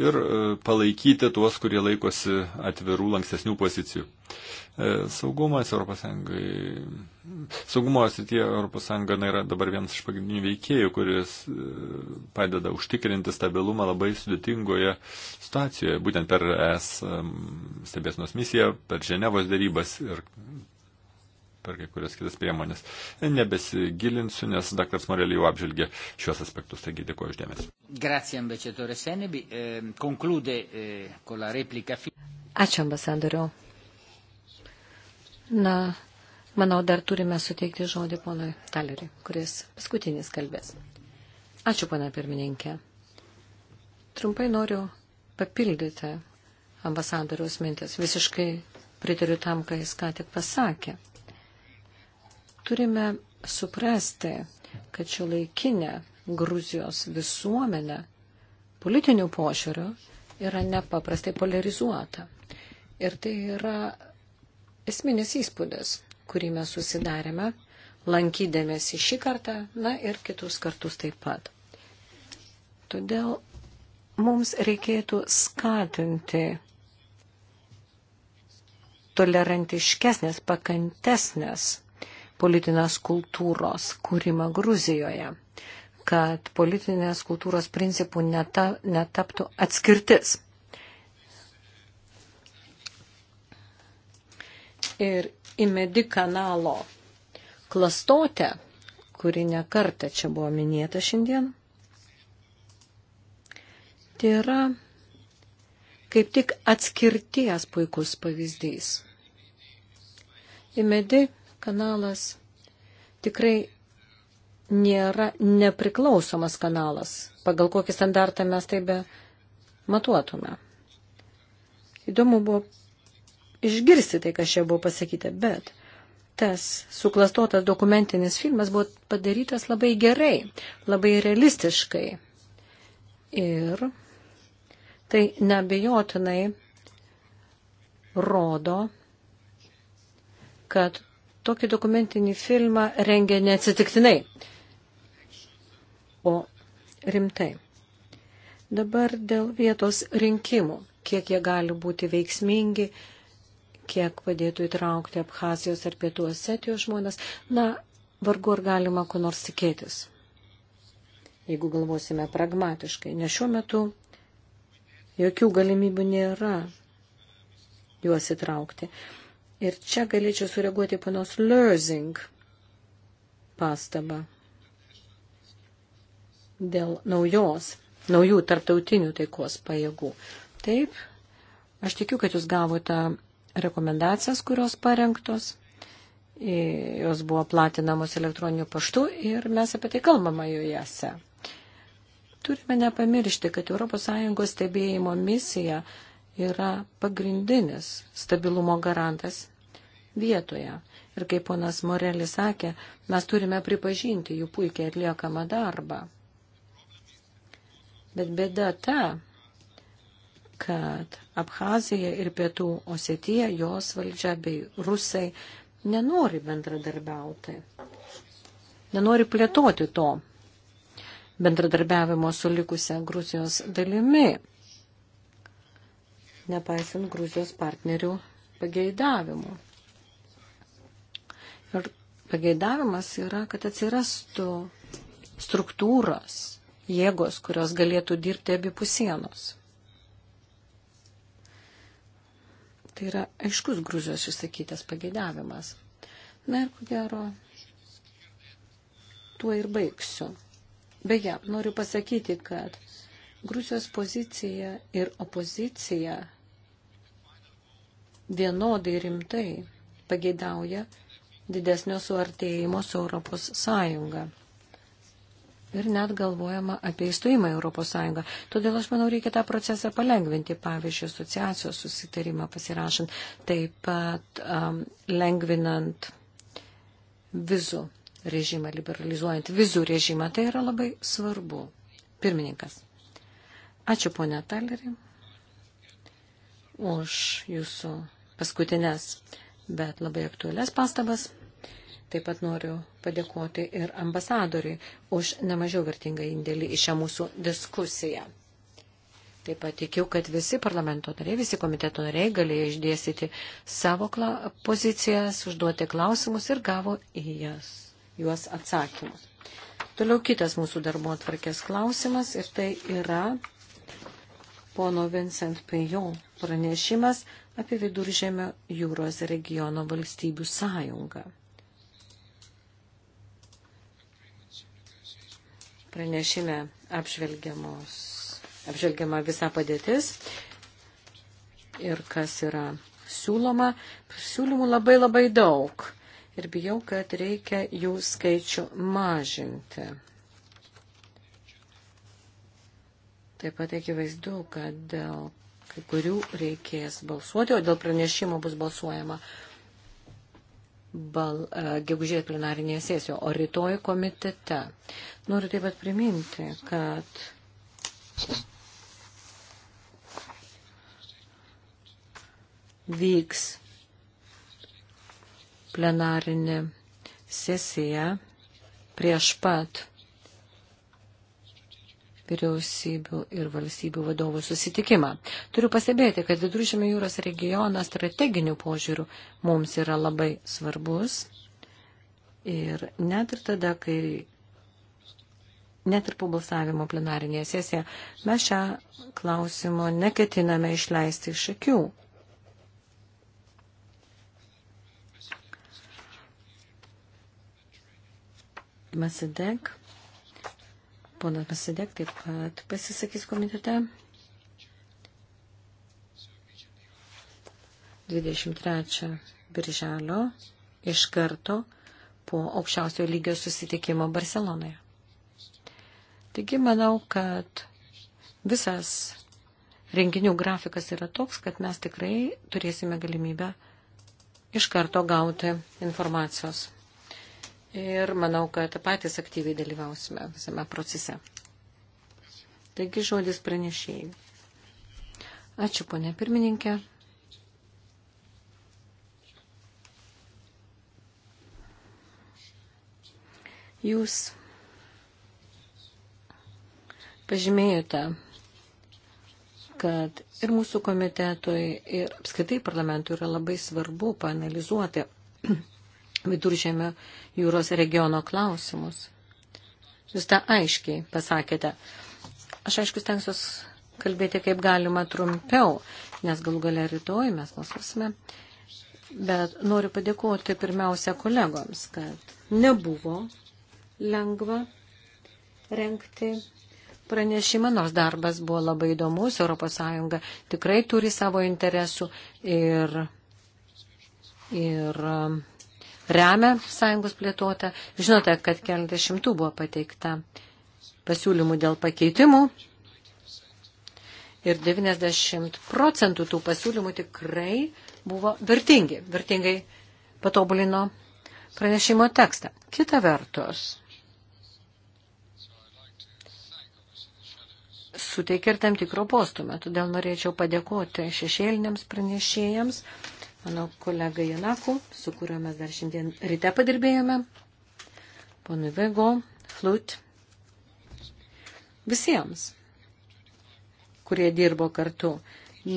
ir e, palaikyti tuos, kurie laikosi atvirų, lankstesnių pozicijų. Saugumas ES. Saugumo srityje ES yra dabar vienas iš pagrindinių veikėjų, kuris padeda užtikrinti stabilumą labai sudėtingoje situacijoje, būtent per ES stebėsnos misiją, per Ženevos darybas ir per kai kurias kitas priemonės. Nebesigilinsiu, nes daktaras Morelį jau apžvelgė šios aspektus, taigi dėkuoju uždėmesi. Eh, eh, Ačiū ambasadoriu. Na, manau, dar turime suteikti žodį ponui Taleriui, kuris paskutinis kalbės. Ačiū, pana pirmininkė. Trumpai noriu papildyti ambasadoriaus mintis. Visiškai pritariu tam, ką jis ką tik pasakė. Turime suprasti, kad šio laikinė Gruzijos visuomenė politinių pošiūrių yra nepaprastai polarizuota. Ir tai yra esminis įspūdis, kurį mes susidarėme, lankydėmėsi šį kartą, na ir kitus kartus taip pat. Todėl mums reikėtų skatinti tolerantiškesnės, pakantesnės politinės kultūros kūrimą Gruzijoje, kad politinės kultūros principų neta, netaptų atskirtis. Ir įmedi kanalo klastotę, kuri nekarta čia buvo minėta šiandien, tai yra kaip tik atskirties puikus pavyzdys. Įmedi kanalas tikrai nėra nepriklausomas kanalas, pagal kokį standartą mes tai be matuotume. Įdomu buvo išgirsti tai, kas čia buvo pasakyta, bet tas suklastotas dokumentinis filmas buvo padarytas labai gerai, labai realistiškai. Ir tai nebejotinai rodo, kad tokį dokumentinį filmą rengia neatsitiktinai, o rimtai. Dabar dėl vietos rinkimų, kiek jie gali būti veiksmingi, kiek padėtų įtraukti Abhazijos ar Pietų Osetijos žmonės, na, vargu ar galima ko nors tikėtis, jeigu galvosime pragmatiškai, nes šiuo metu jokių galimybių nėra juos įtraukti. Ir čia galėčiau sureaguoti panos Lerzing pastabą dėl naujos, naujų tarptautinių taikos pajėgų. Taip, aš tikiu, kad jūs gavote rekomendacijas, kurios parengtos, jos buvo platinamos elektroniniu paštu ir mes apie tai kalbama jojose. Turime nepamiršti, kad ES stebėjimo misija yra pagrindinis stabilumo garantas vietoje. Ir kaip ponas Morelis sakė, mes turime pripažinti jų puikiai atliekamą darbą. Bet bėda ta, kad Abhazija ir Pietų Osetija, jos valdžia bei rusai nenori bendradarbiauti, nenori plėtoti to bendradarbiavimo su likusia Gruzijos dalimi, nepaisant Gruzijos partnerių pageidavimų pageidavimas yra, kad atsirastų struktūros, jėgos, kurios galėtų dirbti abipusienos. Tai yra aiškus Gruzijos išsakytas pageidavimas. Na ir ko gero, tuo ir baigsiu. Beje, noriu pasakyti, kad Gruzijos pozicija ir opozicija vienodai rimtai pageidauja, didesnio suartėjimo su Europos Sąjunga. Ir net galvojama apie įstojimą Europos Sąjungą. Todėl aš manau, reikia tą procesą palengvinti, pavyzdžiui, asociacijos susitarimą pasirašant, taip pat um, lengvinant vizų režimą, liberalizuojant vizų režimą. Tai yra labai svarbu. Pirmininkas. Ačiū, ponia Talerį, už jūsų paskutinės bet labai aktualias pastabas. Taip pat noriu padėkoti ir ambasadoriui už nemažiau vertingą indėlį į šią mūsų diskusiją. Taip pat tikiu, kad visi parlamento nariai, visi komiteto nariai galėjo išdėstyti savo pozicijas, užduoti klausimus ir gavo į jas, juos atsakymus. Toliau kitas mūsų darbo atvarkės klausimas ir tai yra pono Vincent Pijon pranešimas apie viduržėmio jūros regiono valstybių sąjungą. Pranešime apžvelgiama visa padėtis ir kas yra siūloma. Siūlymų labai labai daug ir bijau, kad reikia jų skaičių mažinti. Taip pat akivaizdu, kad dėl kai kurių reikės balsuoti, o dėl pranešimo bus balsuojama bal, e, gegužės plenarinėje sesijoje, o rytoj komitete. Noriu taip pat priminti, kad vyks plenarinė sesija prieš pat vyriausybių ir valstybių vadovų susitikimą. Turiu pastebėti, kad Viduržėmio jūros regionas strateginių požiūrių mums yra labai svarbus. Ir net ir tada, kai net ir po balsavimo plenarinėje sesijoje, mes šią klausimo neketiname išleisti iš akių. Masidek Ponas Pasidek taip pat pasisakys komitete. 23 birželio iš karto po aukščiausio lygio susitikimo Barcelonoje. Taigi manau, kad visas renginių grafikas yra toks, kad mes tikrai turėsime galimybę iš karto gauti informacijos ir manau, kad patys aktyviai dalyvausime visame procese. Taigi žodis pranešėjai. Ačiū, ponė pirmininkė. Jūs pažymėjote, kad ir mūsų komitetui, ir apskaitai parlamentui yra labai svarbu panalizuoti viduržėmio jūros regiono klausimus. Jūs tą aiškiai pasakėte. Aš aišku stengsiuos kalbėti kaip galima trumpiau, nes galų gale rytoj mes balsuosime. Bet noriu padėkoti pirmiausia kolegoms, kad nebuvo lengva renkti pranešimą, nors darbas buvo labai įdomus, ES tikrai turi savo interesų ir, ir remia sąjungos plėtotą. Žinote, kad keletą šimtų buvo pateikta pasiūlymų dėl pakeitimų ir 90 procentų tų pasiūlymų tikrai buvo vertingi, vertingai patobulino pranešimo tekstą. Kita vertus, suteikia ir tam tikro postumio, todėl norėčiau padėkoti šešėliniams pranešėjams mano kolega Janaku, su kuriuo mes dar šiandien ryte padirbėjome, ponui Vego, Flut, visiems, kurie dirbo kartu,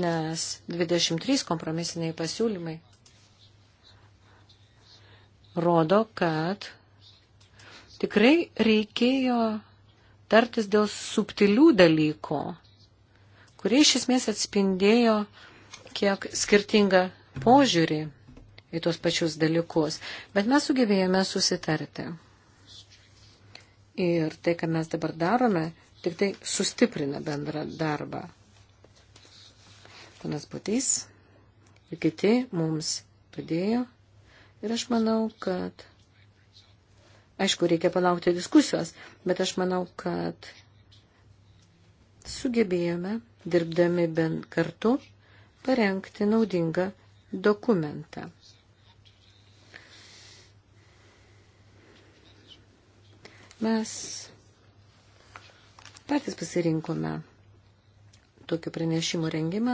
nes 23 kompromisiniai pasiūlymai rodo, kad tikrai reikėjo tartis dėl subtilių dalykų, kurie iš esmės atspindėjo kiek skirtinga požiūrį į tuos pačius dalykus, bet mes sugebėjome susitarti. Ir tai, ką mes dabar darome, tik tai sustiprina bendrą darbą. Panas Butys ir kiti mums padėjo. Ir aš manau, kad. Aišku, reikia palaukti diskusijos, bet aš manau, kad sugebėjome, dirbdami bent kartu, parengti naudingą dokumentą. Mes patys pasirinkome tokio pranešimo rengimą,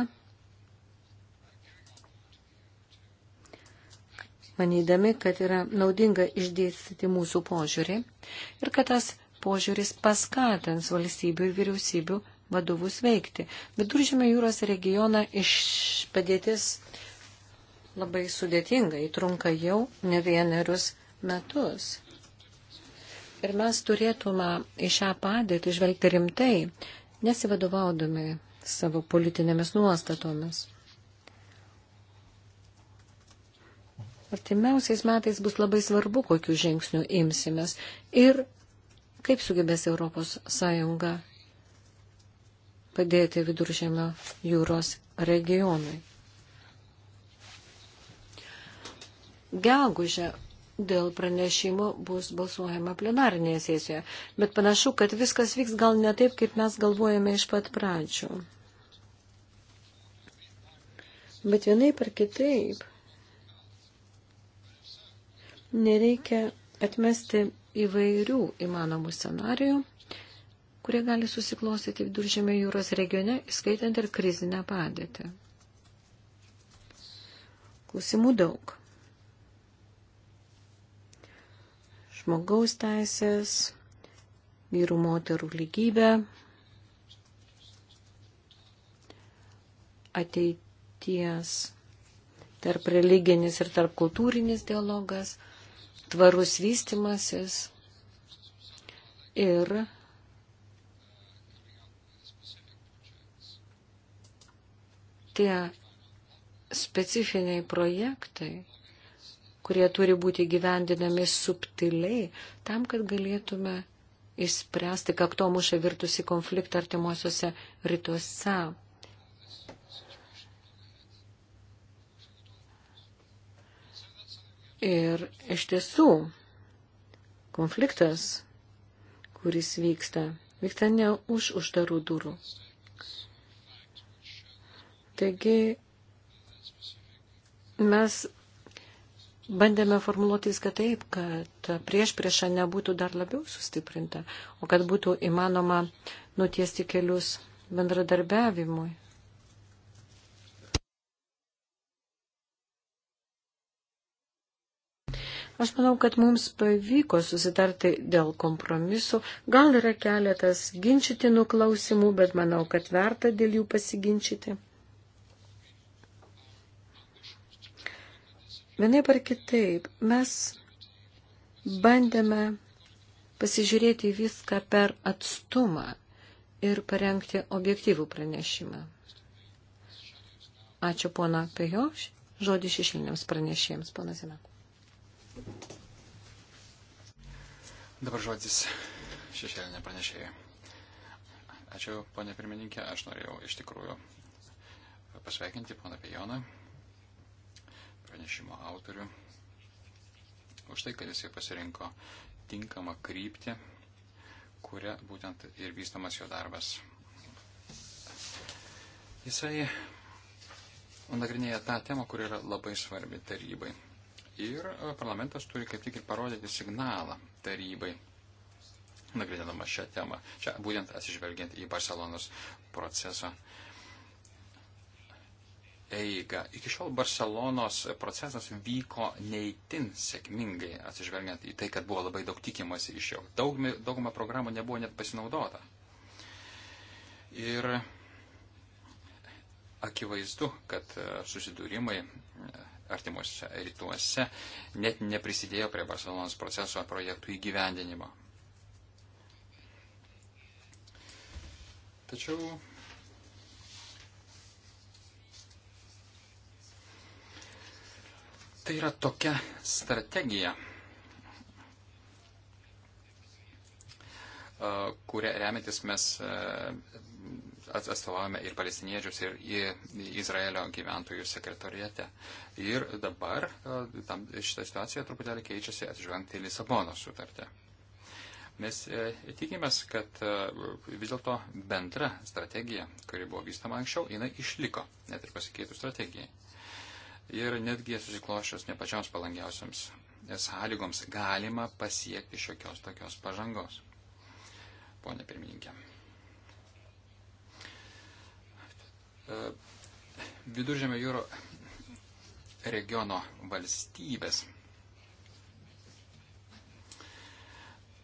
manydami, kad yra naudinga išdėstyti mūsų požiūrį ir kad tas požiūris paskatins valstybių ir vyriausybių vadovus veikti. Viduržėmio jūros regiona iš padėtis labai sudėtinga, įtrunka jau ne vienerius metus. Ir mes turėtume į šią padėtį žvelgti rimtai, nesivadovaudami savo politinėmis nuostatomis. Artimiausiais metais bus labai svarbu, kokiu žingsniu imsimės ir kaip sugebės Europos Sąjunga padėti viduržėmio jūros regionui. gegužę dėl pranešimo bus balsuojama plenarinėje sesijoje. Bet panašu, kad viskas vyks gal ne taip, kaip mes galvojame iš pat pradžių. Bet vienaip ar kitaip nereikia atmesti įvairių įmanomų scenarijų, kurie gali susiklostyti viduržėmio jūros regione, įskaitant ir krizinę padėtį. Klausimų daug. žmogaus teisės, vyrų moterų lygybę, ateities tarp religinis ir tarp kultūrinis dialogas, tvarus vystimasis ir tie specifiniai projektai kurie turi būti gyvendinami subtiliai, tam, kad galėtume išspręsti kaktomušą virtusi konfliktą artimuosiuose rytuose. Ir iš tiesų, konfliktas, kuris vyksta, vyksta ne už uždarų durų. Taigi, mes bandėme formuluoti viską taip, kad prieš priešą nebūtų dar labiau sustiprinta, o kad būtų įmanoma nutiesti kelius bendradarbiavimui. Aš manau, kad mums pavyko susitarti dėl kompromisų. Gal yra keletas ginčytinų klausimų, bet manau, kad verta dėl jų pasiginčyti. Vienaip ar kitaip, mes bandėme pasižiūrėti viską per atstumą ir parengti objektyvų pranešimą. Ačiū pona Pejoš, žodis šešiliniams pranešėjams, pana Zinaku. Dabar žodis šešėlinė pranešėja. Ačiū, ponė pirmininkė, aš norėjau iš tikrųjų pasveikinti poną Pejoną pranešimo autorių už tai, kad jisai pasirinko tinkamą kryptį, kuria būtent ir vystamas jo darbas. Jisai nagrinėja tą temą, kuri yra labai svarbi tarybai. Ir parlamentas turi kaip tik ir parodyti signalą tarybai, nagrinėdama šią temą. Čia būtent atsižvelgiant į Barcelonos procesą. Uh, eigą. Iki šiol Barcelonos procesas vyko neįtin sėkmingai, atsižvelgiant į tai, kad buvo labai daug tikimasi iš jo. Daug, dauguma programų nebuvo net pasinaudota. Ir akivaizdu, kad e, susidūrimai e, artimuose rytuose net neprisidėjo prie Barcelonos proceso projektų įgyvendinimo. Tačiau tai yra tokia strategija, kuria remiantis mes atstovaujame ir palestiniečius, ir Izraelio gyventojų sekretorijate. Ir dabar tam, šitą situaciją truputėlį keičiasi atžvelgti į Lisabono sutartę. Mes e, tikimės, kad vis dėlto bendra strategija, kuri buvo vystama anksčiau, jinai išliko, net ir pasikeitų strategijai ir netgi susiklošius ne pačioms palangiausiams sąlygoms galima pasiekti šiokios tokios pažangos. Pone pirmininkė. E, Viduržėmio jūro regiono valstybės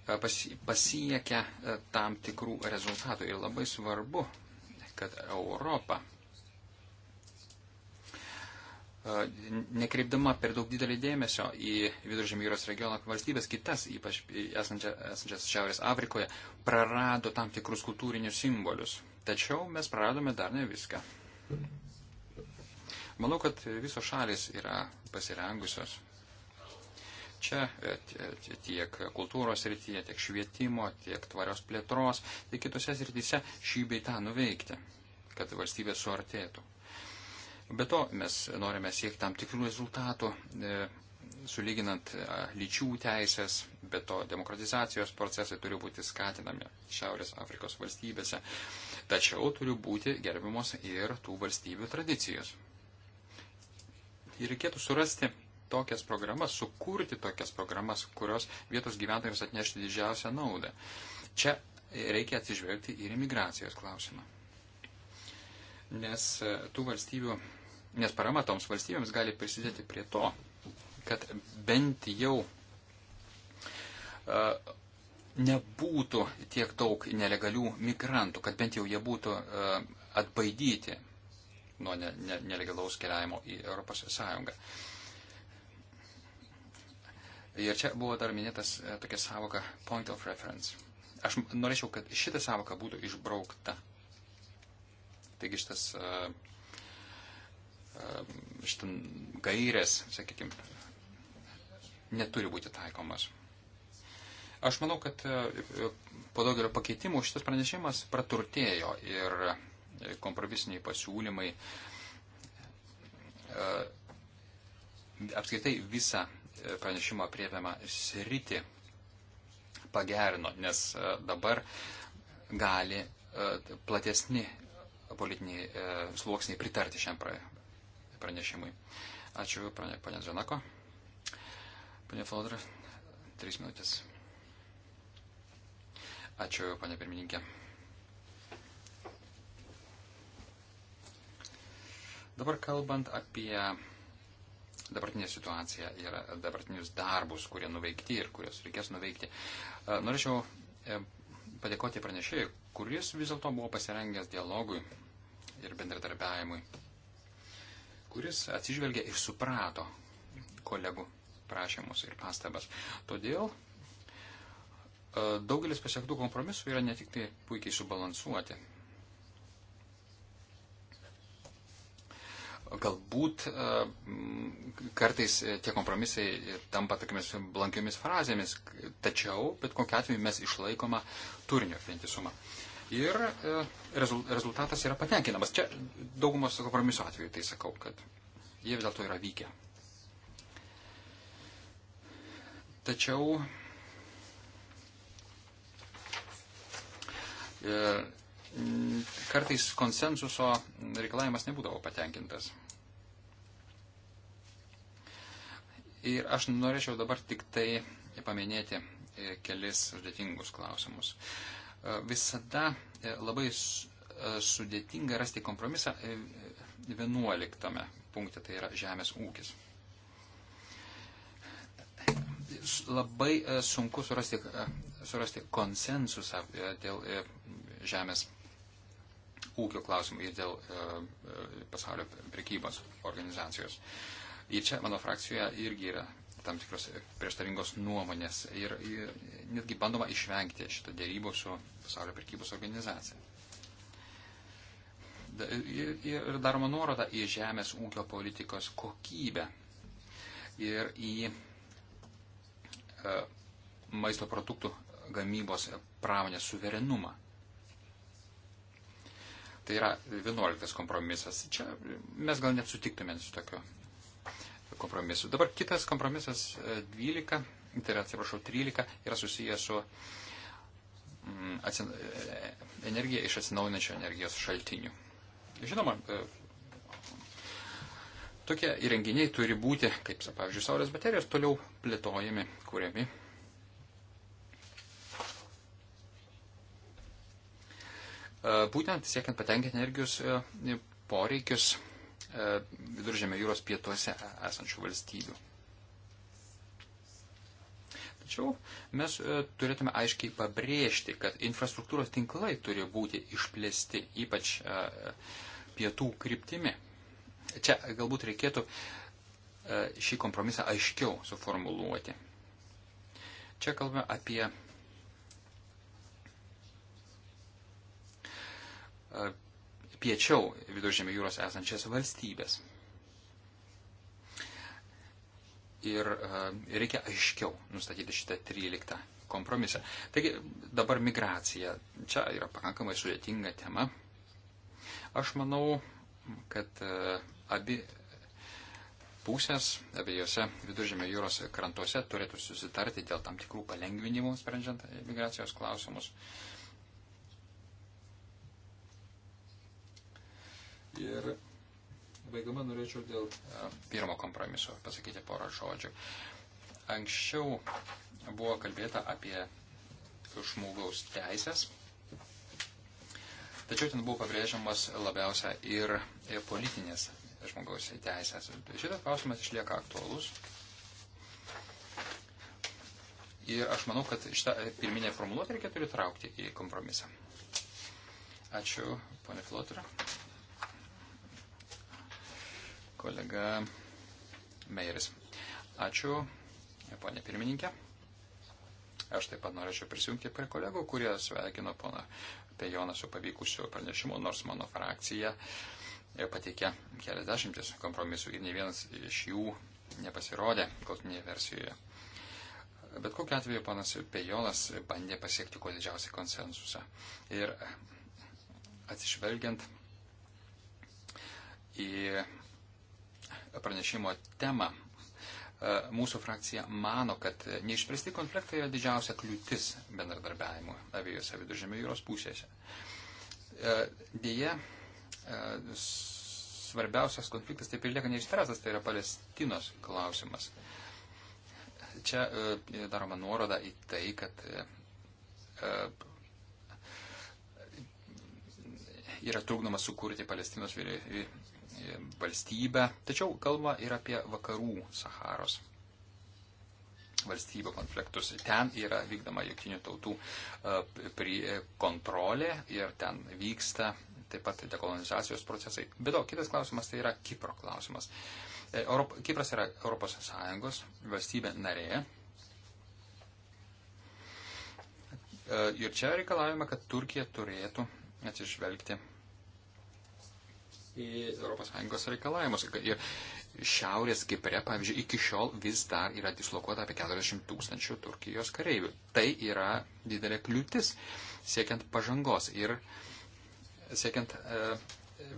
e, pasiekia e, tam tikrų rezultatų ir labai svarbu, kad Europa nekreipdama per daug didelį dėmesio į Viduržėmio jūros regiono valstybės kitas, ypač esančias, esančias Šiaurės Afrikoje, prarado tam tikrus kultūrinius simbolius. Tačiau mes praradome dar ne viską. Manau, kad visos šalis yra pasirengusios. Čia e, tiek kultūros srityje, tiek švietimo, tiek tvarios plėtros, tiek kitose srityse šį beitą nuveikti, kad valstybė suartėtų. Be to, mes norime siekti tam tikrų rezultatų, e, sulyginant e, lyčių teisės, be to demokratizacijos procesai turi būti skatinami Šiaurės Afrikos valstybėse, tačiau turi būti gerbimos ir tų valstybių tradicijos. Ir reikėtų surasti tokias programas, sukurti tokias programas, kurios vietos gyventojams atnešti didžiausią naudą. Čia reikia atsižvelgti ir imigracijos klausimą. Nes e, tų valstybių Nes parama toms valstybėms gali prisidėti prie to, kad bent jau uh, nebūtų tiek daug nelegalių migrantų, kad bent jau jie būtų uh, atbaidyti nuo ne, ne, nelegalaus keliavimo į Europos Sąjungą. Ir čia buvo dar minėtas uh, tokia savoka point of reference. Aš norėčiau, kad šita savoka būtų išbraukta. Taigi šitas uh, Ehm, šitą gairės, sakykime, neturi būti taikomas. Aš manau, kad e, po daugelio pakeitimų šitas pranešimas praturtėjo ir kompromisiniai pasiūlymai e, apskritai visą e, pranešimo priepiamą sritį pagerino, nes dabar gali platesni politiniai sluoksniai pritarti šiam pranešimui. Ačiū, ponė Zanako. Ponė Flodra, trys minutės. Ačiū, ponė pirmininkė. Dabar kalbant apie dabartinę situaciją ir dabartinius darbus, kurie nuveikti ir kuriuos reikės nuveikti. E, norėčiau e, padėkoti pranešėjui, kuris vis dėlto buvo pasirengęs dialogui ir bendradarbiavimui kuris atsižvelgia ir suprato kolegų prašymus ir pastabas. Todėl e, daugelis pasiektų kompromisų yra ne tik tai puikiai subalansuoti. Galbūt e, kartais tie kompromisai tampa tokiamis blankiomis frazėmis, tačiau bet kokiu atveju mes išlaikoma turinio vientisumą. Uh, ir e, rezultatas yra patenkinamas. Čia daugumos kompromiso atveju tai sakau, kad jie vis dėlto yra vykę. Tačiau e, kartais konsensuso reikalavimas nebūdavo patenkintas. Ir aš norėčiau dabar tik tai paminėti e, kelis sudėtingus klausimus. E, visada e, labai e, sudėtinga rasti kompromisą 11 punkte, tai yra žemės ūkis. Labai sunku surasti, surasti konsensusą dėl žemės ūkio klausimų ir dėl pasaulio prekybos organizacijos. Ir čia mano frakcijoje irgi yra tam tikros prieštaringos nuomonės ir netgi bandoma išvengti šitą dėrybą su pasaulio prekybos organizacija. Ir daroma nuoroda į žemės ūkio politikos kokybę ir į e, maisto produktų gamybos pramonės suverenumą. Tai yra 11 kompromisas. Čia mes gal net sutiktumėm su tokiu kompromisų. Dabar kitas kompromisas 12, e, tai yra, atsiprašau, 13 yra susijęs su mm, atsin... E, e, energija iš atsinaujinančio energijos šaltinių. Žinoma, tokie įrenginiai turi būti, kaip, pavyzdžiui, saulės baterijos, toliau plėtojami, kuriami. Būtent siekiant patenkinti energijos poreikius E, viduržėmio jūros pietuose esančių valstybių. Tačiau mes e, turėtume aiškiai pabrėžti, kad infrastruktūros tinklai turi būti išplėsti, ypač e, pietų kryptimi. Čia galbūt reikėtų šį kompromisą aiškiau suformuluoti. Čia kalbame apie piečiau viduržėmio jūros esančias valstybės. Ir e, reikia aiškiau nustatyti šitą 13 kompromisą. Taigi dabar migracija. Čia yra pakankamai sudėtinga tema. Aš manau, kad e, abi pusės abiejose viduržėmio jūros krantuose turėtų susitarti dėl tam tikrų palengvinimų sprendžiant migracijos klausimus. Uh, Ir baigdama norėčiau dėl e, pirmo kompromiso pasakyti porą žodžių. Anksčiau buvo kalbėta apie žmogaus teisės, tačiau ten buvo pabrėžiamas labiausia ir, ir e, politinės žmogaus teisės. Šitas klausimas išlieka aktualus. Ir aš manau, kad šitą e, pirminę formuluotę reikėtų įtraukti į kompromisą. Ačiū, ponė Flotra kolega Meiris. Ačiū, ponė pirmininkė. Aš taip pat norėčiau prisijungti prie kolegų, kurie sveikino poną Pejoną su pavykusiu pranešimu, nors mano frakcija pateikė keliasdešimtis kompromisų ir ne vienas iš jų nepasirodė galtinėje versijoje. Bet kokiu atveju panas Pejonas bandė pasiekti kuo didžiausią konsensusą. Ir atsižvelgiant į pranešimo temą, e, mūsų frakcija mano, kad neišspręsti konfliktai yra didžiausia kliūtis bendradarbiavimu abiejose viduržėmio jūros pusėse. E, Deja, e, svarbiausias konfliktas taip ir lieka neišspręstas, tai yra Palestinos klausimas. Čia daroma nuoroda į tai, kad yra trukdoma sukurti Palestinos valstybę, tačiau kalba ir apie vakarų Saharos valstybių konfliktus. Ten yra vykdoma jungtinių tautų e, kontrolė ir ten vyksta taip pat dekolonizacijos procesai. Bet o kitas klausimas tai yra Kipro klausimas. E, Europ, Kipras yra Europos Sąjungos valstybė narė. E, ir čia reikalavime, kad Turkija turėtų atsižvelgti į ES reikalavimus. Ir Šiaurės Kipre, pavyzdžiui, iki šiol vis dar yra dislokuota apie 40 tūkstančių Turkijos kareivių. Tai yra didelė kliūtis siekiant pažangos ir siekiant e,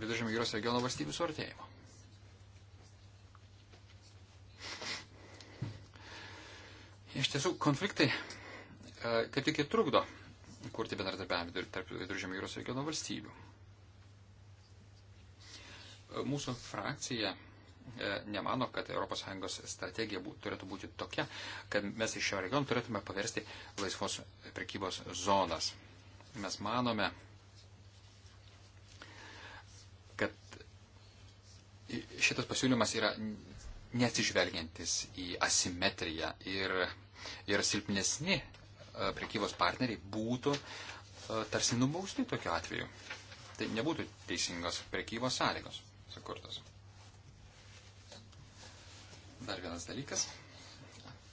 Viduržėmio jūros regiono valstybių suartėjimo. Iš tiesų, konfliktai e, kaip tik ir trukdo kurti bendradarbiavimą tarp Viduržėmio jūros regiono valstybių. Mūsų frakcija e, nemano, kad ES strategija bū, turėtų būti tokia, kad mes iš šio regiono turėtume paversti laisvos prekybos zonas. Mes manome, kad šitas pasiūlymas yra neatsižvelgiantis į asimetriją ir, ir silpnesni e, prekybos partneriai būtų e, tarsi nubausti tokiu atveju. Tai nebūtų teisingos prekybos sąlygos sukurtos. Dar vienas dalykas.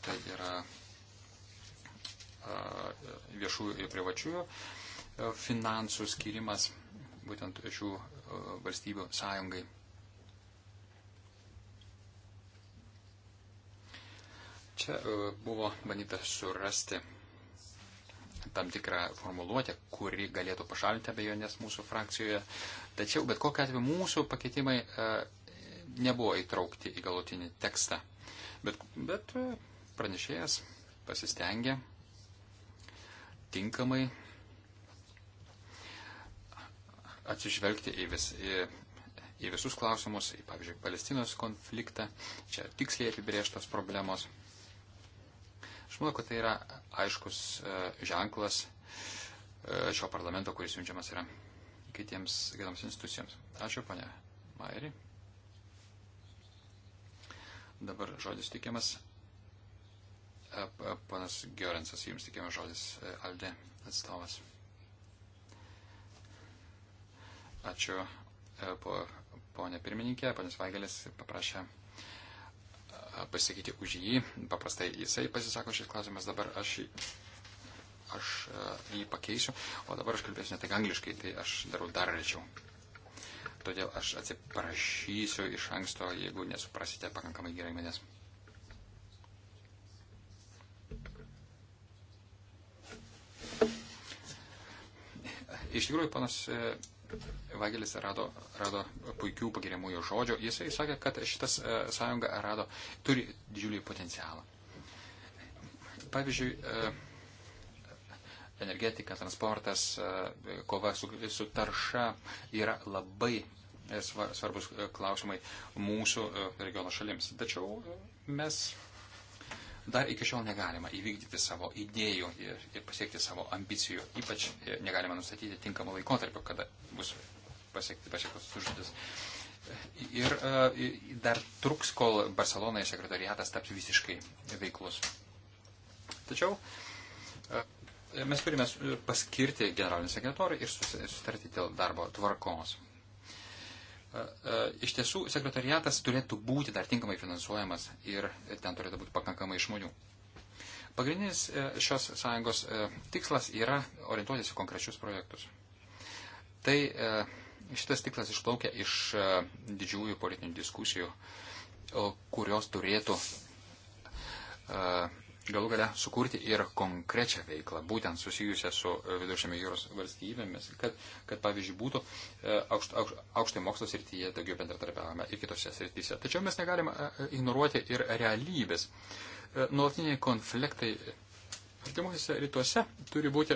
Tai yra viešųjų ir privačiųjų finansų skirimas būtent šių valstybių sąjungai. Čia buvo bandyta surasti tam tikrą formuluotę, kuri galėtų pašalinti abejonės mūsų frakcijoje. Tačiau bet kokia atveju mūsų pakeitimai e, nebuvo įtraukti į galutinį tekstą. Bet, bet e, pranešėjas pasistengė tinkamai atsižvelgti į, vis, į, į visus klausimus, į, pavyzdžiui, Palestinos konfliktą, čia tiksliai apibrieštos problemos. Aš manau, kad tai yra aiškus e, ženklas šio parlamento, kuris siunčiamas yra kitiems, kitams institucijoms. Ačiū, ponė Mairi. Dabar žodis tikiamas. E, Panas Giorensas, jums tikiamas žodis e, Alde atstovas. Ačiū, e, po, ponė pirmininkė, ponas Vaigelis paprašė pasakyti už jį. Paprastai jisai pasisako šis klausimas, dabar aš aš e, jį pakeisiu, o dabar aš kalbėsiu ne tik angliškai, tai aš darau dar rečiau. Todėl aš atsiprašysiu iš anksto, jeigu nesuprasite pakankamai gerai manęs. Iš tikrųjų, panas e, Vagelis rado, rado puikių pagiriamųjų žodžių. Jisai sakė, kad šitas e, sąjunga rado, turi didžiulį potencialą. Pavyzdžiui, energetika, transportas, e, kova su, su tarša yra labai e, svarbus e, klausimai mūsų regiono šalims. Tačiau mes dar iki šiol negalime įvykdyti savo idėjų ir, ir pasiekti savo ambicijų. Ypač negalime nustatyti tinkamą laikotarpį, kada bus pasiekti pasiektas užduotis. Ir, ir dar truks, kol Barcelonoje sekretariatas taps visiškai veiklus. Tačiau E, mes turime paskirti generalinį sekretorių ir susitarti dėl darbo tvarkos. E, e, iš tiesų, sekretariatas turėtų būti dar tinkamai finansuojamas ir ten turėtų būti pakankamai žmonių. Pagrindinis šios sąjungos tikslas yra orientuotis į konkrečius projektus. Tai šitas tikslas išplaukia iš didžiųjų politinių diskusijų, kurios turėtų galų gale sukurti ir konkrečią veiklą, būtent susijusią su e, viduržėmio jūros valstybėmis, kad, kad pavyzdžiui, būtų e, aukšt, aukšt, aukštai mokslo srityje daugiau bendradarbiavime ir kitose srityse. Tačiau mes negalime e, ignoruoti ir realybės. Nuolatiniai konfliktai artimuose rytuose turi būti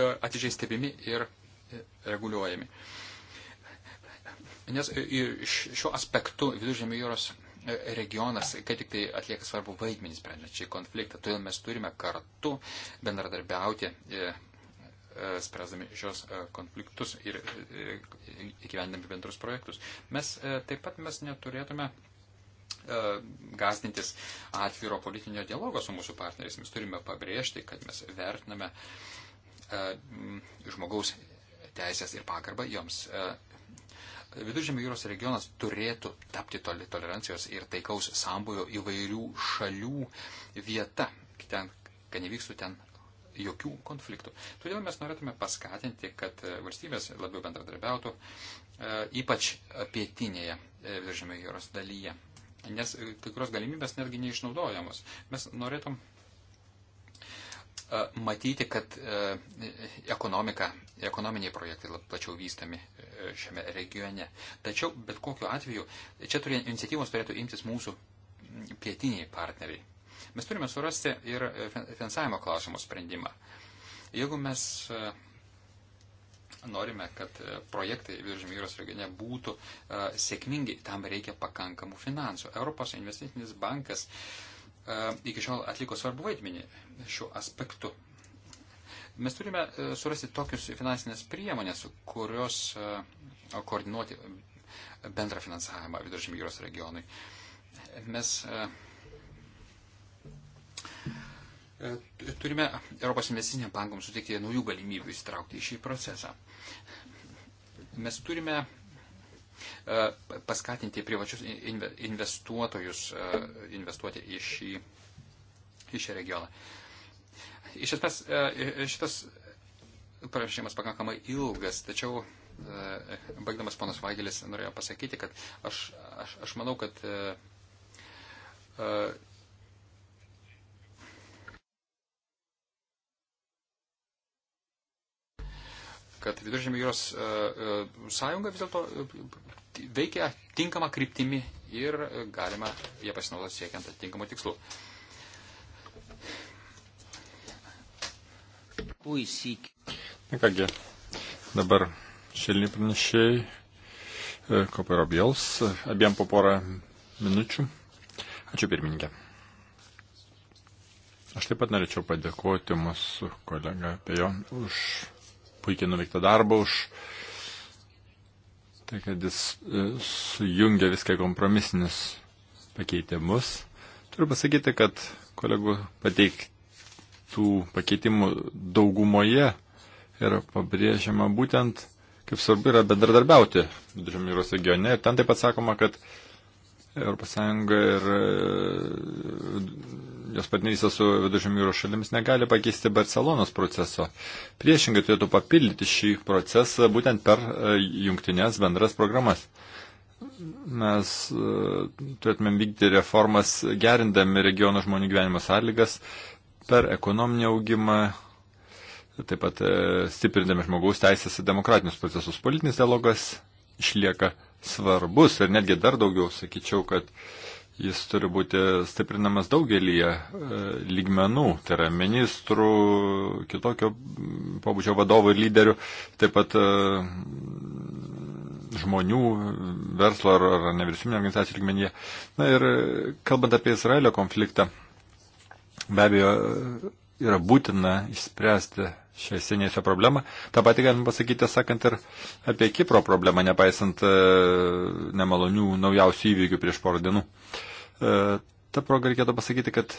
atidžiai stebimi ir reguliuojami. Nes šiuo aspektu viduržėmio jūros regionas, kad tik tai atlieka svarbu vaidmenį sprendžiant šį konfliktą. Todėl mes turime kartu bendradarbiauti e, e, spręsdami šios e, konfliktus ir įgyvendami bendrus projektus. Mes taip pat mes neturėtume gazdintis atviro politinio dialogo su mūsų partneriais. Mes turime pabrėžti, kad mes vertiname žmogaus teisės ir pagarbą joms Viduržėmio jūros regionas turėtų tapti tolerancijos ir taikaus sambojo įvairių šalių vieta, ten, kad nevyktų ten jokių konfliktų. Todėl mes norėtume paskatinti, kad e, valstybės labiau bendradarbiautų, e, ypač pietinėje e, Viduržėmio jūros dalyje, nes kai kurios galimybės netgi neišnaudojamos. Mes norėtum E, matyti, kad e, ekonomika, ekonominiai projektai plačiau vystami e, šiame regione. Tačiau, bet kokiu atveju, čia turė, iniciatyvos turėtų imtis mūsų pietiniai partneriai. Mes turime surasti ir finansavimo klausimo sprendimą. Jeigu mes norime, kad projektai Viržymio jūros regione būtų sėkmingi, tam reikia pakankamų finansų. Europos investicinis bankas uh, E, iki šiol atliko svarbu vaidmenį šiuo aspektu. Mes turime e, surasti tokius finansinės priemonės, kurios e, koordinuoti bendrą finansavimą Viduržymio jūros regionui. Mes turime Europos investiciniam bankams suteikti naujų galimybių įsitraukti į šį procesą. Mes turime E, paskatinti privačius investuotojus e, investuoti į šį, į šį regioną. Iš esmės, e, šitas pranešimas pakankamai ilgas, tačiau baigdamas ponas Vagelis norėjo pasakyti, kad aš, aš, aš manau, kad kad Viduržėmio jūros e, e, sąjunga vis dėlto e, veikia tinkamą kryptimį ir galima ją pasinaudoti siekiant atitinkamų tikslų. Puisyk. Na kągi, dabar šilni pranešėjai, koperobėls, abiem po porą minučių. Ačiū pirmininkė. Aš taip pat norėčiau padėkoti mūsų kolegą apie jo už puikiai nuveiktą darbą, už tai, kad jis e, sujungia viską kompromisinius pakeitimus. Turiu pasakyti, kad kolegų pateiktų pakeitimų daugumoje yra pabrėžiama būtent, kaip svarbu yra bendradarbiauti Viduržemyros regione. Ir ten taip pat sakoma, kad ES ir e, jos partnerystė su viduržėmių jūros šalimis negali pakeisti Barcelonos proceso. Priešingai turėtų papildyti šį procesą būtent per e, jungtinės bendras programas. Mes e, turėtumėm vykdyti reformas gerindami regiono žmonių gyvenimo sąlygas per ekonominį augimą, taip pat e, stiprindami žmogaus teisės ir demokratinius procesus. Politinis dialogas išlieka svarbus ir netgi dar daugiau sakyčiau, kad uh, Jis turi būti stiprinamas daugelį e, lygmenų, tai yra ministrų, kitokio pabudžio vadovų ir lyderių, taip pat e, žmonių, verslo ar, ar nevyriausybinio organizacijų lygmenyje. Na ir e, kalbant apie Izraelio konfliktą, be abejo, yra būtina išspręsti šią senėsią problemą. Ta pati galima pasakyti, sakant, ir apie Kipro problemą, nepaisant nemalonių naujausių įvykių prieš porą dienų. Uh, E, ta proga reikėtų pasakyti, kad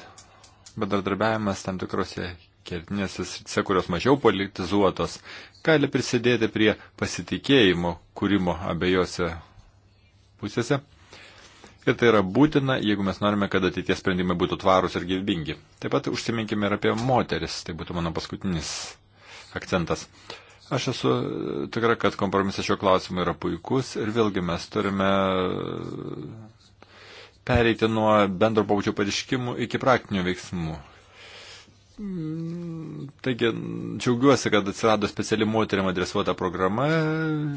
bendradarbiavimas tam tikrose kertinėse srityse, kurios mažiau politizuotos, gali prisidėti prie pasitikėjimo kūrimo abiejose pusėse. Ir tai yra būtina, jeigu mes norime, kad ateities sprendimai būtų tvarūs ir gyvybingi. Taip pat užsiminkime ir apie moteris, tai būtų mano paskutinis akcentas. Aš esu tikra, kad kompromisas šio klausimu yra puikus ir vėlgi mes turime pereiti nuo bendro pabučio pareiškimų iki praktinių veiksmų. Taigi, džiaugiuosi, kad atsirado speciali moteriam adresuota programa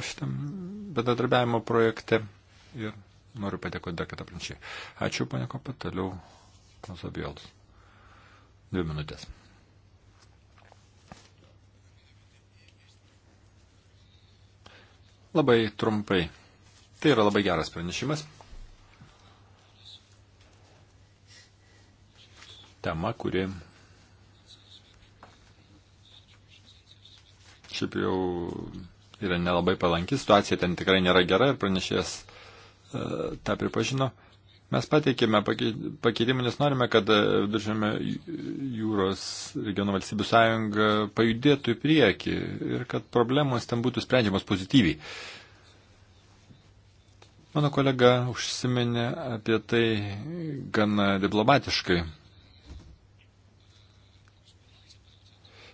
šitam bendradarbiavimo projekte ir noriu padėkoti dar kartą pranešėjai. Ačiū, ponia Kopa, toliau Konsobiolas. Dvi minutės. Labai trumpai. Tai yra labai geras pranešimas. tema, kuri šiaip jau yra nelabai palanki, situacija ten tikrai nėra gera ir pranešėjas uh, tą pripažino. Mes pateikėme pakeitimą, nes norime, kad e, viduržėme jūros regiono valstybių sąjunga pajudėtų į priekį ir kad problemos ten būtų sprendžiamos pozityviai. Mano kolega užsiminė apie tai gana diplomatiškai.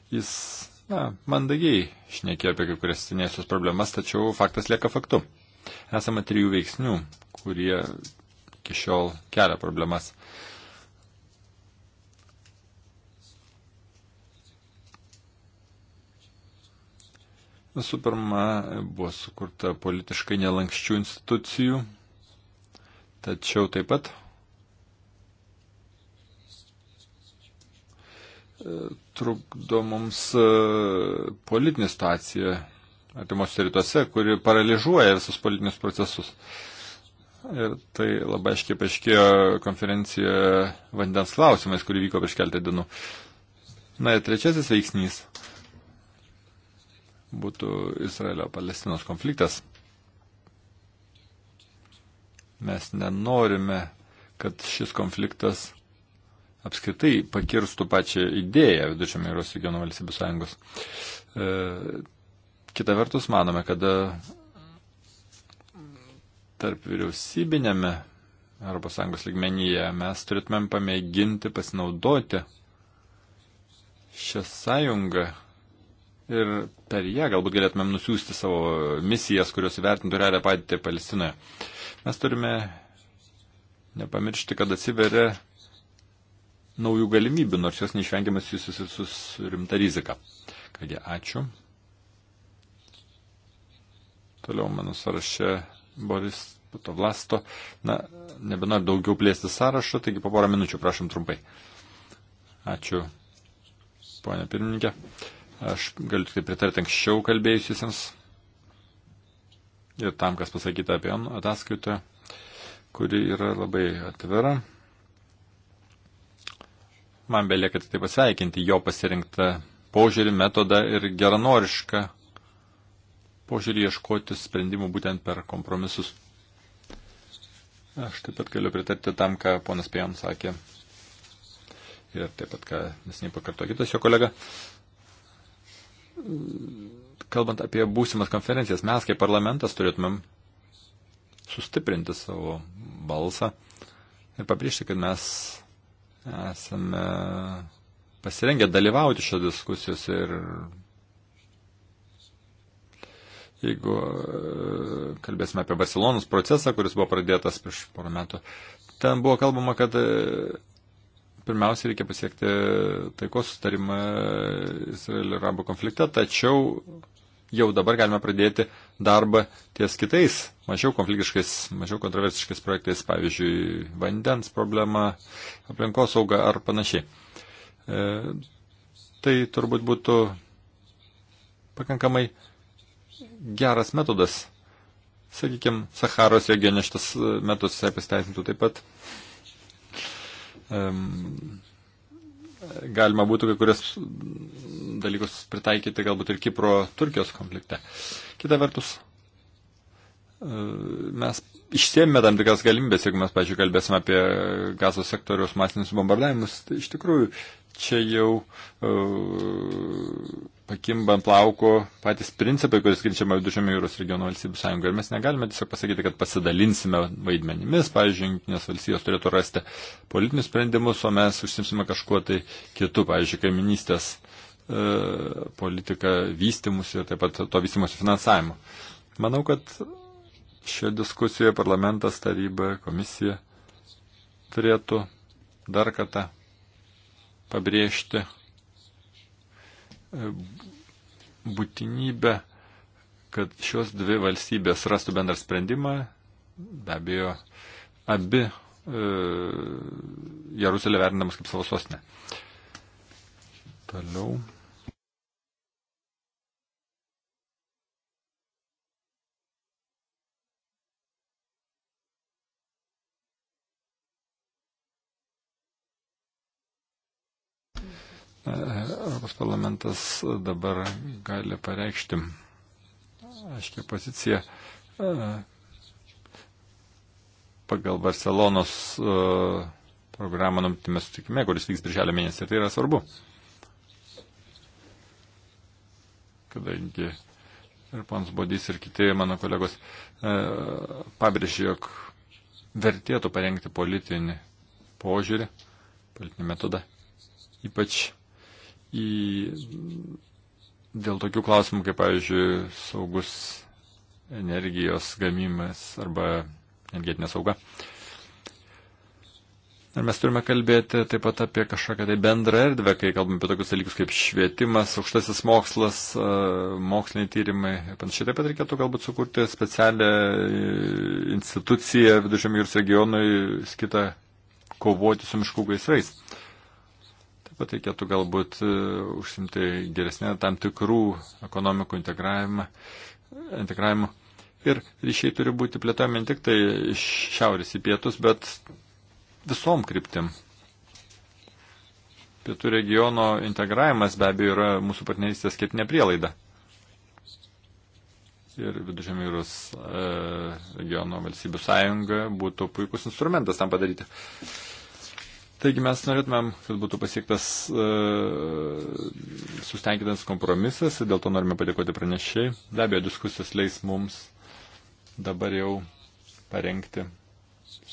Jis, na, mandagiai šnekė apie kai kurias senėsios problemas, tačiau faktas lieka faktu. Esama trijų veiksnių, kurie iki šiol kelia problemas. Visų pirma, buvo sukurta politiškai nelankščių institucijų, tačiau taip pat E, trukdo mums e, politinė situacija atimuose rytuose, kuri paralyžuoja visus politinius procesus. Ir tai labai aiškiai paaiškėjo konferencijoje vandens klausimais, kuri vyko prieš keltą dienų. Na ir trečiasis veiksnys būtų Izraelio-Palestinos konfliktas. Mes nenorime, kad šis konfliktas apskritai pakirstų pačią idėją Vidučiame jūros regiono valstybių sąjungos. E, kita vertus, manome, kad e, tarp vyriausybinėme ES lygmenyje mes turėtumėm pamėginti pasinaudoti šią sąjungą ir per ją galbūt galėtumėm nusiųsti savo misijas, kurios įvertintų realią padėtį Palestinoje. Mes turime nepamiršti, kad atsiveria naujų galimybių, nors jos neišvengiamas susijusius su rimta rizika. Kągi, ačiū. Toliau mano sąraše Boris Putovlasto. Na, nebenoriu daugiau plėsti sąrašo, taigi po porą minučių prašom trumpai. Ačiū, ponė pirmininkė. Aš galiu tik tai pritarti anksčiau kalbėjusiems ir tam, kas pasakyta apie ataskaitą, kuri yra labai atvira. Man belieka tik tai pasveikinti jo pasirinktą požiūrį, metodą ir geranorišką požiūrį ieškoti sprendimų būtent per kompromisus. Aš taip pat galiu pritarti tam, ką ponas Pijan sakė. Ir taip pat, ką nesiniai pakarto kitas jo kolega. Kalbant apie būsimas konferencijas, mes kaip parlamentas turėtumėm sustiprinti savo balsą ir pabrėžti, kad mes Esame pasirengę dalyvauti šio diskusijos ir jeigu e, kalbėsime apie Barcelonos procesą, kuris buvo pradėtas prieš porą metų, ten buvo kalbama, kad e, pirmiausia reikia pasiekti taikos sustarimą Izraelio ir arabo konflikte, tačiau jau dabar galime pradėti darbą ties kitais, mažiau konfliktiškais, mažiau kontroversiškais projektais, pavyzdžiui, vandens problema, aplinkosauga ar panašiai. E, tai turbūt būtų pakankamai geras metodas. Sakykime, Saharos regione šitas metodas pasiteisintų taip pat. Um, galima būtų kai kurias dalykus pritaikyti galbūt ir Kipro-Turkijos konflikte. Kita vertus, e, mes išsiemė tam tikras galimybės, jeigu mes, pažiūrėjau, kalbėsime apie gazos sektoriaus masinius bombardavimus, tai iš tikrųjų čia jau uh, e, pakimba ant plauko patys principai, kuris skirčiama Viduržėmio jūros regiono valstybių sąjunga. Ir mes negalime tiesiog pasakyti, kad pasidalinsime vaidmenimis. Pavyzdžiui, jungtinės valstybės turėtų rasti politinius sprendimus, o mes užsimsime kažkuo tai kitu, pavyzdžiui, kaiminystės uh, e, politiką vystimus ir taip pat to vystimus finansavimu. Manau, kad šioje diskusijoje parlamentas, taryba, komisija turėtų dar kartą pabrėžti e, būtinybę, kad šios dvi valstybės rastų bendrą sprendimą. Be abejo, abi e, Jeruzalė vertinamas kaip savo sostinė. Toliau. Europos parlamentas dabar gali pareikšti aiškia pozicija e, pagal Barcelonos e, programą numatymės sutikime, kuris vyks birželio mėnesį. Ir tai yra svarbu. Kadangi ir pons Bodys, ir kiti mano kolegos e, pabrėžė, jog vertėtų parengti politinį požiūrį, politinį metodą, ypač į, dėl tokių klausimų, kaip, pavyzdžiui, saugus energijos gamimas arba energetinė sauga. Ir mes turime kalbėti taip pat apie kažkokią tai bendrą erdvę, kai kalbame apie tokius dalykus kaip švietimas, aukštasis mokslas, moksliniai tyrimai ir panašiai. Taip pat reikėtų galbūt sukurti specialią e, instituciją Viduržėmio jūros regionui skirtą kovoti su miškų gaisrais bet reikėtų galbūt e, užsimti geresnę tam tikrų ekonomikų integravimą. integravimą. Ir ryšiai turi būti plėtojami ne tik tai iš šiaurės į pietus, bet visom kryptim. Pietų regiono integravimas be abejo yra mūsų partnerystės kaip neprielaida ir Viduržėmio jūros e, regiono valstybių sąjunga būtų puikus instrumentas tam padaryti. Taigi mes norėtumėm, kad būtų pasiektas e, sustenkintas kompromisas ir dėl to norime padėkoti pranešiai. Be abejo, diskusijos leis mums dabar jau parengti,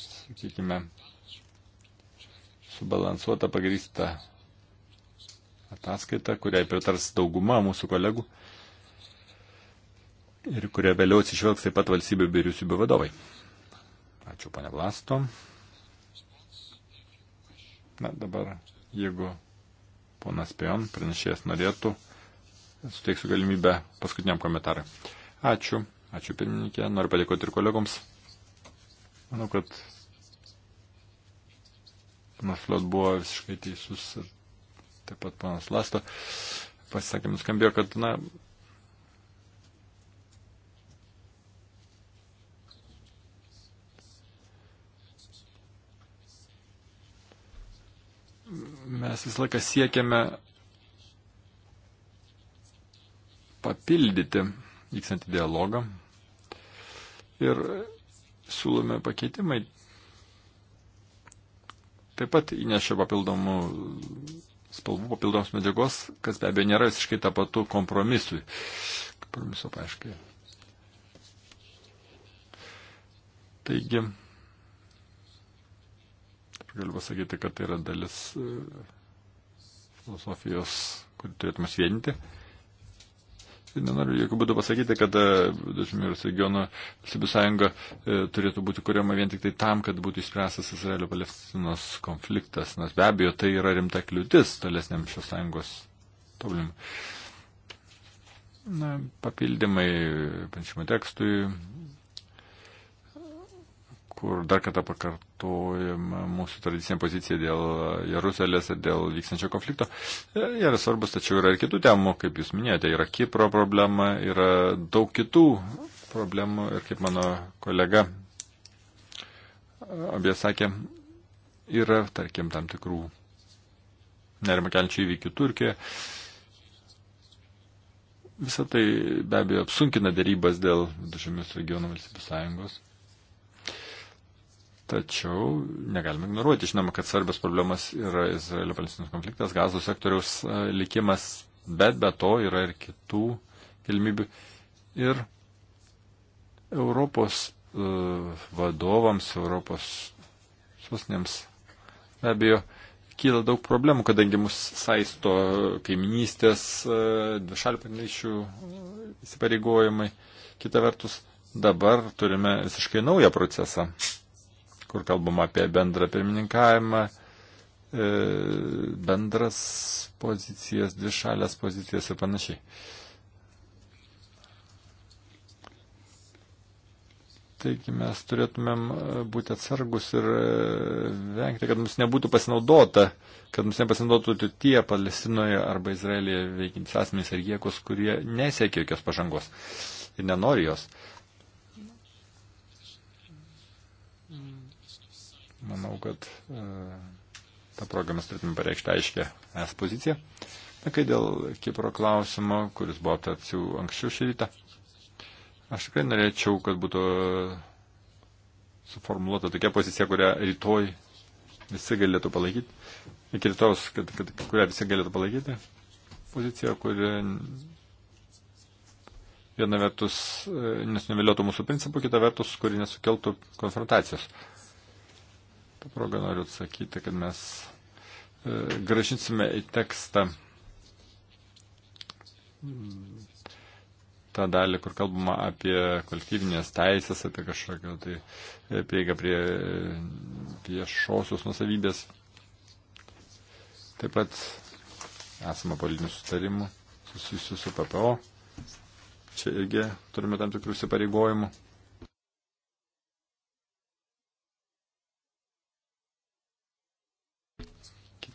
sakykime, subalansuotą pagrįstą ataskaitą, kuriai pritars dauguma mūsų kolegų ir kurie vėliau atsižvelgs taip pat valstybių vyriausybių vadovai. Ačiū, pane Vlasto. Na dabar, jeigu ponas Pion, pranešėjas, norėtų, suteiksiu galimybę paskutiniam komentarui. Ačiū, ačiū pirmininkė, noriu padėkoti ir kolegoms. Manau, kad panas Flot buvo visiškai teisus ir taip pat panas Lasto pasisakė, nuskambėjo, kad, na, mes visą laiką siekiame papildyti vykstantį dialogą ir siūlome pakeitimai. Taip pat įnešė papildomų spalvų, papildomos medžiagos, kas be abejo nėra visiškai tapatu kompromisui. Kompromiso paaiškiai. Taigi, galiu pasakyti, kad tai yra dalis e, filosofijos, kurį turėtume vienyti. Ir nenoriu jokių būdų pasakyti, kad e, Dažmyros regiono valstybių sąjunga e, turėtų būti kuriama vien tik tai tam, kad būtų išspręstas Izraelio-Palestinos konfliktas, nes be abejo tai yra rimta kliūtis tolesniam šios sąjungos tobulimui. Na, papildymai panšimo tekstui, kur dar kartą pakartojama mūsų tradicinė pozicija dėl Jeruzalės ir dėl vykstančio konflikto. E, jie yra svarbus, tačiau yra ir kitų temų, kaip jūs minėjote, yra Kipro problema, yra daug kitų problemų ir kaip mano kolega e, abie sakė, yra, tarkim, tam tikrų nerima kelčių įvykių Turkijoje. Visą tai be abejo apsunkina darybas dėl Dužemės regionų valstybių sąjungos. Tačiau negalime ignoruoti, žinoma, kad svarbios problemas yra Izraelio-Palestinos konfliktas, gazų sektoriaus e, likimas, bet be to yra ir kitų galimybių. Ir Europos uh, vadovams, Europos sosnėms be abejo kyla daug problemų, kadangi mus saisto kaiminystės, uh, dvišalių partnerysčių įsipareigojimai. Kita vertus, dabar turime visiškai naują procesą kur kalbama apie bendrą pirmininkavimą, e, bendras pozicijas, dvišalės pozicijas ir panašiai. Taigi mes turėtumėm e, būti atsargus ir e, vengti, kad mums nebūtų pasinaudota, kad mums nepasinaudotų tie Palestinoje arba Izraelėje veikiantys asmenys ar jėgos, kurie nesiekia jokios pažangos ir nenori jos. Uh, manau, kad e, tą progą mes turėtume pareikšti aiškę es poziciją. Na, kai dėl Kipro klausimo, kuris buvo aptarts jau anksčiau šį rytą, aš tikrai norėčiau, kad būtų suformuoluota tokia pozicija, kurią rytoj visi galėtų palaikyti. Iki rytojus, kad, kad, kurią visi galėtų palaikyti. Pozicija, kuri viena vertus e, nesuneviliotų mūsų principų, kita vertus, kuri nesukeltų konfrontacijos. Uh, Ta proga noriu atsakyti, kad mes e, gražinsime į tekstą tą dalį, kur kalbama apie kolektyvinės teisės, apie kažkokią tai e, prieigą prie e, viešosios nusavybės. Taip pat esame politinių sutarimų susijusių su PPO. Čia irgi turime tam tikrų įsipareigojimų.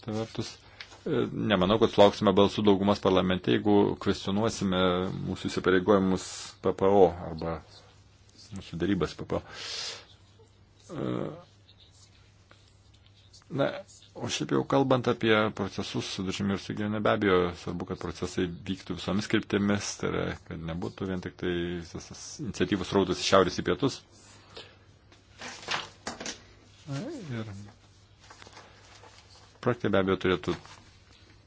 Kita vertus, e, nemanau, kad sulauksime balsų daugumas parlamente, jeigu kvestionuosime mūsų įsipareigojimus PPO arba mūsų darybas PPO. E, na, o šiaip jau kalbant apie procesus sudužymį ir sugyvenę, be abejo, svarbu, kad procesai vyktų visomis kryptimis, tai yra, kad nebūtų vien tik tai visas iniciatyvus rautas iš šiaurės į pietus. Na, ir projektai be abejo turėtų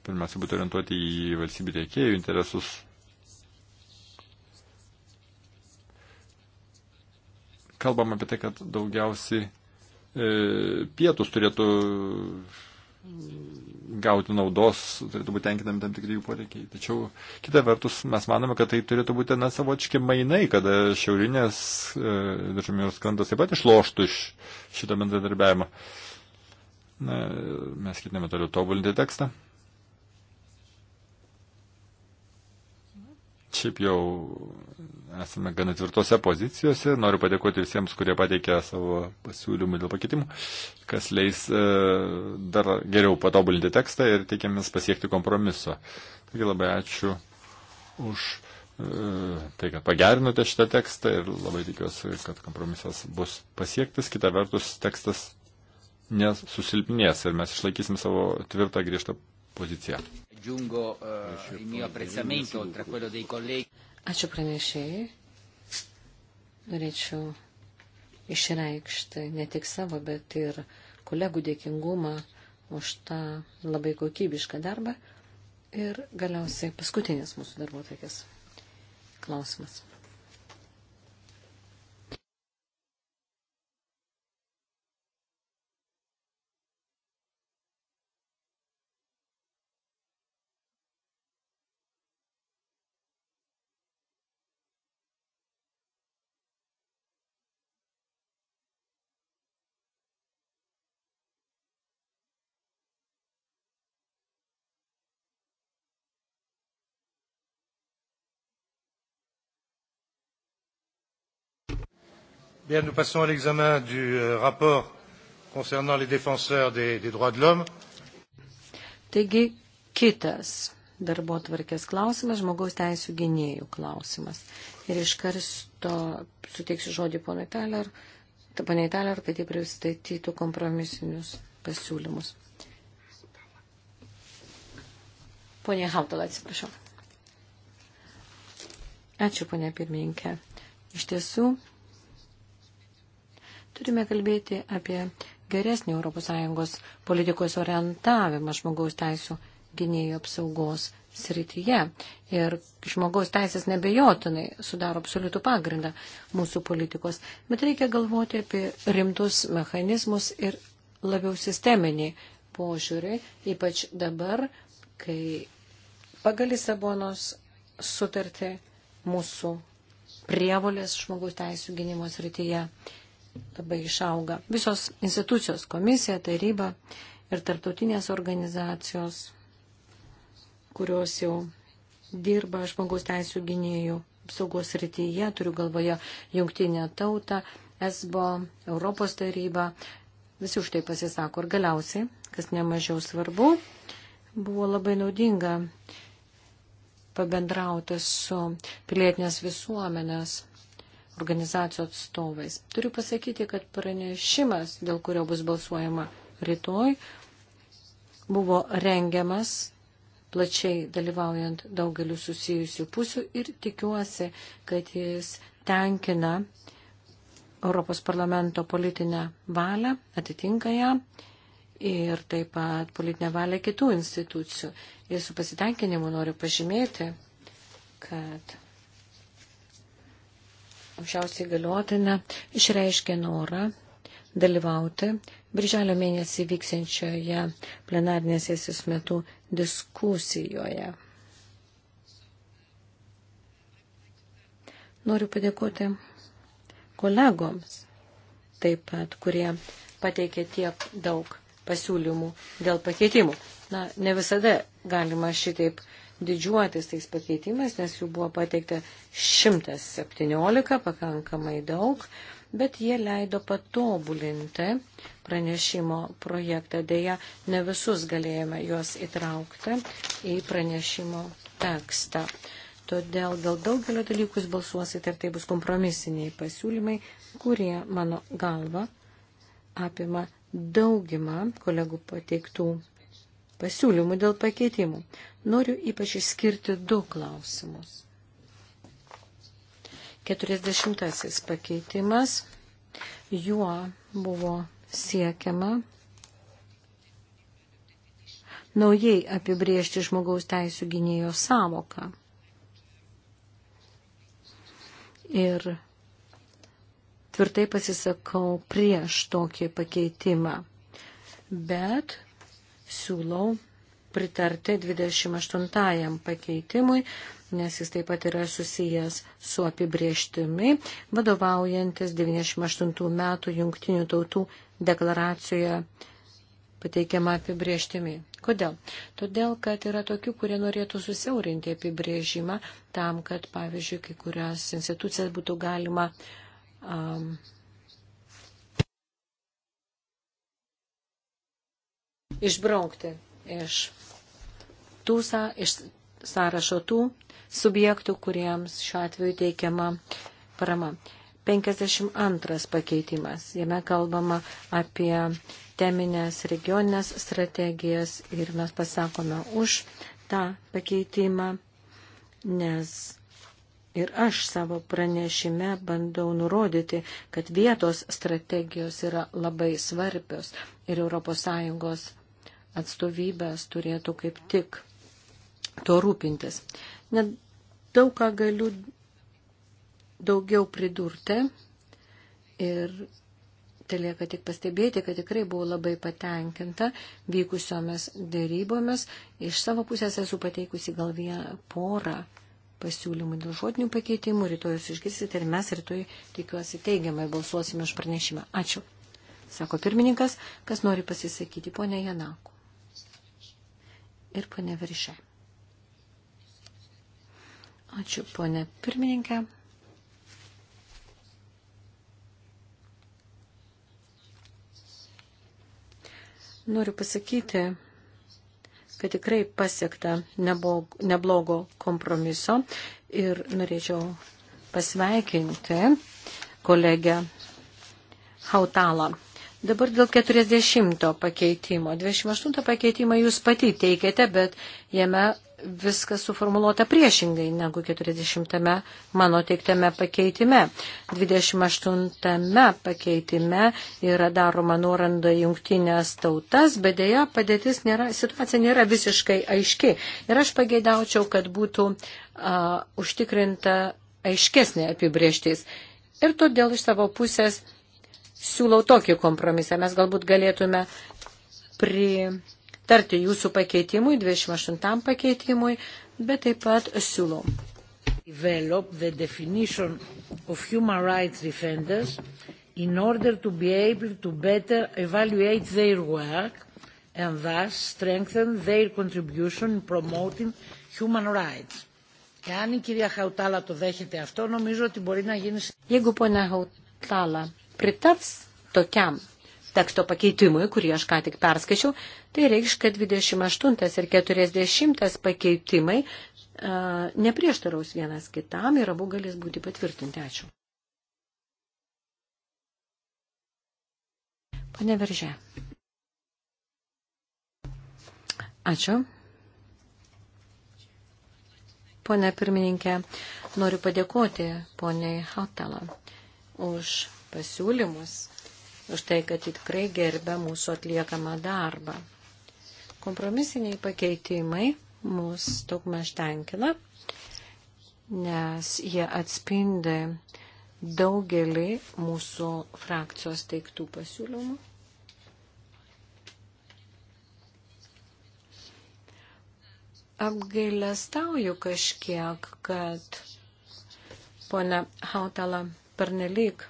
pirmiausia būti orientuoti į valstybių tiekėjų interesus. Kalbam apie tai, kad daugiausiai e, pietus turėtų gauti naudos, turėtų būti tenkinami tam tikri jų poreikiai. Tačiau kita vertus, mes manome, kad tai turėtų būti na, savočiai mainai, kada šiaurinės e, dažumijos krantas taip pat išloštų iš šito bendradarbiavimo. E, Na, mes ketiname toliau tobulinti tekstą. Šiaip jau esame gana tvirtose pozicijose. Noriu padėkoti visiems, kurie pateikė savo pasiūlymų dėl pakeitimų, kas leis e, dar geriau patobulinti tekstą ir tikėmės pasiekti kompromiso. Taigi labai ačiū už e, tai, kad pagerinote šitą tekstą ir labai tikiuosi, kad kompromisas bus pasiektas. Kita vertus, tekstas nesusilpnės ir mes išlaikysim savo tvirtą griežtą poziciją. Eh, Ačiū pranešėjai. Norėčiau išreikšti ne tik savo, bet ir kolegų dėkingumą už tą labai kokybišką darbą. Ir galiausiai paskutinis mūsų darbuotojas klausimas. Bien, nous passons à l'examen du euh, rapport concernant les défenseurs des, des droits de l'homme. Taigi, kitas darbo tvarkės klausimas, žmogaus teisų gynėjų klausimas. Ir iš karsto suteiksiu žodį ponui Teler, poniai Teler, kad jie pristatytų kompromisinius pasiūlymus. Pone Hautala, atsiprašau. Ačiū, ponė pirmininkė. Iš tiesų, Turime kalbėti apie geresnį ES politikos orientavimą žmogaus teisų gynėjų apsaugos srityje. Ir žmogaus teisės nebejotinai sudaro absoliutų pagrindą mūsų politikos. Bet reikia galvoti apie rimtus mechanizmus ir labiau sisteminį požiūrį, ypač dabar, kai pagal Lisabonos sutartį mūsų prievolės žmogaus teisų gynimo srityje labai išauga. Visos institucijos, komisija, taryba ir tarptautinės organizacijos, kurios jau dirba žmogaus teisų gynėjų apsaugos rytyje, turiu galvoje jungtinę tautą, ESBO, Europos tarybą, visi už tai pasisako. Ir galiausiai, kas nemažiau svarbu, buvo labai naudinga pabendrauti su pilietinės visuomenės organizacijų atstovais. Turiu pasakyti, kad pranešimas, dėl kurio bus balsuojama rytoj, buvo rengiamas plačiai dalyvaujant daugeliu susijusių pusių ir tikiuosi, kad jis tenkina Europos parlamento politinę valią, atitinka ją ir taip pat politinę valią kitų institucijų. Ir su pasitenkinimu noriu pažymėti, kad aukščiausiai galiotinė išreiškė norą dalyvauti birželio mėnesį vyksiančioje plenarnės sesijos metu diskusijoje. Noriu padėkoti kolegoms taip pat, kurie pateikė tiek daug pasiūlymų dėl pakeitimų. Na, ne visada galima šitaip uh, didžiuotis tais pakeitimais, nes jų buvo pateikta 117, pakankamai daug, bet jie leido patobulinti pranešimo projektą. Deja, ne visus galėjome juos įtraukti į pranešimo tekstą. Todėl dėl daugelio dalykų jūs balsuosite ir tai bus kompromisiniai pasiūlymai, kurie, mano galva, apima daugimą kolegų pateiktų pasiūlymų dėl pakeitimų. Noriu ypač išskirti du klausimus. 40 pakeitimas. Juo buvo siekiama naujai apibriežti žmogaus teisų gynėjo savoką. Ir tvirtai pasisakau prieš tokį pakeitimą. Bet siūlau pritarti 28 pakeitimui, nes jis taip pat yra susijęs su apibrieštimi, vadovaujantis 98 metų jungtinių tautų deklaracijoje pateikiama apibrieštimi. Kodėl? Todėl, kad yra tokių, kurie norėtų susiaurinti apibrėžimą tam, kad, pavyzdžiui, kai kurias institucijas būtų galima um, išbraukti iš, tų, iš sąrašo tų subjektų, kuriems šiuo atveju teikiama parama. 52 pakeitimas. Jame kalbama apie teminės regioninės strategijas ir mes pasakome už tą pakeitimą, nes Ir aš savo pranešime bandau nurodyti, kad vietos strategijos yra labai svarbios ir ES atstovybės turėtų kaip tik tuo rūpintis. Net daug ką galiu daugiau pridurti ir telieka tik pastebėti, kad tikrai buvau labai patenkinta vykusiomis dėrybomis. Iš savo pusės esu pateikusi gal vieną porą pasiūlymų dėl žodinių pakeitimų. Rytoj jūs išgirsite ir mes rytoj, tikiuosi, teigiamai balsuosime už pranešimą. Ačiū. Sako pirmininkas, kas nori pasisakyti, ponė Janaku ir ponė Viršė. Ačiū, ponė pirmininkė. Noriu pasakyti, kad tikrai pasiekta neblogo kompromiso ir norėčiau pasveikinti kolegę Hautalą Dabar dėl 40 pakeitimo. 28 pakeitimą jūs pati teikėte, bet jame viskas suformuoluota priešingai negu 40 mano teiktame pakeitime. 28 pakeitime yra daroma nuoranda jungtinės tautas, bet dėja padėtis nėra, situacija nėra visiškai aiški. Ir aš pageidaučiau, kad būtų a, užtikrinta aiškesnė apibrieštis. Ir todėl iš savo pusės siūlau tokį kompromisą. Mes galbūt galėtume pritarti jūsų pakeitimui, 28 pakeitimui, bet taip pat siūlau. Develop the definition of human rights defenders in order to be able to better evaluate their work and thus strengthen their contribution in promoting human rights. Εάν η κυρία Χαουτάλα το δέχεται αυτό, νομίζω ότι μπορεί να γίνει... Jeigu ponia Hautala pritars tokiam teksto pakeitimui, kurį aš ką tik perskaičiau, tai reikš, kad 28 ir 40 pakeitimai e, neprieštaraus vienas kitam ir abu galės būti patvirtinti. Ačiū. Pane Veržė. Ačiū. Pone pirmininkė, noriu padėkoti poniai Hautelą už pasiūlymus, už tai, kad tikrai gerbia mūsų atliekamą darbą. Kompromisiniai pakeitimai mus daugmaž tenkina, nes jie atspindi daugelį mūsų frakcijos teiktų pasiūlymų. Apgailestauju kažkiek, kad ponia Hautala pernelyg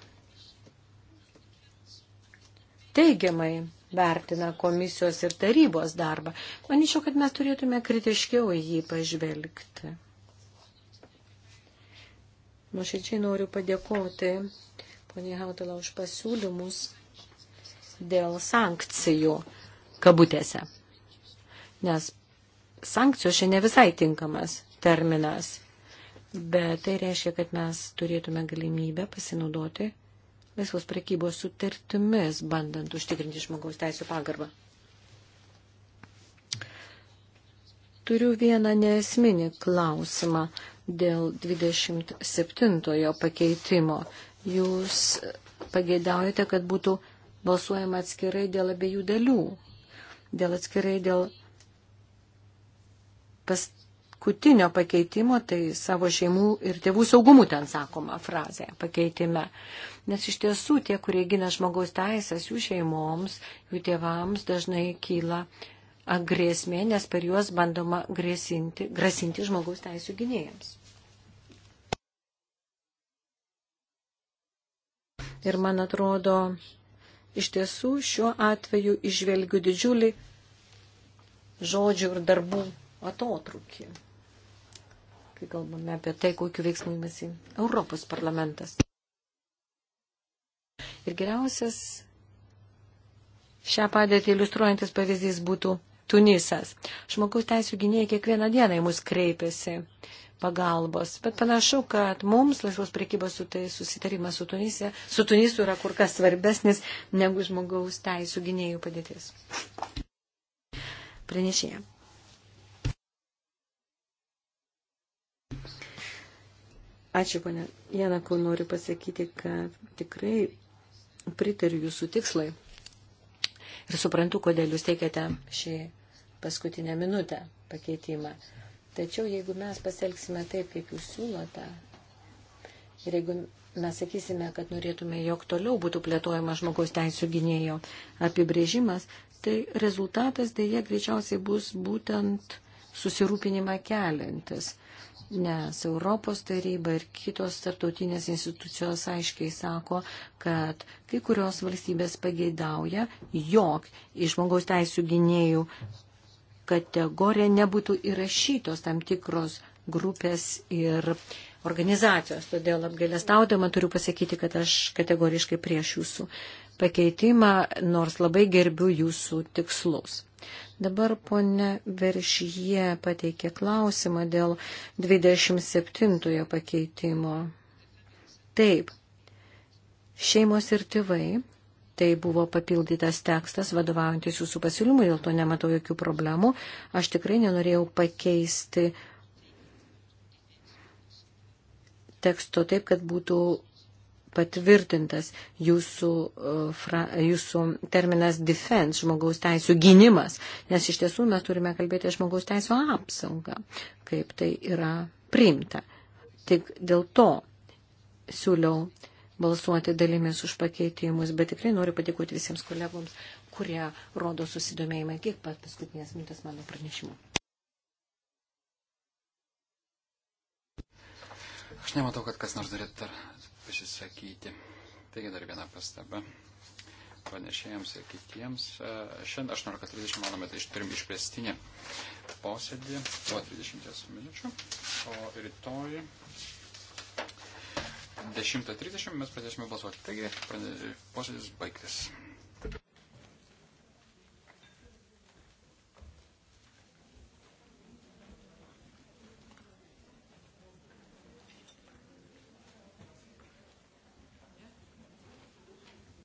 teigiamai vertina komisijos ir tarybos darbą. Manyčiau, kad mes turėtume kritiškiau į jį pažvelgti. Nuoširdžiai noriu padėkoti poniai Hautala už pasiūlymus dėl sankcijų kabutėse. Nes sankcijos šiandien visai tinkamas terminas, bet tai reiškia, kad mes turėtume galimybę pasinaudoti laisvos prekybos sutartimis, bandant užtikrinti žmogaus teisų pagarbą. Turiu vieną neesminį klausimą dėl 27 pakeitimo. Jūs pageidaujate, kad būtų balsuojama atskirai dėl abiejų dalių, dėl atskirai dėl pas, paskutinio pakeitimo, tai savo šeimų ir tėvų saugumų ten sakoma frazė pakeitime. Nes iš tiesų tie, kurie gina žmogaus teisės, jų šeimoms, jų tėvams dažnai kyla grėsmė, nes per juos bandoma grėsinti, grasinti žmogaus teisų gynėjams. Ir man atrodo, iš tiesų šiuo atveju išvelgiu didžiulį žodžių ir darbų atotrukį kai kalbame apie tai, kokiu veiksmu įmasi Europos parlamentas. Ir geriausias šią padėtį iliustruojantis pavyzdys būtų Tunisas. Žmogaus teisų gynėjai kiekvieną dieną į mus kreipiasi pagalbos, bet panašu, kad mums laisvos priekybos su tai susitarimas su, Tunisė, su Tunisu yra kur kas svarbesnis negu žmogaus teisų gynėjų padėtis. Pranešėjai. Ačiū, ponė Janakau, noriu pasakyti, kad tikrai pritariu jūsų tikslai ir suprantu, kodėl jūs teikiate šį paskutinę minutę pakeitimą. Tačiau jeigu mes pasielgsime taip, kaip jūs siūlote, ir jeigu mes sakysime, kad norėtume, jog toliau būtų plėtojama žmogaus teisų gynėjo apibrėžimas, tai rezultatas dėje greičiausiai bus būtent susirūpinimą keliantis nes Europos taryba ir kitos tarptautinės institucijos aiškiai sako, kad kai kurios valstybės pageidauja, jog į žmogaus teisų gynėjų kategoriją nebūtų įrašytos tam tikros grupės ir organizacijos. Todėl apgailestaudama turiu pasakyti, kad aš kategoriškai prieš jūsų pakeitimą, nors labai gerbiu jūsų tikslus. Dabar ponė Veršyje pateikė klausimą dėl 27 pakeitimo. Taip, šeimos ir tėvai. Tai buvo papildytas tekstas, vadovaujantis jūsų pasiūlymui, dėl to nematau jokių problemų. Aš tikrai nenorėjau pakeisti teksto taip, kad būtų patvirtintas jūsų, e, fra, jūsų terminas defense, žmogaus teisų gynimas, nes iš tiesų mes turime kalbėti žmogaus teisų apsaugą, kaip tai yra priimta. Tik dėl to siūliau balsuoti dalimis už pakeitimus, bet tikrai noriu padėkoti visiems kolegoms, kurie rodo susidomėjimą kiek pat paskutinės minutės mano pranešimu. Aš nematau, kad kas nors norėtų dar pasisakyti. Taigi dar viena pastaba pranešėjams ir kitiems. E, šiandien 18.30 manome, tai turim išplėstinį posėdį po 30 minučių, o rytoj 10.30 mes pradėsime balsuoti. Taigi posėdis baigtas.